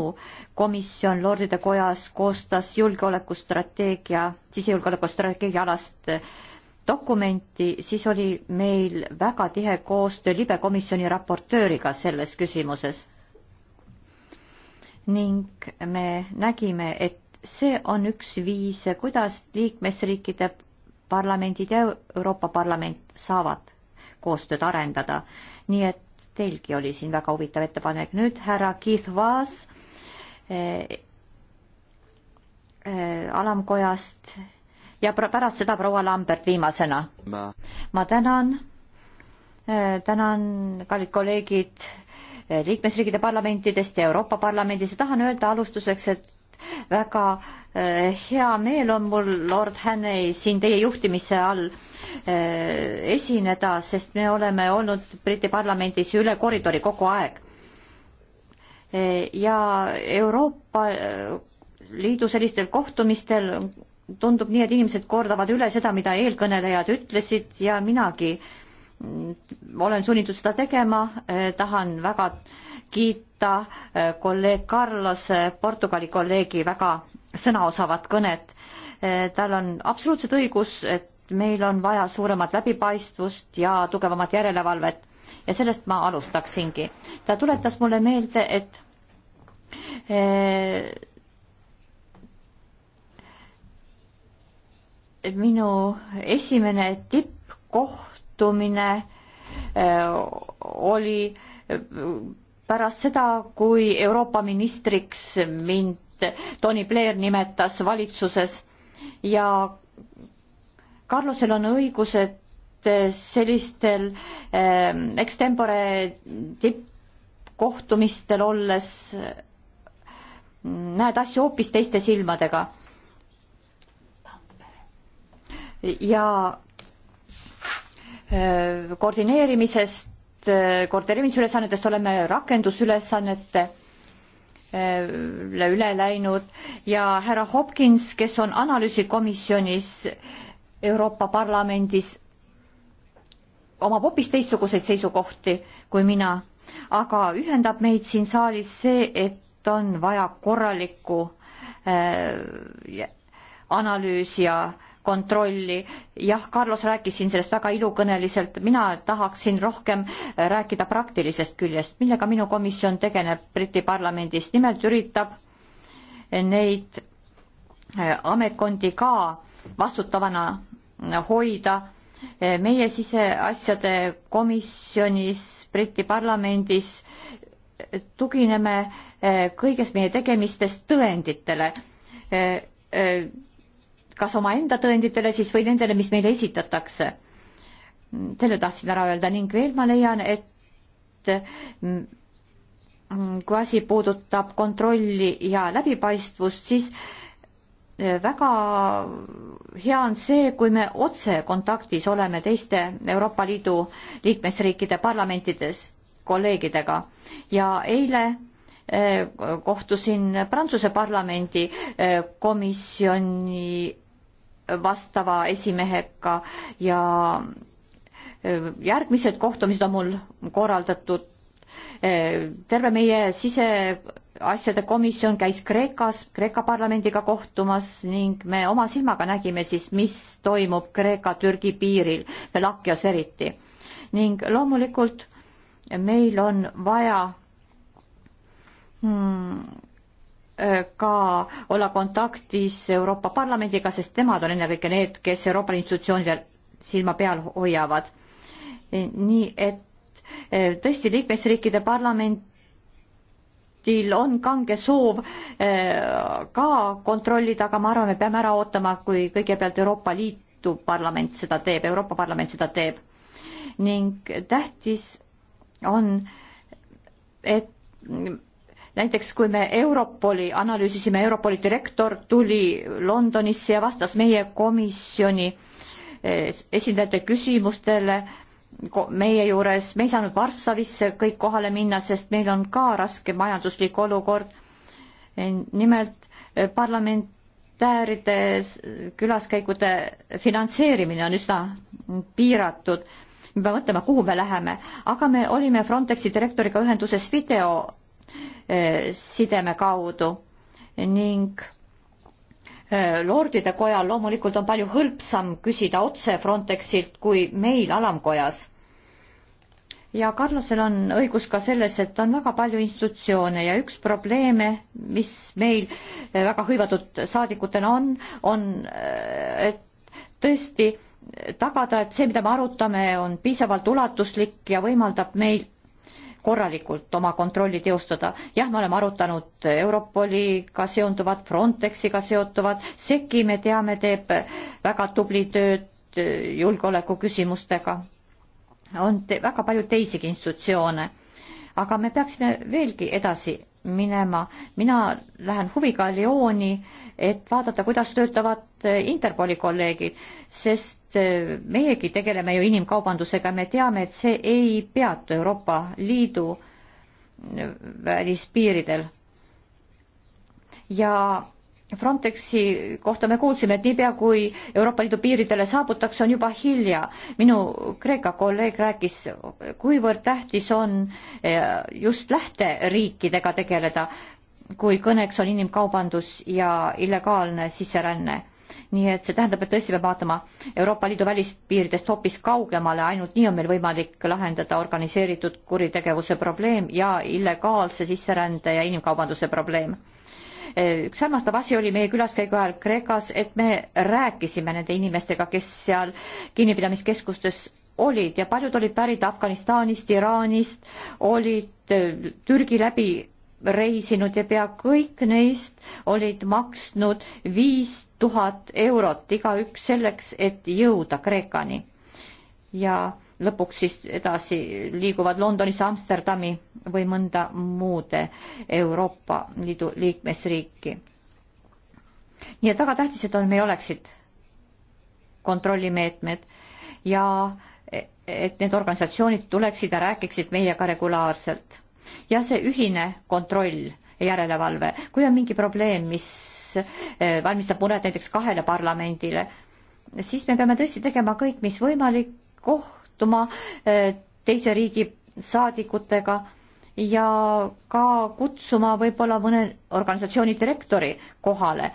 komisjon Lordide Kojas koostas julgeolekustrateegia, sisejulgeolekustrateegia alast eh, dokumenti, siis oli meil väga tihe koostöö libe komisjoni raportööriga selles küsimuses. ning me nägime, et see on üks viis, kuidas liikmesriikide parlamendid ja Euroopa Parlament saavad koostööd arendada. nii et teilgi oli siin väga huvitav ettepanek. nüüd härra Keith Vaas äh, eh, äh, eh, alamkojast ja pärast seda proua Lambert viimasena. ma tänan äh,, tänan, kallid kolleegid liikmesriikide parlamentidest ja Euroopa Parlamendis ja tahan öelda alustuseks, et väga Eh, hea meel on mul, Lord Hannay, siin teie juhtimise all eh, esineda, sest me oleme olnud Briti parlamendis ju üle koridori kogu aeg. Eh, ja Euroopa Liidu sellistel kohtumistel tundub nii, et inimesed kordavad üle seda, mida eelkõnelejad ütlesid ja minagi mm, olen sunnitud seda tegema, tahan väga kiita kolleeg Carlos, Portugali kolleegi väga sõnaosavat kõnet. Eh, tal on absoluutselt õigus, et meil on vaja suuremat läbipaistvust ja tugevamat järelevalvet ja sellest ma alustaksingi. ta tuletas mulle meelde, et eh, minu esimene tippkohtumine eh, oli pärast seda, kui Euroopa ministriks mind Tony Blair nimetas valitsuses ja Carlosel on õigus, et sellistel eh, extempore tippkohtumistel olles mm, näed asju hoopis teiste silmadega. ja eh, koordineerimisest, eh, koordineerimisülesannetest oleme rakendusülesannete Äh, üle läinud ja härra Hopkins, kes on analüüsikomisjonis Euroopa Parlamendis, omab hoopis teistsuguseid seisukohti kui mina, aga ühendab meid siin saalis see, et on vaja korralikku äh, analüüsi ja äh, kontrolli. jah, Carlos rääkis siin sellest väga ilukõneliselt, mina tahaksin rohkem äh, rääkida praktilisest küljest, millega minu komisjon tegeleb Briti parlamendis, nimelt üritab äh, neid äh, ametkondi ka vastutavana hoida. meie siseasjade komisjonis Briti parlamendis tugineme kõiges meie tegemistest tõenditele kas omaenda tõenditele siis või nendele, mis meile esitatakse. selle tahtsin ära öelda ning veel ma leian, et kui asi puudutab kontrolli ja läbipaistvust, siis väga hea on see, kui me otse kontaktis oleme teiste Euroopa Liidu liikmesriikide parlamentides kolleegidega ja eile eh, kohtusin Prantsuse parlamendi eh, komisjoni vastava esimehega ja e, järgmised kohtumised on mul korraldatud. E, terve meie siseasjade komisjon käis Kreekas, Kreeka parlamendiga kohtumas ning me oma silmaga nägime siis, mis toimub Kreeka-Türgi piiril, Velakjas eriti. ning loomulikult meil on vaja hmm, Äh, ka olla kontaktis Euroopa Parlamendiga, sest nemad on ennekõike need, kes Euroopa institutsioonidel silma peal hoiavad. E, nii et e, tõesti liikmesriikide parlamentil on kange soov e, ka kontrollida, aga ma arvan, me peame ära ootama, kui kõigepealt Euroopa Liitu parlament seda teeb, Euroopa Parlament seda teeb. ning tähtis on, et näiteks kui me Europoli analüüsisime, Europoli direktor tuli Londonisse ja vastas meie komisjoni eh, esindajate küsimustele meie juures, me ei saanud Varssavisse kõik kohale minna, sest meil on ka raske majanduslik olukord. Eh, nimelt eh, parlamentääride külaskäikude finantseerimine on üsna piiratud me peame mõtlema, kuhu me läheme, aga me olime Frontexi direktoriga ühenduses video sideme kaudu ning äh, lordide kojal loomulikult on palju hõlpsam küsida otse Frontexilt kui meil alamkojas. ja Carlosel on õigus ka selles, et on väga palju institutsioone ja üks probleeme, mis meil äh, väga hõivatud saadikutena on, on, äh, et tõesti tagada, et see, mida me arutame, on piisavalt ulatuslik ja võimaldab meil korralikult oma kontrolli teostada. jah, me oleme arutanud Europoliga seonduvat, Frontexiga seotuvat, SECI me teame, teeb väga tubli tööd julgeoleku küsimustega. on te, väga palju teisigi institutsioone, aga me peaksime veelgi edasi minema. mina lähen huviga Lyoni äh, et vaadata, kuidas töötavad äh, Interpoli kolleegid, sest äh, meiegi tegeleme ju inimkaubandusega, me teame, et see ei peatu Euroopa Liidu äh, välispiiridel. ja Frontexi kohta me kuulsime, et niipea kui Euroopa Liidu piiridele saabutakse, on juba hilja. minu Kreeka kolleeg rääkis, kuivõrd tähtis on just lähteriikidega tegeleda kui kõneks on inimkaubandus ja illegaalne sisseränne. nii et see tähendab, et tõesti peab vaatama Euroopa Liidu välispiiridest hoopis kaugemale, ainult nii on meil võimalik lahendada organiseeritud kuritegevuse probleem ja illegaalse sisserände ja inimkaubanduse probleem üks hämmastav asi oli meie külaskäigu ajal Kreekas, et me rääkisime nende inimestega, kes seal kinnipidamiskeskustes olid ja paljud olid pärit Afganistanist, Iraanist, olid Türgi läbi reisinud ja pea kõik neist olid maksnud viis tuhat eurot igaüks selleks, et jõuda Kreekani. ja lõpuks siis edasi liiguvad Londonis, Amsterdami või mõnda muude Euroopa Liidu liikmesriiki. nii et väga tähtis, et on, meil oleksid kontrollimeetmed ja e-, et need organisatsioonid tuleksid ja räägiksid meiega regulaarselt ja see ühine kontroll ja järelevalve, kui on mingi probleem, mis eh, valmistab muret näiteks kahele parlamendile, siis me peame tõesti tegema kõik, mis võimalik, kohtuma eh, teise riigi saadikutega ja ka kutsuma võib-olla mõne organisatsiooni direktori kohale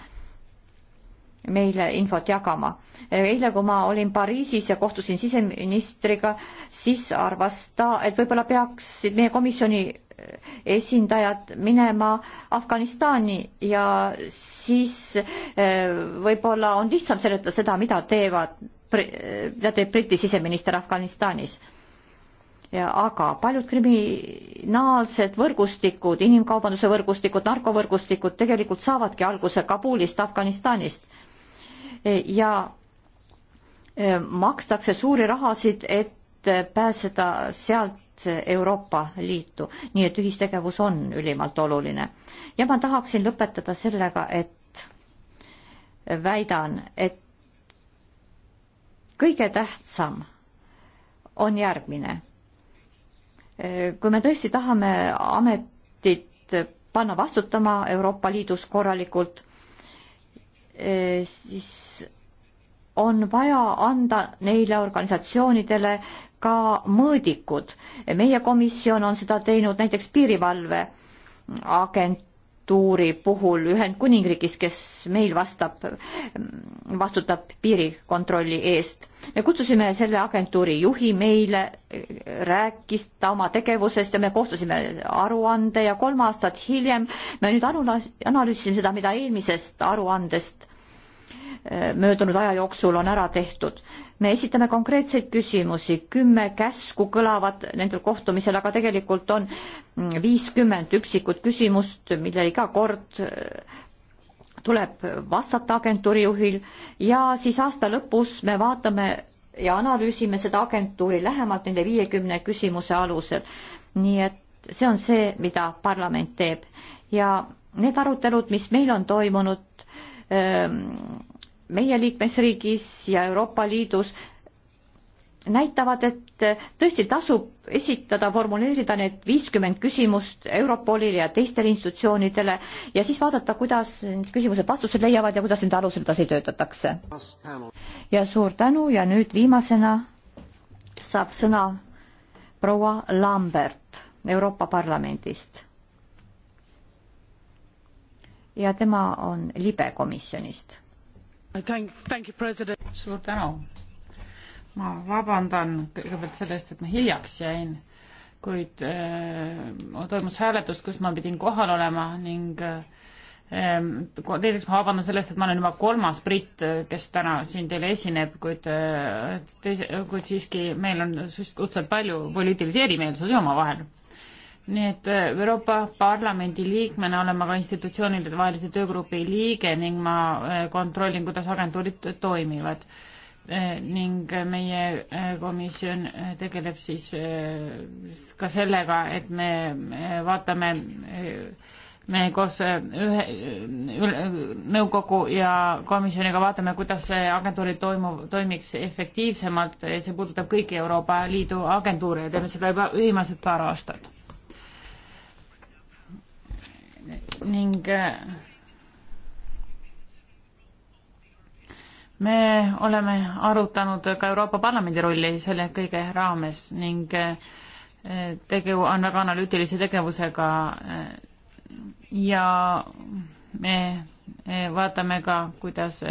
meile infot jagama. Eh, eile, kui ma olin Pariisis ja kohtusin siseministriga, siis arvas ta, et võib-olla peaksid meie komisjoni esindajad minema Afganistani ja siis eh, võib-olla on lihtsam seletada seda, mida teevad, mida teeb Briti siseminister Afganistanis Ja, aga paljud kriminaalsed võrgustikud, inimkaubanduse võrgustikud, narkovõrgustikud tegelikult saavadki alguse Kabulist, Afganistanist. ja eh, makstakse suuri rahasid, et eh, pääseda sealt Euroopa Liitu, nii et ühistegevus on ülimalt oluline. ja ma tahaksin lõpetada sellega, et väidan, et kõige tähtsam on järgmine. kui me tõesti tahame ametit panna vastutama Euroopa Liidus korralikult, siis on vaja anda neile organisatsioonidele ka mõõdikud. meie komisjon on seda teinud näiteks piirivalve agentuuri puhul Ühendkuningriigis, kes meil vastab, vastutab piirikontrolli eest. me kutsusime selle agentuuri juhi meile, rääkis ta oma tegevusest ja me koostasime aruande ja kolm aastat hiljem me nüüd analüüsisime seda, mida eelmisest aruandest äh, möödunud aja jooksul on ära tehtud me esitame konkreetseid küsimusi, kümme käsku kõlavad nendel kohtumisel, aga tegelikult on viiskümmend üksikut küsimust, millele iga kord äh, tuleb vastata agentuuri juhil ja siis aasta lõpus me vaatame ja analüüsime seda agentuuri lähemalt nende viiekümne küsimuse alusel. nii et see on see, mida parlament teeb ja need arutelud, mis meil on toimunud ähm,, meie liikmesriigis ja Euroopa Liidus näitavad, et tõesti tasub esitada, formuleerida need viiskümmend küsimust Europolile ja teistele institutsioonidele ja siis vaadata, kuidas need küsimused vastused leiavad ja kuidas nende alusel edasi töötatakse. ja suur tänu ja nüüd viimasena saab sõna proua Lambert Euroopa Parlamendist. ja tema on libe komisjonist suur tänu. ma vabandan kõigepealt selle eest, et ma hiljaks jäin, kuid äh, toimus hääletus, kus ma pidin kohal olema ning äh, teiseks ma vabandan selle eest, et ma olen juba kolmas britt, kes täna siin teile esineb, kuid äh, teise, kuid siiski meil on suhteliselt palju poliitilisi erimeelsusi omavahel nii et äh, Euroopa Parlamendi liikmena olen ma ka institutsioonide vahelise töögrupi liige ning ma äh, kontrollin, kuidas agentuurid toimivad. Äh, ning meie komisjon tegeleb siis ka sellega, et me vaatame me koos ühe, ühe, nõukogu ja komisjoniga vaatame, kuidas see agentuurid toimuv, toimiks efektiivsemalt, see puudutab kõiki Euroopa Liidu agentuure ja teeme seda juba viimased paar aastat ning äh, me oleme arutanud ka Euroopa Parlamendi rolli selle kõige raames ning äh, tegu on väga analüütilise tegevusega äh, ja me vaatame ka, kuidas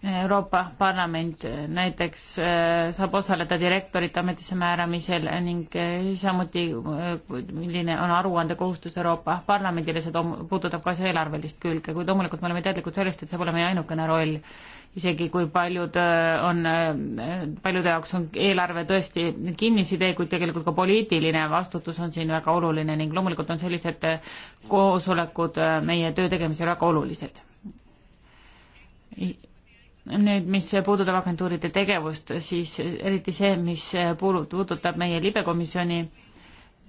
Euroopa Parlament näiteks äh, saab osaleda direktorite ametisse määramisel ning äh, samuti äh, milline on aruandekohustus Euroopa Parlamendile, see puudutab ka see eelarvelist külge, kuid loomulikult me oleme teadlikud sellest, et see pole meie ainukene roll. isegi kui paljud on, paljude jaoks on eelarve tõesti kinnisidee, kuid tegelikult ka poliitiline vastutus on siin väga oluline ning loomulikult on sellised koosolekud meie töö tegemisel väga olulised nüüd, mis puudutab agentuuride tegevust, siis eriti see, mis puudutab meie libekomisjoni,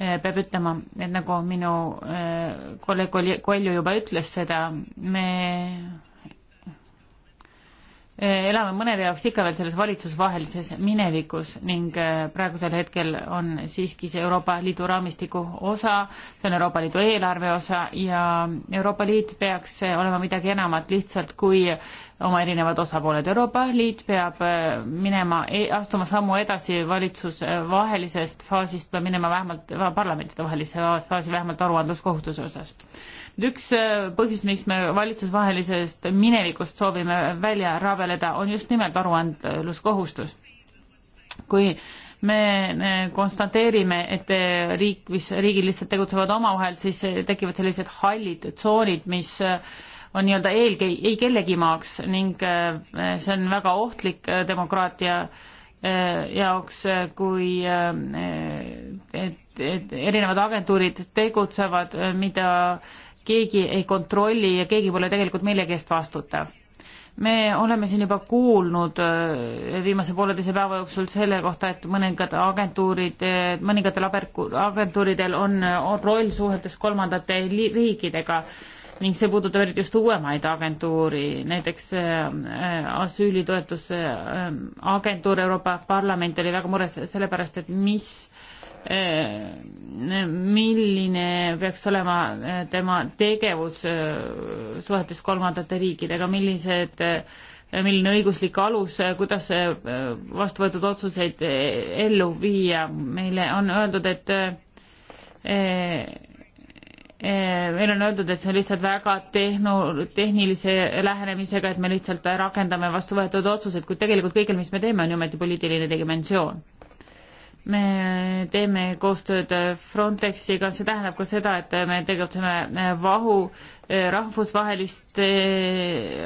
eh, peab ütlema, et nagu minu eh, kolleeg Kolju juba ütles seda, me eh, elame mõnede jaoks ikka veel selles valitsusvahelises minevikus ning praegusel hetkel on siiski see Euroopa Liidu raamistiku osa, see on Euroopa Liidu eelarve osa ja Euroopa Liit peaks olema midagi enamat lihtsalt kui oma erinevad osapooled. Euroopa Liit peab äh, minema, e-, astuma sammu edasi valitsusvahelisest faasist, peab minema vähemalt äh, parlamentidevahelisse faasi vähemalt aruandluskohustuse osas. nüüd üks äh, põhjus, miks me valitsusvahelisest minevikust soovime välja rabeleda, on just nimelt aruandluskohustus. kui me konstateerime, et riik, mis riigid lihtsalt tegutsevad omavahel, siis tekivad sellised hallid tsoonid, mis äh, on nii-öelda eelkõige, ei kellegi maaks ning äh, see on väga ohtlik äh, demokraatia äh, jaoks, kui et, et erinevad agentuurid tegutsevad, mida keegi ei kontrolli ja keegi pole tegelikult millegi eest vastutav. me oleme siin juba kuulnud viimase pooleteise päeva jooksul selle kohta, et mõningad agentuurid, mõningatel agentuuridel on, on roll suhetes kolmandate riikidega ning see puudutab eriti just uuemaid agentuuri, näiteks äh, äh, asüülitoetuse äh, agentuur Euroopa Parlament oli väga mures sellepärast, et mis, milline peaks olema tema tegevus suhetes kolmandate riikidega, millised milline õiguslik alus, kuidas vastu võetud otsuseid ellu viia, meile on öeldud, et Eh, meil on öeldud, et see on lihtsalt väga tehno-, tehnilise lähenemisega, et me lihtsalt rakendame vastu võetud otsused, kuid tegelikult kõigil, mis me teeme, on ju ometi poliitiline dimensioon. me teeme koostööd Frontexiga, see tähendab ka seda, et me tegutseme eh, vahu eh, rahvusvaheliste,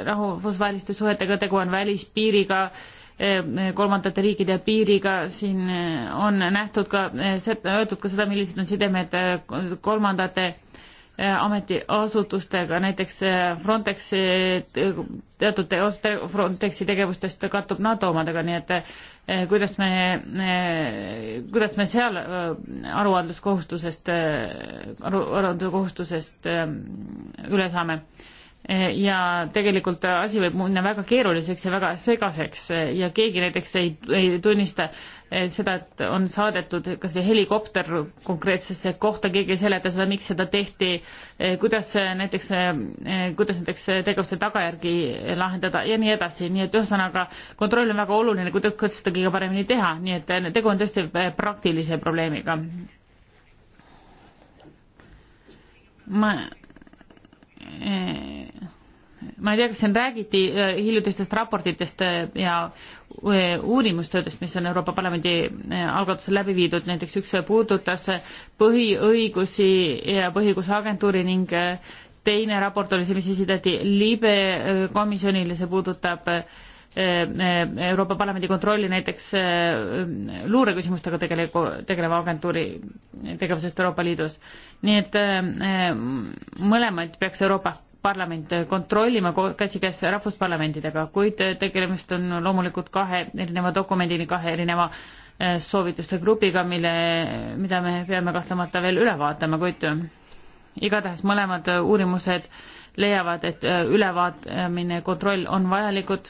rahvusvaheliste suhetega, tegu on välispiiriga äh,, Eh, kolmandate riikide piiriga, siin eh, on nähtud ka, eh, öeldud ka seda, millised on sidemed kolmandate ametiasutustega, näiteks Frontex, teatud osa Frontexi tegevustest kattub NATO omadega, nii et kuidas me, kuidas me seal aruandluskohustusest, aru, aruandluskohustusest üle saame ja tegelikult asi võib minna väga keeruliseks ja väga segaseks ja keegi näiteks ei, ei tunnista eh, seda, et on saadetud kas või helikopter konkreetsesse kohta, keegi ei seleta seda, miks seda tehti, eh, kuidas näiteks, eh, kuidas näiteks tegevuste tagajärgi lahendada ja nii edasi, nii et ühesõnaga kontroll on väga oluline, kuidas seda kõige paremini teha, nii et tegu on tõesti praktilise probleemiga. ma Eh, ma ei tea, kas siin räägiti eh, hiljutistest raportitest eh, ja uurimustöödest, mis on Euroopa Parlamendi algatusel läbi viidud, näiteks üks puudutas põhiõigusi ja põhiõiguse agentuuri ning teine raport oli see, mis esitati libe komisjonile, see puudutab äh, Euroopa Parlamendi kontrolli näiteks äh, luureküsimustega tegeliku, tegeleva agentuuri tegevusest Euroopa Liidus. nii et äh, mõlemaid peaks Euroopa Parlament kontrollima käsikäes rahvusparlamentidega, kuid tegemist on loomulikult kahe erineva dokumendini, kahe erineva äh, soovituste grupiga, mille, mida me peame kahtlemata veel üle vaatama, kuid igatahes mõlemad uurimused leiavad, et ülevaatamine, kontroll on vajalikud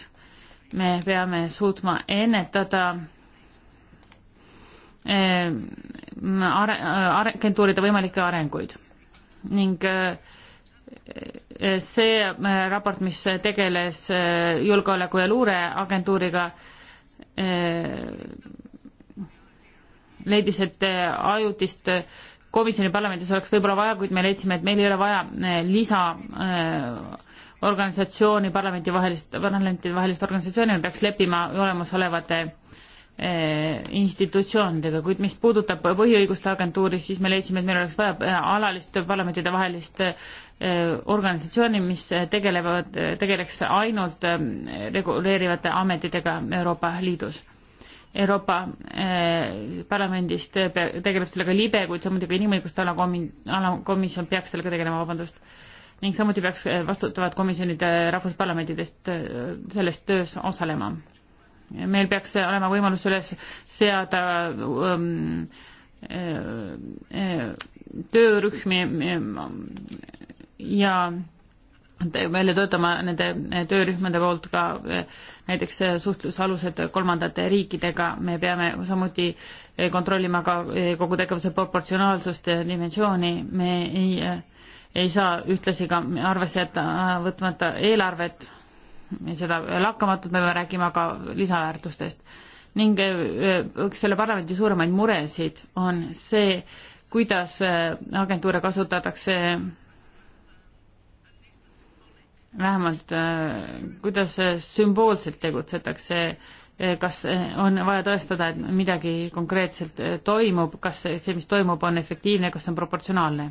me peame suutma ennetada ehm, are-, agentuuride võimalikke arenguid ning eh, eh, see eh, raport, mis tegeles julgeoleku ja luureagentuuriga, leidis, et ajutist komisjoni parlamendis oleks võib-olla vaja, kuid me leidsime, et meil ei ole vaja lisa organisatsiooni, parlamendivahelist, parlamendivahelist organisatsiooni peaks leppima olemasolevate eh, institutsioonidega, kuid mis puudutab põhiõiguste agentuuri, siis me leidsime, et meil oleks vaja eh, alalist parlamentidevahelist eh, organisatsiooni, mis tegelevad, tegeleks ainult reguleerivate ametitega Euroopa Liidus. Euroopa Parlamendist tegeleb sellega libe, kuid samuti ka inimõiguste alakomi-, alakomisjon peaks sellega tegelema, vabandust ning samuti peaks eh, vastutavad komisjonid eh, rahvusparlamentidest eh, selles töös osalema. meil peaks olema võimalus üles seada um, töörühmi ja välja töötama nende töörühmade poolt ka näiteks suhtlusalused kolmandate riikidega, me peame samuti kontrollima ka kogu tegevuse proportsionaalsust ja dimensiooni, me ei ei saa ühtlasi ka arvesse jätta võtmata eelarvet, seda lakkamatult me peame rääkima ka lisaväärtustest. ning äh, äh, üks selle parlamendi suuremaid muresid on see, kuidas äh, agentuure kasutatakse vähemalt kuidas sümboolselt tegutsetakse, kas on vaja tõestada, et midagi konkreetselt toimub, kas see, mis toimub, on efektiivne, kas see on proportsionaalne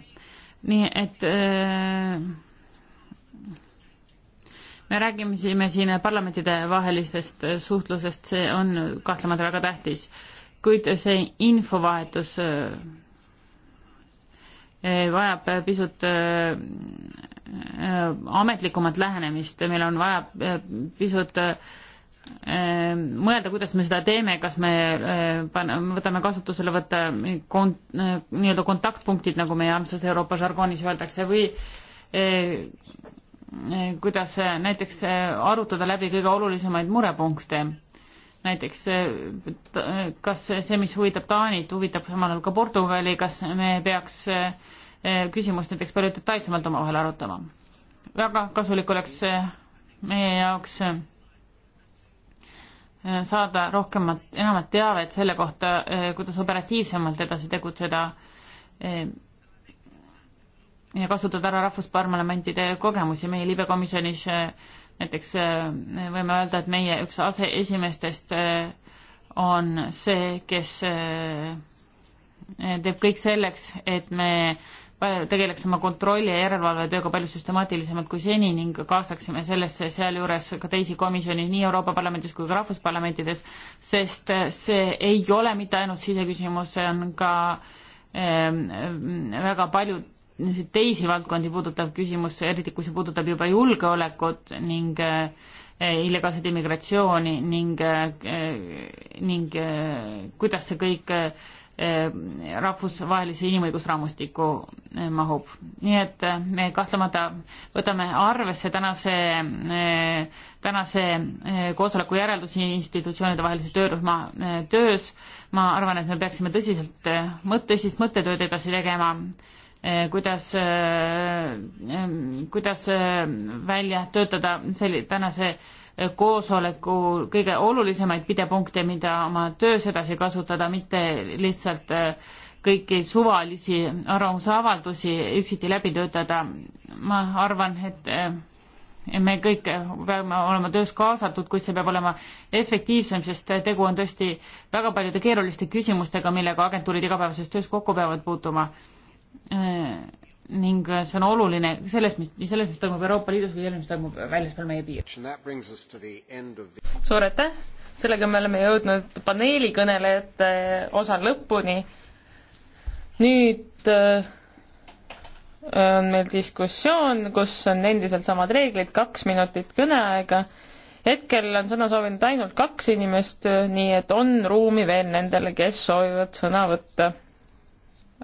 nii et äh, me räägime siin parlamentide vahelistest suhtlusest, see on kahtlemata väga tähtis, kuid see infovahetus äh, äh vajab pisut äh, äh, ametlikumat lähenemist, meil on vaja äh, pisut äh, Ehm, mõelda, kuidas me seda teeme, kas me ehm, paneme, võtame kasutusele võtta eh, kont-, eh, nii-öelda kontaktpunktid, nagu meie armsas Euroopa žargoonis öeldakse, või eh, kuidas näiteks arutada läbi kõige olulisemaid murepunkte. näiteks kas see, mis huvitab Taanit, huvitab samal ajal ka Portugali, kas me peaks küsimust näiteks palju detailsemalt omavahel arutama? väga kasulik oleks meie jaoks Äh, saada rohkemat, enamat teavet selle kohta, äh, kuidas operatiivsemalt edasi tegutseda äh, ja kasutada ära rahvusparlamentide kogemusi meie libekomisjonis. näiteks võime öelda, et meie üks aseesimeestest on see, kes teeb kõik selleks, et me Äh, tegeleks oma kontrolli ja järelevalvetööga palju süstemaatilisemalt kui seni ning kaasaksime sellesse sealjuures ka teisi komisjone nii Euroopa Parlamendis kui ka rahvusparlamentides, sest äh, see ei ole mitte ainult siseküsimus, see on ka ähm, äh, väga palju teisi valdkondi puudutav küsimus, eriti kui see puudutab juba julgeolekut ning äh, illegaalset immigratsiooni ning äh,, ning äh, kuidas see kõik äh, Eh, rahvusvahelise inimõigusraamistiku eh, mahub. nii et eh, me kahtlemata võtame arvesse tänase, tänase koosoleku järeldusi institutsioonide vahelise töörühma töös. ma arvan, et me peaksime tõsiselt mõt-, tõsist mõttetööd edasi tegema, kuidas, kuidas välja töötada selli-, tänase koosoleku kõige olulisemaid pidepunkte, mida oma töös edasi kasutada, mitte lihtsalt äh, kõiki suvalisi arvamusavaldusi üksiti läbi töötada. ma arvan, et äh, me kõik peame olema töös kaasatud, kuid see peab olema efektiivsem, sest tegu on tõesti väga paljude keeruliste küsimustega, millega agentuurid igapäevases töös kokku peavad puutuma äh, ning äh, see on oluline selles, mis, nii selles, mis toimub Euroopa Liidus kui selles, mis toimub väljaspool meie piiri. suur aitäh, sellega me oleme jõudnud paneelikõnelejate äh, osa lõpuni. nüüd äh, on meil diskussioon, kus on endiselt samad reeglid, kaks minutit kõneaega. hetkel on sõna soovinud ainult kaks inimest, nii et on ruumi veel nendele, kes soovivad sõna võtta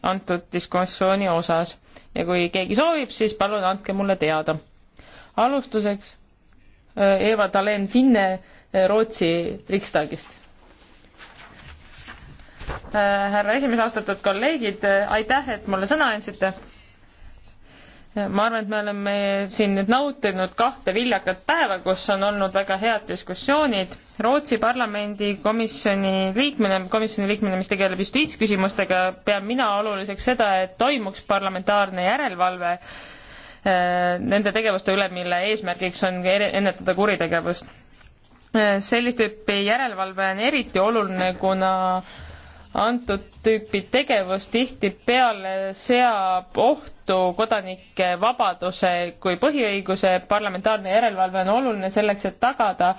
antud diskussiooni osas ja kui keegi soovib, siis palun andke mulle teada. alustuseks äh, Eva Talen Finne äh, Rootsi Riksdagist. Äh, härra esimees, austatud kolleegid, aitäh, et mulle sõna andsite. ma arvan, et me oleme siin nüüd nautinud kahte viljakat päeva, kus on olnud väga head diskussioonid Rootsi parlamendi komisjoni liikmena, komisjoni liikmena, mis tegeleb justiitsküsimustega, pean mina oluliseks seda, et toimuks parlamentaarne järelevalve äh, nende tegevuste üle, mille eesmärgiks on ennetada kuritegevust. Äh, sellist tüüpi järelevalve on eriti oluline, kuna antud tüüpi tegevus tihtipeale seab ohtu kodanike vabaduse kui põhiõiguse, parlamentaarne järelevalve on oluline selleks, et tagada,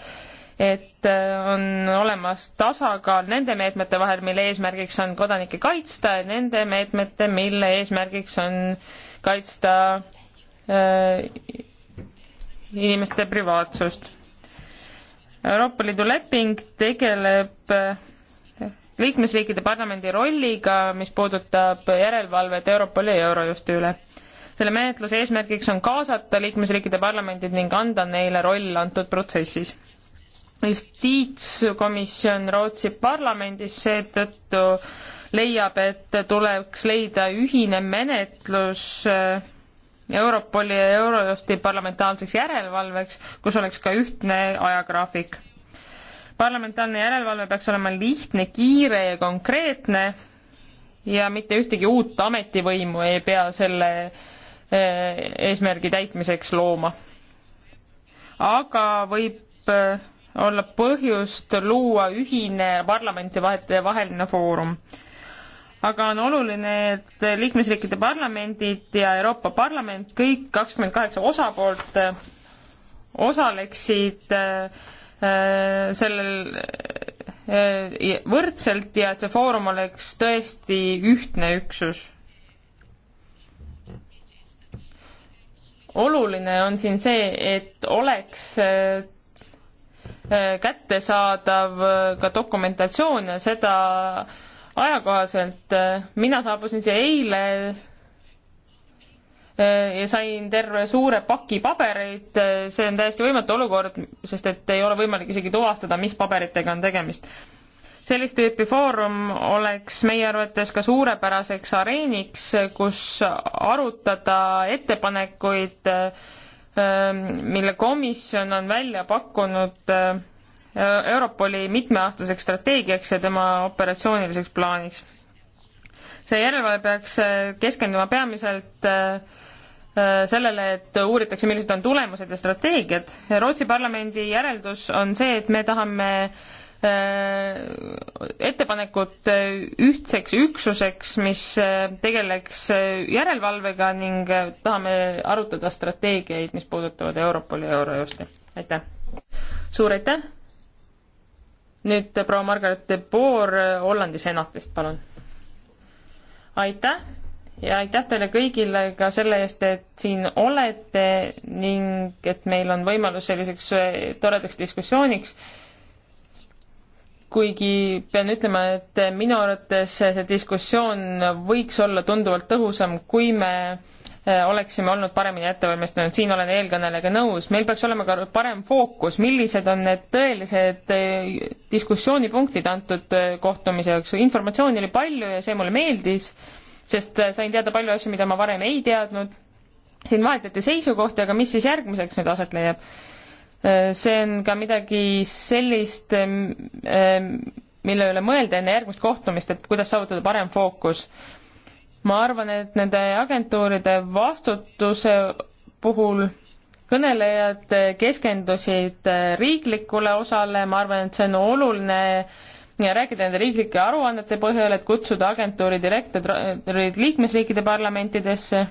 et äh, on olemas tasakaal nende meetmete vahel, mille eesmärgiks on kodanikke kaitsta ja nende meetmete, mille eesmärgiks on kaitsta äh, inimeste privaatsust. Euroopa Liidu leping tegeleb äh, liikmesriikide parlamendi rolliga, mis puudutab järelevalvet Europoli ja Eurojusti üle selle menetluse eesmärgiks on kaasata liikmesriikide parlamendid ning anda neile roll antud protsessis justiitskomisjon Rootsi parlamendis seetõttu leiab, et tuleks leida ühine menetlus äh, Europoli ja Eurojusti parlamentaarseks järelevalveks, kus oleks ka ühtne ajagraafik. parlamentaarne järelevalve peaks olema lihtne, kiire ja konkreetne ja mitte ühtegi uut ametivõimu ei pea selle äh, eesmärgi täitmiseks looma. aga võib äh, olla põhjust luua ühine parlamentivahetajate vaheline foorum. aga on oluline, et liikmesriikide parlamendid ja Euroopa Parlament, kõik kakskümmend kaheksa osapoolt osaleksid äh, äh, sellel äh, võrdselt ja et see foorum oleks tõesti ühtne üksus. oluline on siin see, et oleks Eh, kättesaadav eh, ka dokumentatsioon ja seda ajakohaselt. Eh, mina saabusin siia eile ja sain terve suure paki pabereid, see on täiesti võimatu olukord, sest et ei ole võimalik isegi tuvastada, mis paberitega on tegemist. sellist tüüpi foorum oleks meie arvates ka suurepäraseks areeniks, kus arutada ettepanekuid äh, Ähm, mille komisjon on välja pakkunud äh, Europoli mitmeaastaseks strateegiaks ja tema operatsiooniliseks plaaniks. see järelevalve peaks äh, keskenduma peamiselt äh, sellele, et uuritakse, millised on tulemused ja strateegiad. Rootsi parlamendi järeldus on see, et me tahame Äh, ettepanekut ühtseks üksuseks, mis äh, tegeleks äh, järelevalvega ning tahame arutada strateegiaid, mis puudutavad Europoli ja Eurojusti. aitäh! suur aitäh! nüüd proua Margaret de Boer Hollandi senatist, palun! aitäh ja aitäh teile kõigile ka selle eest, et siin olete ning et meil on võimalus selliseks toredaks diskussiooniks kuigi pean ütlema, et minu arvates see diskussioon võiks olla tunduvalt tõhusam, kui me eh, oleksime olnud paremini ettevalmistunud, siin olen eelkõnelejaga nõus, meil peaks olema ka parem fookus, millised on need tõelised eh, diskussioonipunktid antud eh, kohtumise jaoks, informatsiooni oli palju ja see mulle meeldis, sest sain teada palju asju, mida ma varem ei teadnud, siin vahetati seisukohti, aga mis siis järgmiseks nüüd aset leiab see on ka midagi sellist, mille üle mõelda enne järgmist kohtumist, et kuidas saavutada parem fookus. ma arvan, et nende agentuuride vastutuse puhul kõnelejad keskendusid riiklikule osale, ma arvan, et see on oluline ja rääkida nende riiklike aruannete põhjal, et kutsuda agentuuri direktorid liikmesriikide parlamentidesse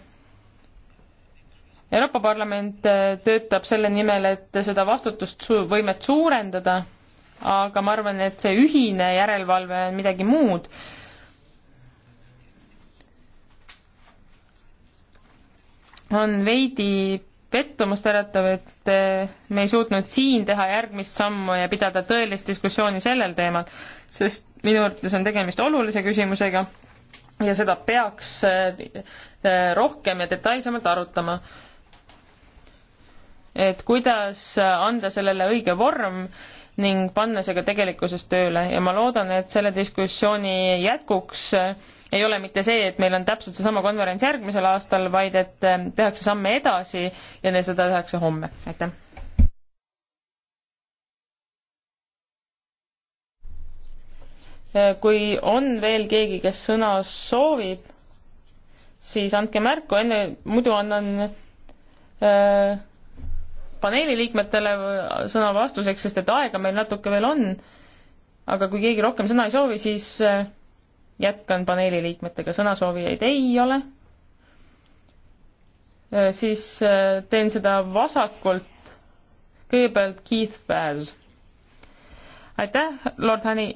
Euroopa Parlament äh, töötab selle nimel, et seda vastutusvõimet suurendada, aga ma arvan, et see ühine järelevalve on midagi muud. on veidi pettumust äratav, et äh, me ei suutnud siin teha järgmist sammu ja pidada tõelist diskussiooni sellel teemal, sest minu arvates on tegemist olulise küsimusega ja seda peaks äh, rohkem ja detailsemalt arutama et kuidas anda sellele õige vorm ning panna see ka tegelikkuses tööle ja ma loodan, et selle diskussiooni jätkuks ei ole mitte see, et meil on täpselt seesama konverents järgmisel aastal, vaid et tehakse samme edasi ja seda tehakse homme, aitäh. kui on veel keegi, kes sõna soovib, siis andke märku, enne muidu annan äh, paneeli liikmetele sõna vastuseks, sest et aega meil natuke veel on. aga kui keegi rohkem sõna ei soovi, siis äh, jätkan paneeli liikmetega, sõnasoovijaid ei ole. Äh, siis äh, teen seda vasakult. kõigepealt Keith Baz. aitäh, Lord Honey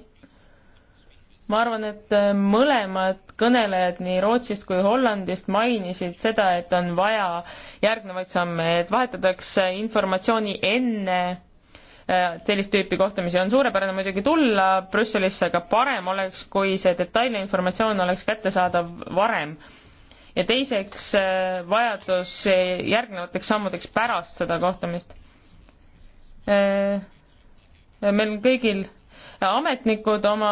ma arvan, et äh, mõlemad kõnelejad nii Rootsist kui Hollandist mainisid seda, et on vaja järgnevaid samme, et vahetatakse informatsiooni enne äh, sellist tüüpi kohtumisi on suurepärane muidugi tulla Brüsselisse, aga parem oleks, kui see detailne informatsioon oleks kättesaadav varem. ja teiseks äh, vajadus järgnevateks sammudeks pärast seda kohtumist. meil kõigil ametnikud oma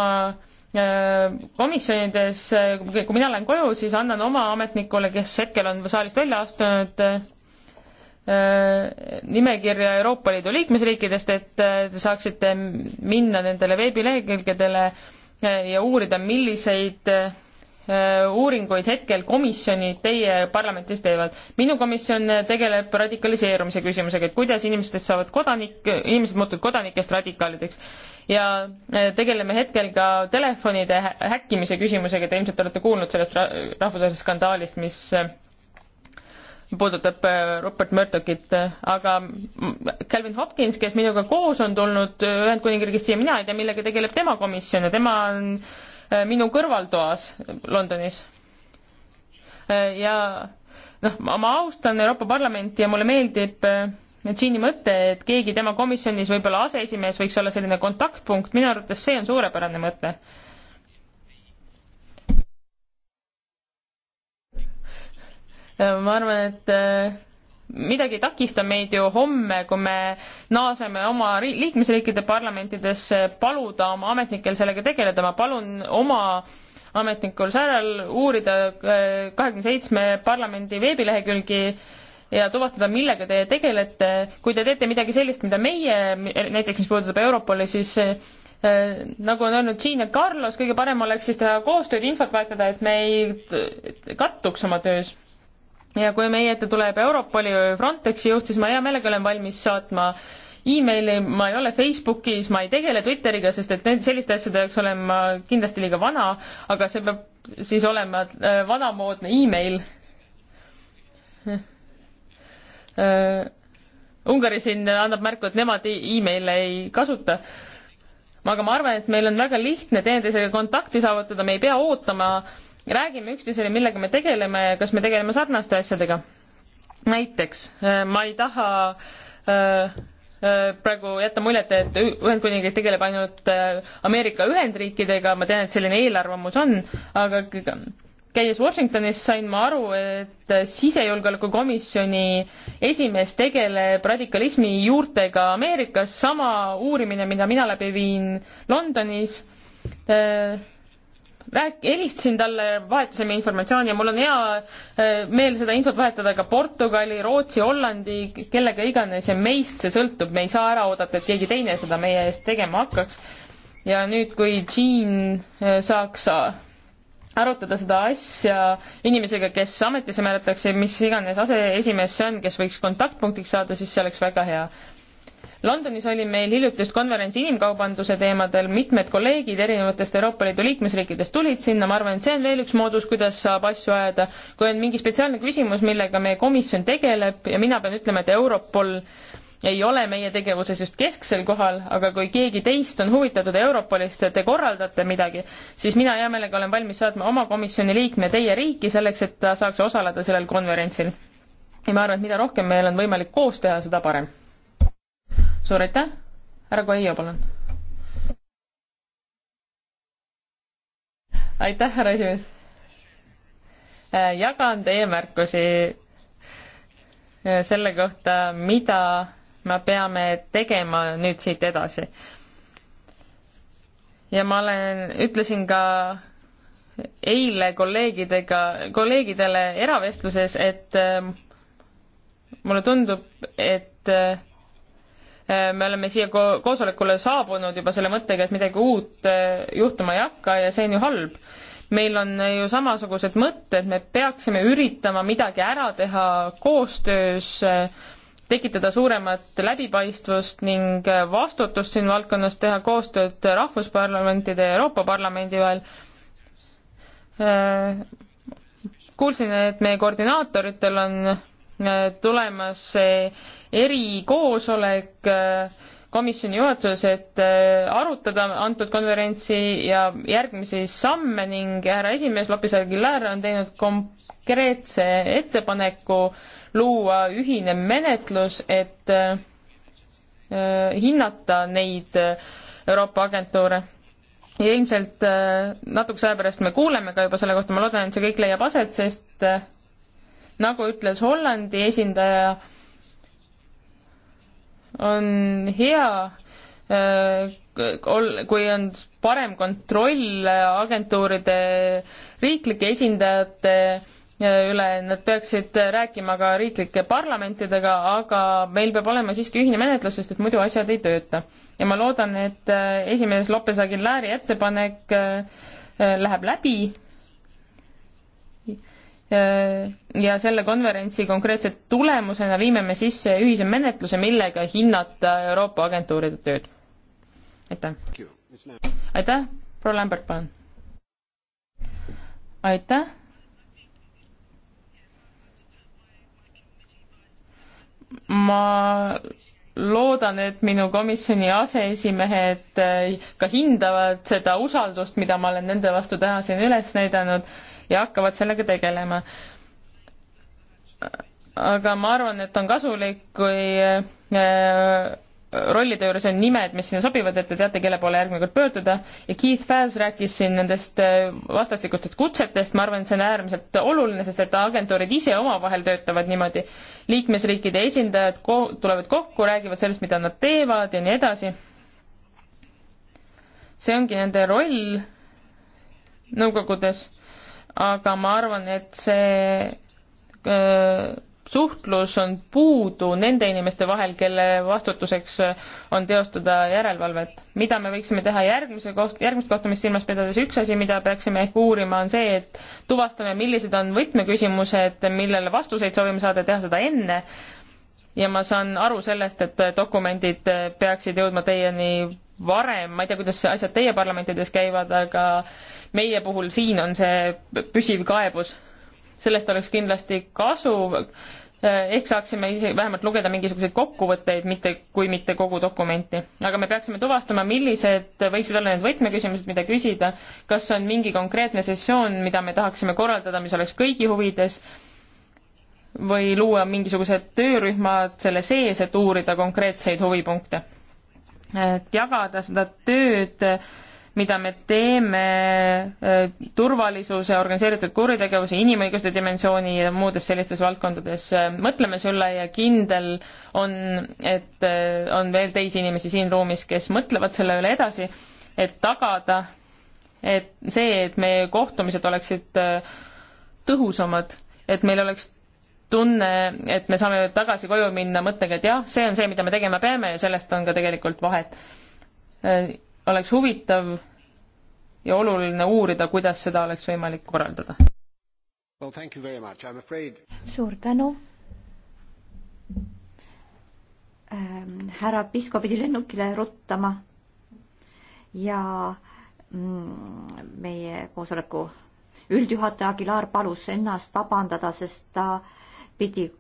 Äh, komisjonides, äh, kui mina lähen koju, siis annan oma ametnikule, kes hetkel on saalist välja astunud, äh, nimekirja Euroopa Liidu liikmesriikidest, et te saaksite minna nendele veebilehekülgedele ja uurida, milliseid Äh, uuringuid hetkel komisjonid teie parlamentis teevad. minu komisjon äh, tegeleb radikaliseerumise küsimusega, et kuidas inimestest saavad kodanik, inimesed muutuvad kodanikest radikaalideks. ja äh, tegeleme hetkel ka telefonide häkkimise küsimusega, te ilmselt olete kuulnud sellest rahvusvahelisest skandaalist, mis puudutab Rupert Murdochit, aga Calvin Hopkins, kes minuga koos on tulnud Ühendkuningriigist siia, mina ei tea, millega tegeleb tema komisjon ja tema on Äh, minu kõrvaltoas Londonis. Äh, ja noh, ma austan Euroopa Parlamenti ja mulle meeldib Gini äh, mõte, et keegi tema komisjonis, võib-olla aseesimees, võiks olla selline kontaktpunkt, minu arvates see on suurepärane mõte. ma arvan, et midagi ei takista meid ju homme, kui me naaseme oma liikmesriikide parlamentidesse, paluda oma ametnikel sellega tegeleda, ma palun oma ametnikul Säärel uurida äh, kahekümne seitsme parlamendi veebilehekülgi ja tuvastada, millega te tegelete. kui te teete midagi sellist, mida meie, näiteks mis puudutab Europoli, siis äh, nagu on öelnud Siim ja Carlos, kõige parem oleks siis teha koostööd, infot vahetada, et me ei äh, kattuks oma töös ja kui meie ette tuleb Europoli või Frontexi juht, siis ma hea meelega olen valmis saatma emaili, ma ei ole Facebookis, ma ei tegele Twitteriga, sest et need, selliste asjade jaoks olen ma kindlasti liiga vana, aga see peab siis olema äh, vanamoodne email. Äh, Ungari siin annab märku, et nemad email'e ei kasuta aga ma arvan, et meil on väga lihtne teineteisega kontakti saavutada, me ei pea ootama räägime üksteisele, millega me tegeleme ja kas me tegeleme sarnaste asjadega. näiteks äh, ma ei taha äh, äh, praegu jätta muljet, et Ühendkuningriik tegeleb ainult äh, Ameerika Ühendriikidega, ma tean, et selline eelarvamus on, aga käies Washingtonis sain ma aru, et sisejulgeolekukomisjoni esimees tegeleb radikalismi juurtega Ameerikas, sama uurimine, mida mina läbi viin Londonis äh,, rääk-, helistasin talle, vahetasime informatsiooni ja mul on hea äh, meel seda infot vahetada ka Portugali, Rootsi, Hollandi, kellega iganes ja meist see sõltub, me ei saa ära oodata, et keegi teine seda meie eest tegema hakkaks. ja nüüd, kui Jean äh, saaks arutada seda asja inimesega, kes ametisse määratakse, mis iganes aseesimees see on, kes võiks kontaktpunktiks saada, siis see oleks väga hea Londonis oli meil hiljuti just konverents inimkaubanduse teemadel, mitmed kolleegid erinevatest Euroopa Liidu liikmesriikidest tulid sinna, ma arvan, et see on veel üks moodus, kuidas saab asju ajada. kui on mingi spetsiaalne küsimus, millega meie komisjon tegeleb ja mina pean ütlema, et Europol ei ole meie tegevuses just kesksel kohal, aga kui keegi teist on huvitatud Europolist ja te korraldate midagi, siis mina hea meelega olen valmis saatma oma komisjoni liikme teie riiki selleks, et ta saaks osaleda sellel konverentsil. ja ma arvan, et mida rohkem meil on võimalik koos teha, seda parem suur aitäh, härra Koio, palun. aitäh, härra esimees. Äh, jagan teie märkusi äh, selle kohta, mida me peame tegema nüüd siit edasi. ja ma olen, ütlesin ka eile kolleegidega, kolleegidele eravestluses, et äh, mulle tundub, et äh, Äh, me oleme siia ko koosolekule saabunud juba selle mõttega, et midagi uut äh, juhtuma ei hakka ja see on ju halb. meil on ju samasugused mõtted, me peaksime üritama midagi ära teha koostöös, äh, tekitada suuremat läbipaistvust ning vastutust siin valdkonnas, teha koostööd rahvusparlamentide ja Euroopa Parlamendi vahel kuulsin, et meie koordinaatoritel on tulemas erikoosolek äh, komisjoni juhatuses, et äh, arutada antud konverentsi ja järgmisi samme ning härra esimees Lopis Aguilar on teinud konkreetse ettepaneku luua ühine menetlus, et äh, hinnata neid Euroopa agentuure ja ilmselt natukese aja pärast me kuuleme ka juba selle kohta, ma loodan, et see kõik leiab aset, sest nagu ütles Hollandi esindaja, on hea, äh, kui on parem kontroll agentuuride riiklike esindajate äh, üle, nad peaksid rääkima ka riiklike parlamentidega, aga meil peab olema siiski ühine menetlus, sest et muidu asjad ei tööta. ja ma loodan, et äh, esimees Lopes Aguilari ettepanek läheb läbi ja selle konverentsi konkreetse tulemusena viime me sisse ühise menetluse, millega hinnata Euroopa agentuuride tööd. aitäh. aitäh, proua Lambert, palun. aitäh. ma loodan, et minu komisjoni aseesimehed äh, ka hindavad seda usaldust, mida ma olen nende vastu täna siin üles näidanud ja hakkavad sellega tegelema. aga ma arvan, et on kasulik, kui äh, rollide juures on nimed, mis sinna sobivad, et te teate, kelle poole järgmine kord pöörduda ja Keith Faz rääkis siin nendest äh, vastastikustest kutsetest, ma arvan, et see on äärmiselt oluline, sest et agentuurid ise omavahel töötavad niimoodi. liikmesriikide esindajad ko-, tulevad kokku, räägivad sellest, mida nad teevad ja nii edasi. see ongi nende roll nõukogudes aga ma arvan, et see öö, suhtlus on puudu nende inimeste vahel, kelle vastutuseks on teostada järelevalvet. mida me võiksime teha järgmise koht-, järgmist kohtumist silmas pidades, üks asi, mida peaksime ehk uurima, on see, et tuvastame, millised on võtmeküsimused, millele vastuseid soovime saada, teha seda enne, ja ma saan aru sellest, et dokumendid peaksid jõudma teieni varem, ma ei tea, kuidas asjad teie parlamentides käivad, aga meie puhul siin on see püsiv kaebus. sellest oleks kindlasti kasu, ehk saaksime vähemalt lugeda mingisuguseid kokkuvõtteid, mitte, kui mitte kogu dokumenti. aga me peaksime tuvastama, millised võiksid olla need võtmeküsimused, mida küsida, kas on mingi konkreetne sessioon, mida me tahaksime korraldada, mis oleks kõigi huvides, või luua mingisugused töörühmad selle sees, et uurida konkreetseid huvipunkte et jagada seda tööd, mida me teeme äh, turvalisuse, organiseeritud kuritegevuse, inimõiguste dimensiooni ja muudes sellistes valdkondades. Äh, mõtleme sulle ja kindel on, et äh, on veel teisi inimesi siin ruumis, kes mõtlevad selle üle edasi, et tagada, et see, et meie kohtumised oleksid tõhusamad, et meil oleks tunne, et me saame tagasi koju minna mõttega, et jah, see on see, mida me tegema peame ja sellest on ka tegelikult vahet. Äh, oleks huvitav ja oluline uurida, kuidas seda oleks võimalik korraldada. Well, afraid... suur tänu ähm,. härra Pisko pidi lennukile ruttama ja mm, meie koosoleku üldjuhataja Aguilar palus ennast vabandada, sest ta äh, pidi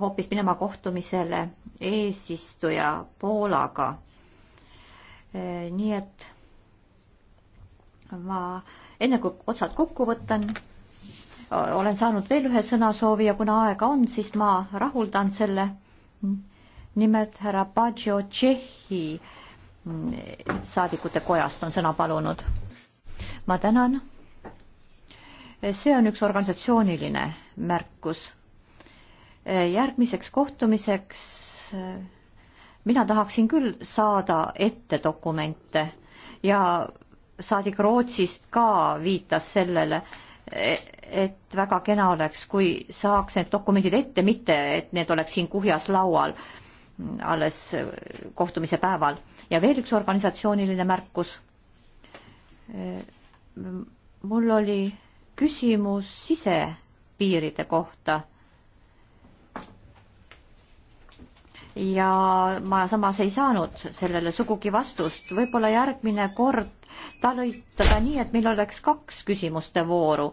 hoopis minema kohtumisele eesistuja Poolaga. nii et ma enne kui otsad kokku võtan, olen saanud veel ühe sõnasoovi ja kuna aega on, siis ma rahuldan selle. nimelt härra Padjo Tšehhi saadikute kojast on sõna palunud. ma tänan. see on üks organisatsiooniline märkus järgmiseks kohtumiseks mina tahaksin küll saada ette dokumente ja saadik Rootsist ka viitas sellele, et väga kena oleks, kui saaks need dokumendid ette, mitte et need oleks siin kuhjas laual alles kohtumise päeval. ja veel üks organisatsiooniline märkus. mul oli küsimus sisepiiride kohta ja ma samas ei saanud sellele sugugi vastust. võib-olla järgmine kord talitada nii, et meil oleks kaks küsimuste vooru.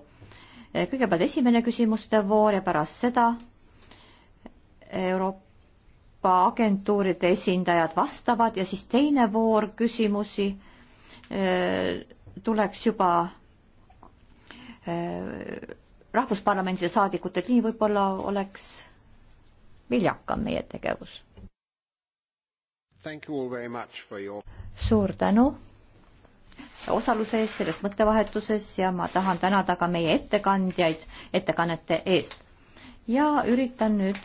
kõigepealt esimene küsimuste voor ja pärast seda Euroopa agentuuride esindajad vastavad ja siis teine voor küsimusi eh, tuleks juba eh, rahvusparlamentide saadikutelt, nii võib-olla oleks viljakam meie tegevus Your... suur tänu osaluse eest selles mõttevahetuses ja ma tahan tänada ka meie ettekandjaid ettekannete eest. ja üritan nüüd äh,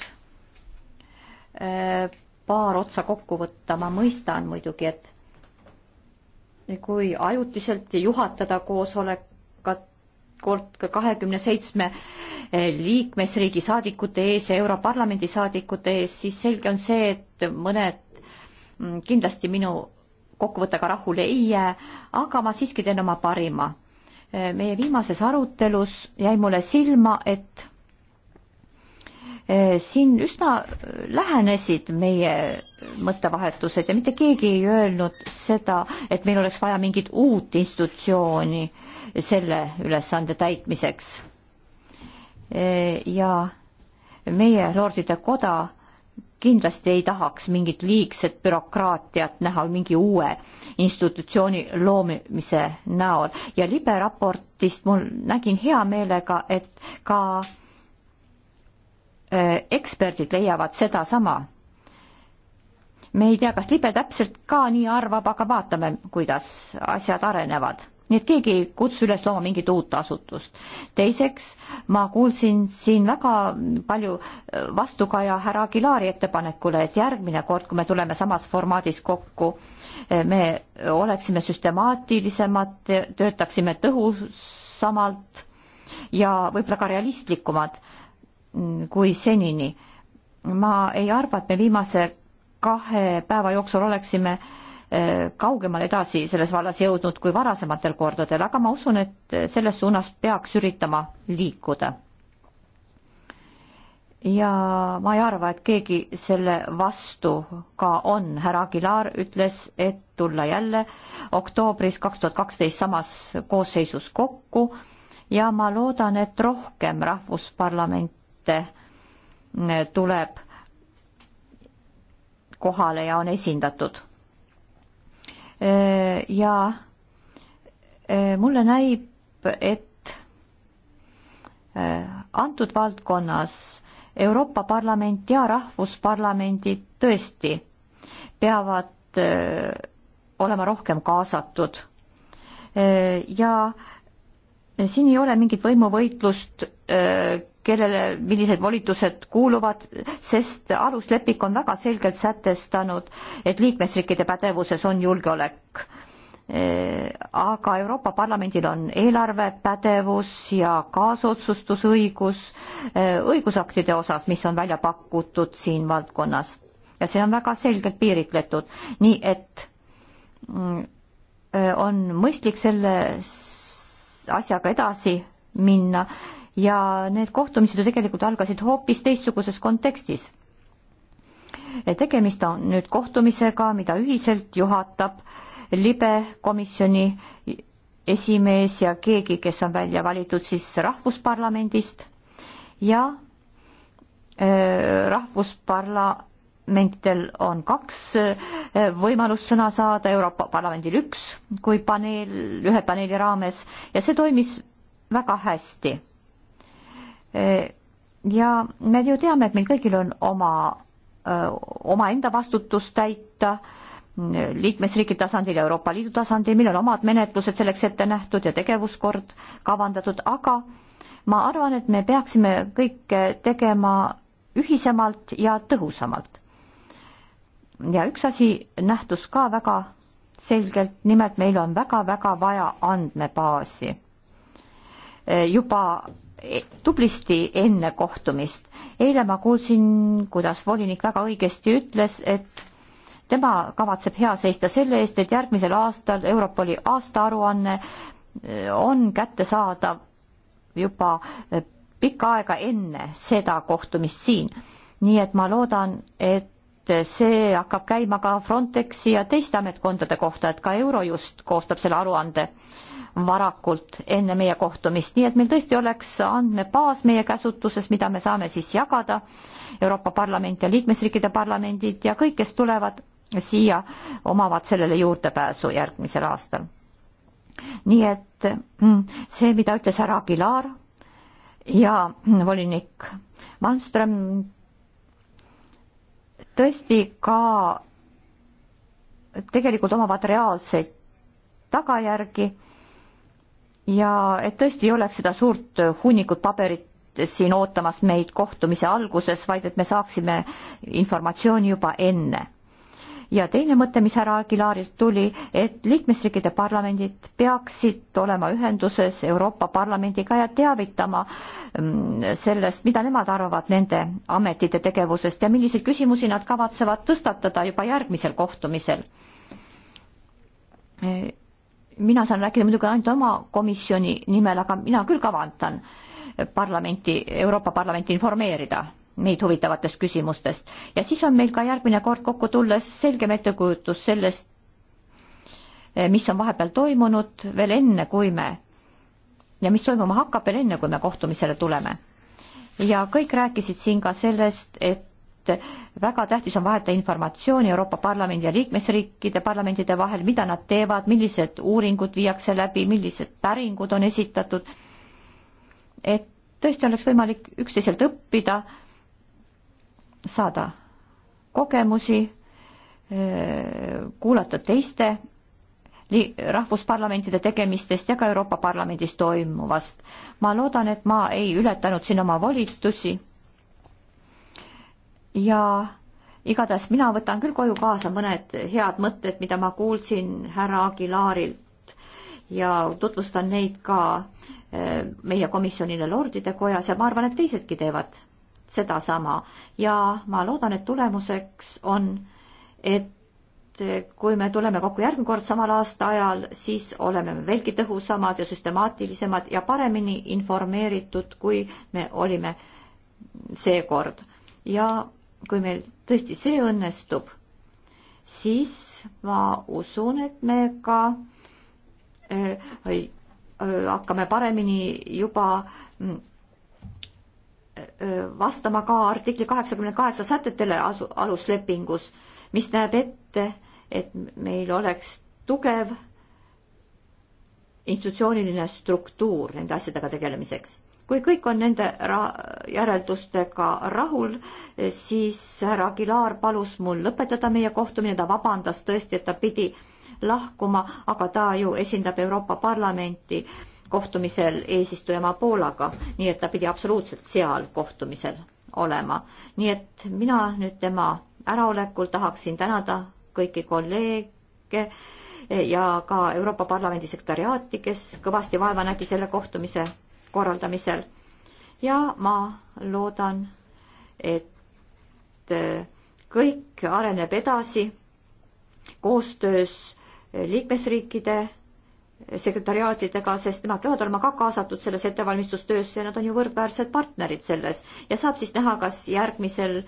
paar otsa kokku võtta, ma mõistan muidugi, et kui ajutiselt juhatada koosolekat kord kahekümne seitsme äh, liikmesriigi saadikute ees ja Europarlamendi saadikute ees, siis selge on see, et mõned Mm, kindlasti minu kokkuvõttega rahule ei jää, aga ma siiski teen oma parima. Eh, meie viimases arutelus jäi mulle silma, et eh, siin üsna eh, lähenesid meie mõttevahetused ja mitte keegi ei öelnud seda, et meil oleks vaja mingit uut institutsiooni selle ülesande täitmiseks. ja meie Lordide Koda kindlasti ei tahaks mingit liigset bürokraatiat näha mingi uue institutsiooni loomise näol ja libe raportist mul nägin hea meelega, et ka äh, eksperdid leiavad sedasama. me ei tea, kas libe täpselt ka nii arvab, aga vaatame, kuidas asjad arenevad nii et keegi ei kutsu üles looma mingit uut asutust. teiseks, ma kuulsin siin väga palju äh, vastukaja härra Aguilari ettepanekule, et järgmine kord, kui me tuleme samas formaadis kokku, äh, me oleksime süstemaatilisemad, töötaksime tõhusamalt ja võib-olla ka realistlikumad mm, kui senini. ma ei arva, et me viimase kahe päeva jooksul oleksime äh, Äh, kaugemale edasi selles vallas jõudnud kui varasematel kordadel, aga ma usun, et äh, selles suunas peaks üritama liikuda. ja ma ei arva, et keegi selle vastu ka on. härra Aguilar ütles, et tulla jälle oktoobris kaks tuhat kaksteist samas koosseisus kokku ja ma loodan, et rohkem rahvusparlamente äh, tuleb kohale ja on esindatud Äh, ja äh, mulle näib, et äh, antud valdkonnas Euroopa Parlament ja rahvusparlamendid tõesti peavad olema rohkem kaasatud. ja siin ei ole mingit võimuvõitlust Äh, kellele, millised volitused kuuluvad, sest aluslepik on väga selgelt sätestanud, et liikmesriikide pädevuses on julgeolek. Äh, aga Euroopa Parlamendil on eelarvepädevus ja kaasotsustusõigus äh, õigusaktide osas, mis on välja pakutud siin valdkonnas ja see on väga selgelt piiritletud, nii et mm, on mõistlik selle asjaga edasi minna ja need kohtumised ju tegelikult algasid hoopis teistsuguses kontekstis. tegemist on nüüd kohtumisega, mida ühiselt juhatab libe komisjoni esimees ja keegi, kes on välja valitud siis Rahvusparlamendist ja äh, rahvusparlamentidel on kaks äh, võimalust sõna saada, Euroopa Parlamendil üks kui paneel, ühe paneeli raames ja see toimis väga hästi ja me ju teame, et meil kõigil on oma, omaenda vastutus täita liikmesriigi tasandil ja Euroopa Liidu tasandil, meil on omad menetlused selleks ette nähtud ja tegevuskord kavandatud, aga ma arvan, et me peaksime kõike tegema ühisemalt ja tõhusamalt. ja üks asi nähtus ka väga selgelt, nimelt meil on väga-väga vaja andmebaasi juba E, tublisti enne kohtumist. eile ma kuulsin, kuidas volinik väga õigesti ütles, et tema kavatseb hea seista selle eest, et järgmisel aastal Europoli aastaaruanne e, on kättesaadav juba e, pikka aega enne seda kohtumist siin. nii et ma loodan, et see hakkab käima ka Frontexi ja teiste ametkondade kohta, et ka Eurojust koostab selle aruande varakult enne meie kohtumist, nii et meil tõesti oleks andmebaas meie käsutuses, mida me saame siis jagada, Euroopa Parlament ja liikmesriikide parlamendid ja kõik, kes tulevad siia, omavad sellele juurdepääsu järgmisel aastal. nii et mm, see, mida ütles härra Aguilar ja mm, volinik Malmström, tõesti ka tegelikult omavad reaalseid tagajärgi ja et tõesti ei oleks seda suurt hunnikut paberit siin ootamas meid kohtumise alguses, vaid et me saaksime informatsiooni juba enne. ja teine mõte, mis härra Aguilarilt tuli, et liikmesriikide parlamendid peaksid olema ühenduses Euroopa Parlamendiga ja teavitama mm, sellest, mida nemad arvavad nende ametite tegevusest ja milliseid küsimusi nad kavatsevad tõstatada juba järgmisel kohtumisel mina saan rääkida muidugi ainult oma komisjoni nimel, aga mina küll kavandan parlamenti, Euroopa Parlamenti informeerida meid huvitavatest küsimustest ja siis on meil ka järgmine kord kokku tulles selgem ettekujutus sellest, eh, mis on vahepeal toimunud veel enne, kui me ja mis toimuma hakkab veel enne, kui me kohtumisele tuleme. ja kõik rääkisid siin ka sellest, et et väga tähtis on vahetada informatsiooni Euroopa Parlamendi ja liikmesriikide parlamentide vahel, mida nad teevad, millised uuringud viiakse läbi, millised päringud on esitatud. et tõesti oleks võimalik üksteiselt õppida, saada kogemusi, kuulata teiste rahvusparlamentide tegemistest ja ka Euroopa Parlamendis toimuvast. ma loodan, et ma ei ületanud siin oma volitusi ja igatahes mina võtan küll koju kaasa mõned head mõtted, mida ma kuulsin härra Aguilarilt ja tutvustan neid ka eh, meie komisjonile Lordide Kojas ja ma arvan, et teisedki teevad sedasama ja ma loodan, et tulemuseks on, et kui me tuleme kokku järgmine kord samal aasta ajal, siis oleme me veelgi tõhusamad ja süstemaatilisemad ja paremini informeeritud, kui me olime seekord. ja kui meil tõesti see õnnestub, siis ma usun, et me ka äh, äh, hakkame paremini juba mm, äh, vastama ka artikli kaheksakümne kaheksa sätetele asu, aluslepingus, mis näeb ette, et meil oleks tugev institutsiooniline struktuur nende asjadega tegelemiseks kui kõik on nende ra-, järeldustega rahul, siis härra Aguilar palus mul lõpetada meie kohtumine, ta vabandas tõesti, et ta pidi lahkuma, aga ta ju esindab Euroopa Parlamenti kohtumisel eesistujamaa Poolaga, nii et ta pidi absoluutselt seal kohtumisel olema. nii et mina nüüd tema äraolekul tahaksin tänada kõiki kolleege ja ka Euroopa Parlamendi sekretariaati, kes kõvasti vaeva nägi selle kohtumise korraldamisel. ja ma loodan, et äh, kõik areneb edasi koostöös liikmesriikide sekretariaadidega, sest nemad peavad olema ka kaasatud selles ettevalmistustöösse ja nad on ju võrdväärsed partnerid selles ja saab siis näha, kas järgmisel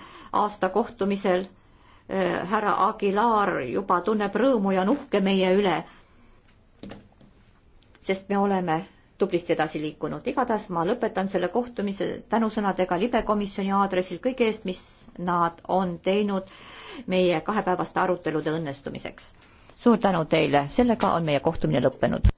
aasta kohtumisel äh, härra Aguilar juba tunneb rõõmu ja on uhke meie üle. sest me oleme tublisti edasi liikunud. igatahes ma lõpetan selle kohtumise tänusõnadega libekomisjoni aadressil kõige eest, mis nad on teinud meie kahepäevaste arutelude õnnestumiseks. suur tänu teile, sellega on meie kohtumine lõppenud.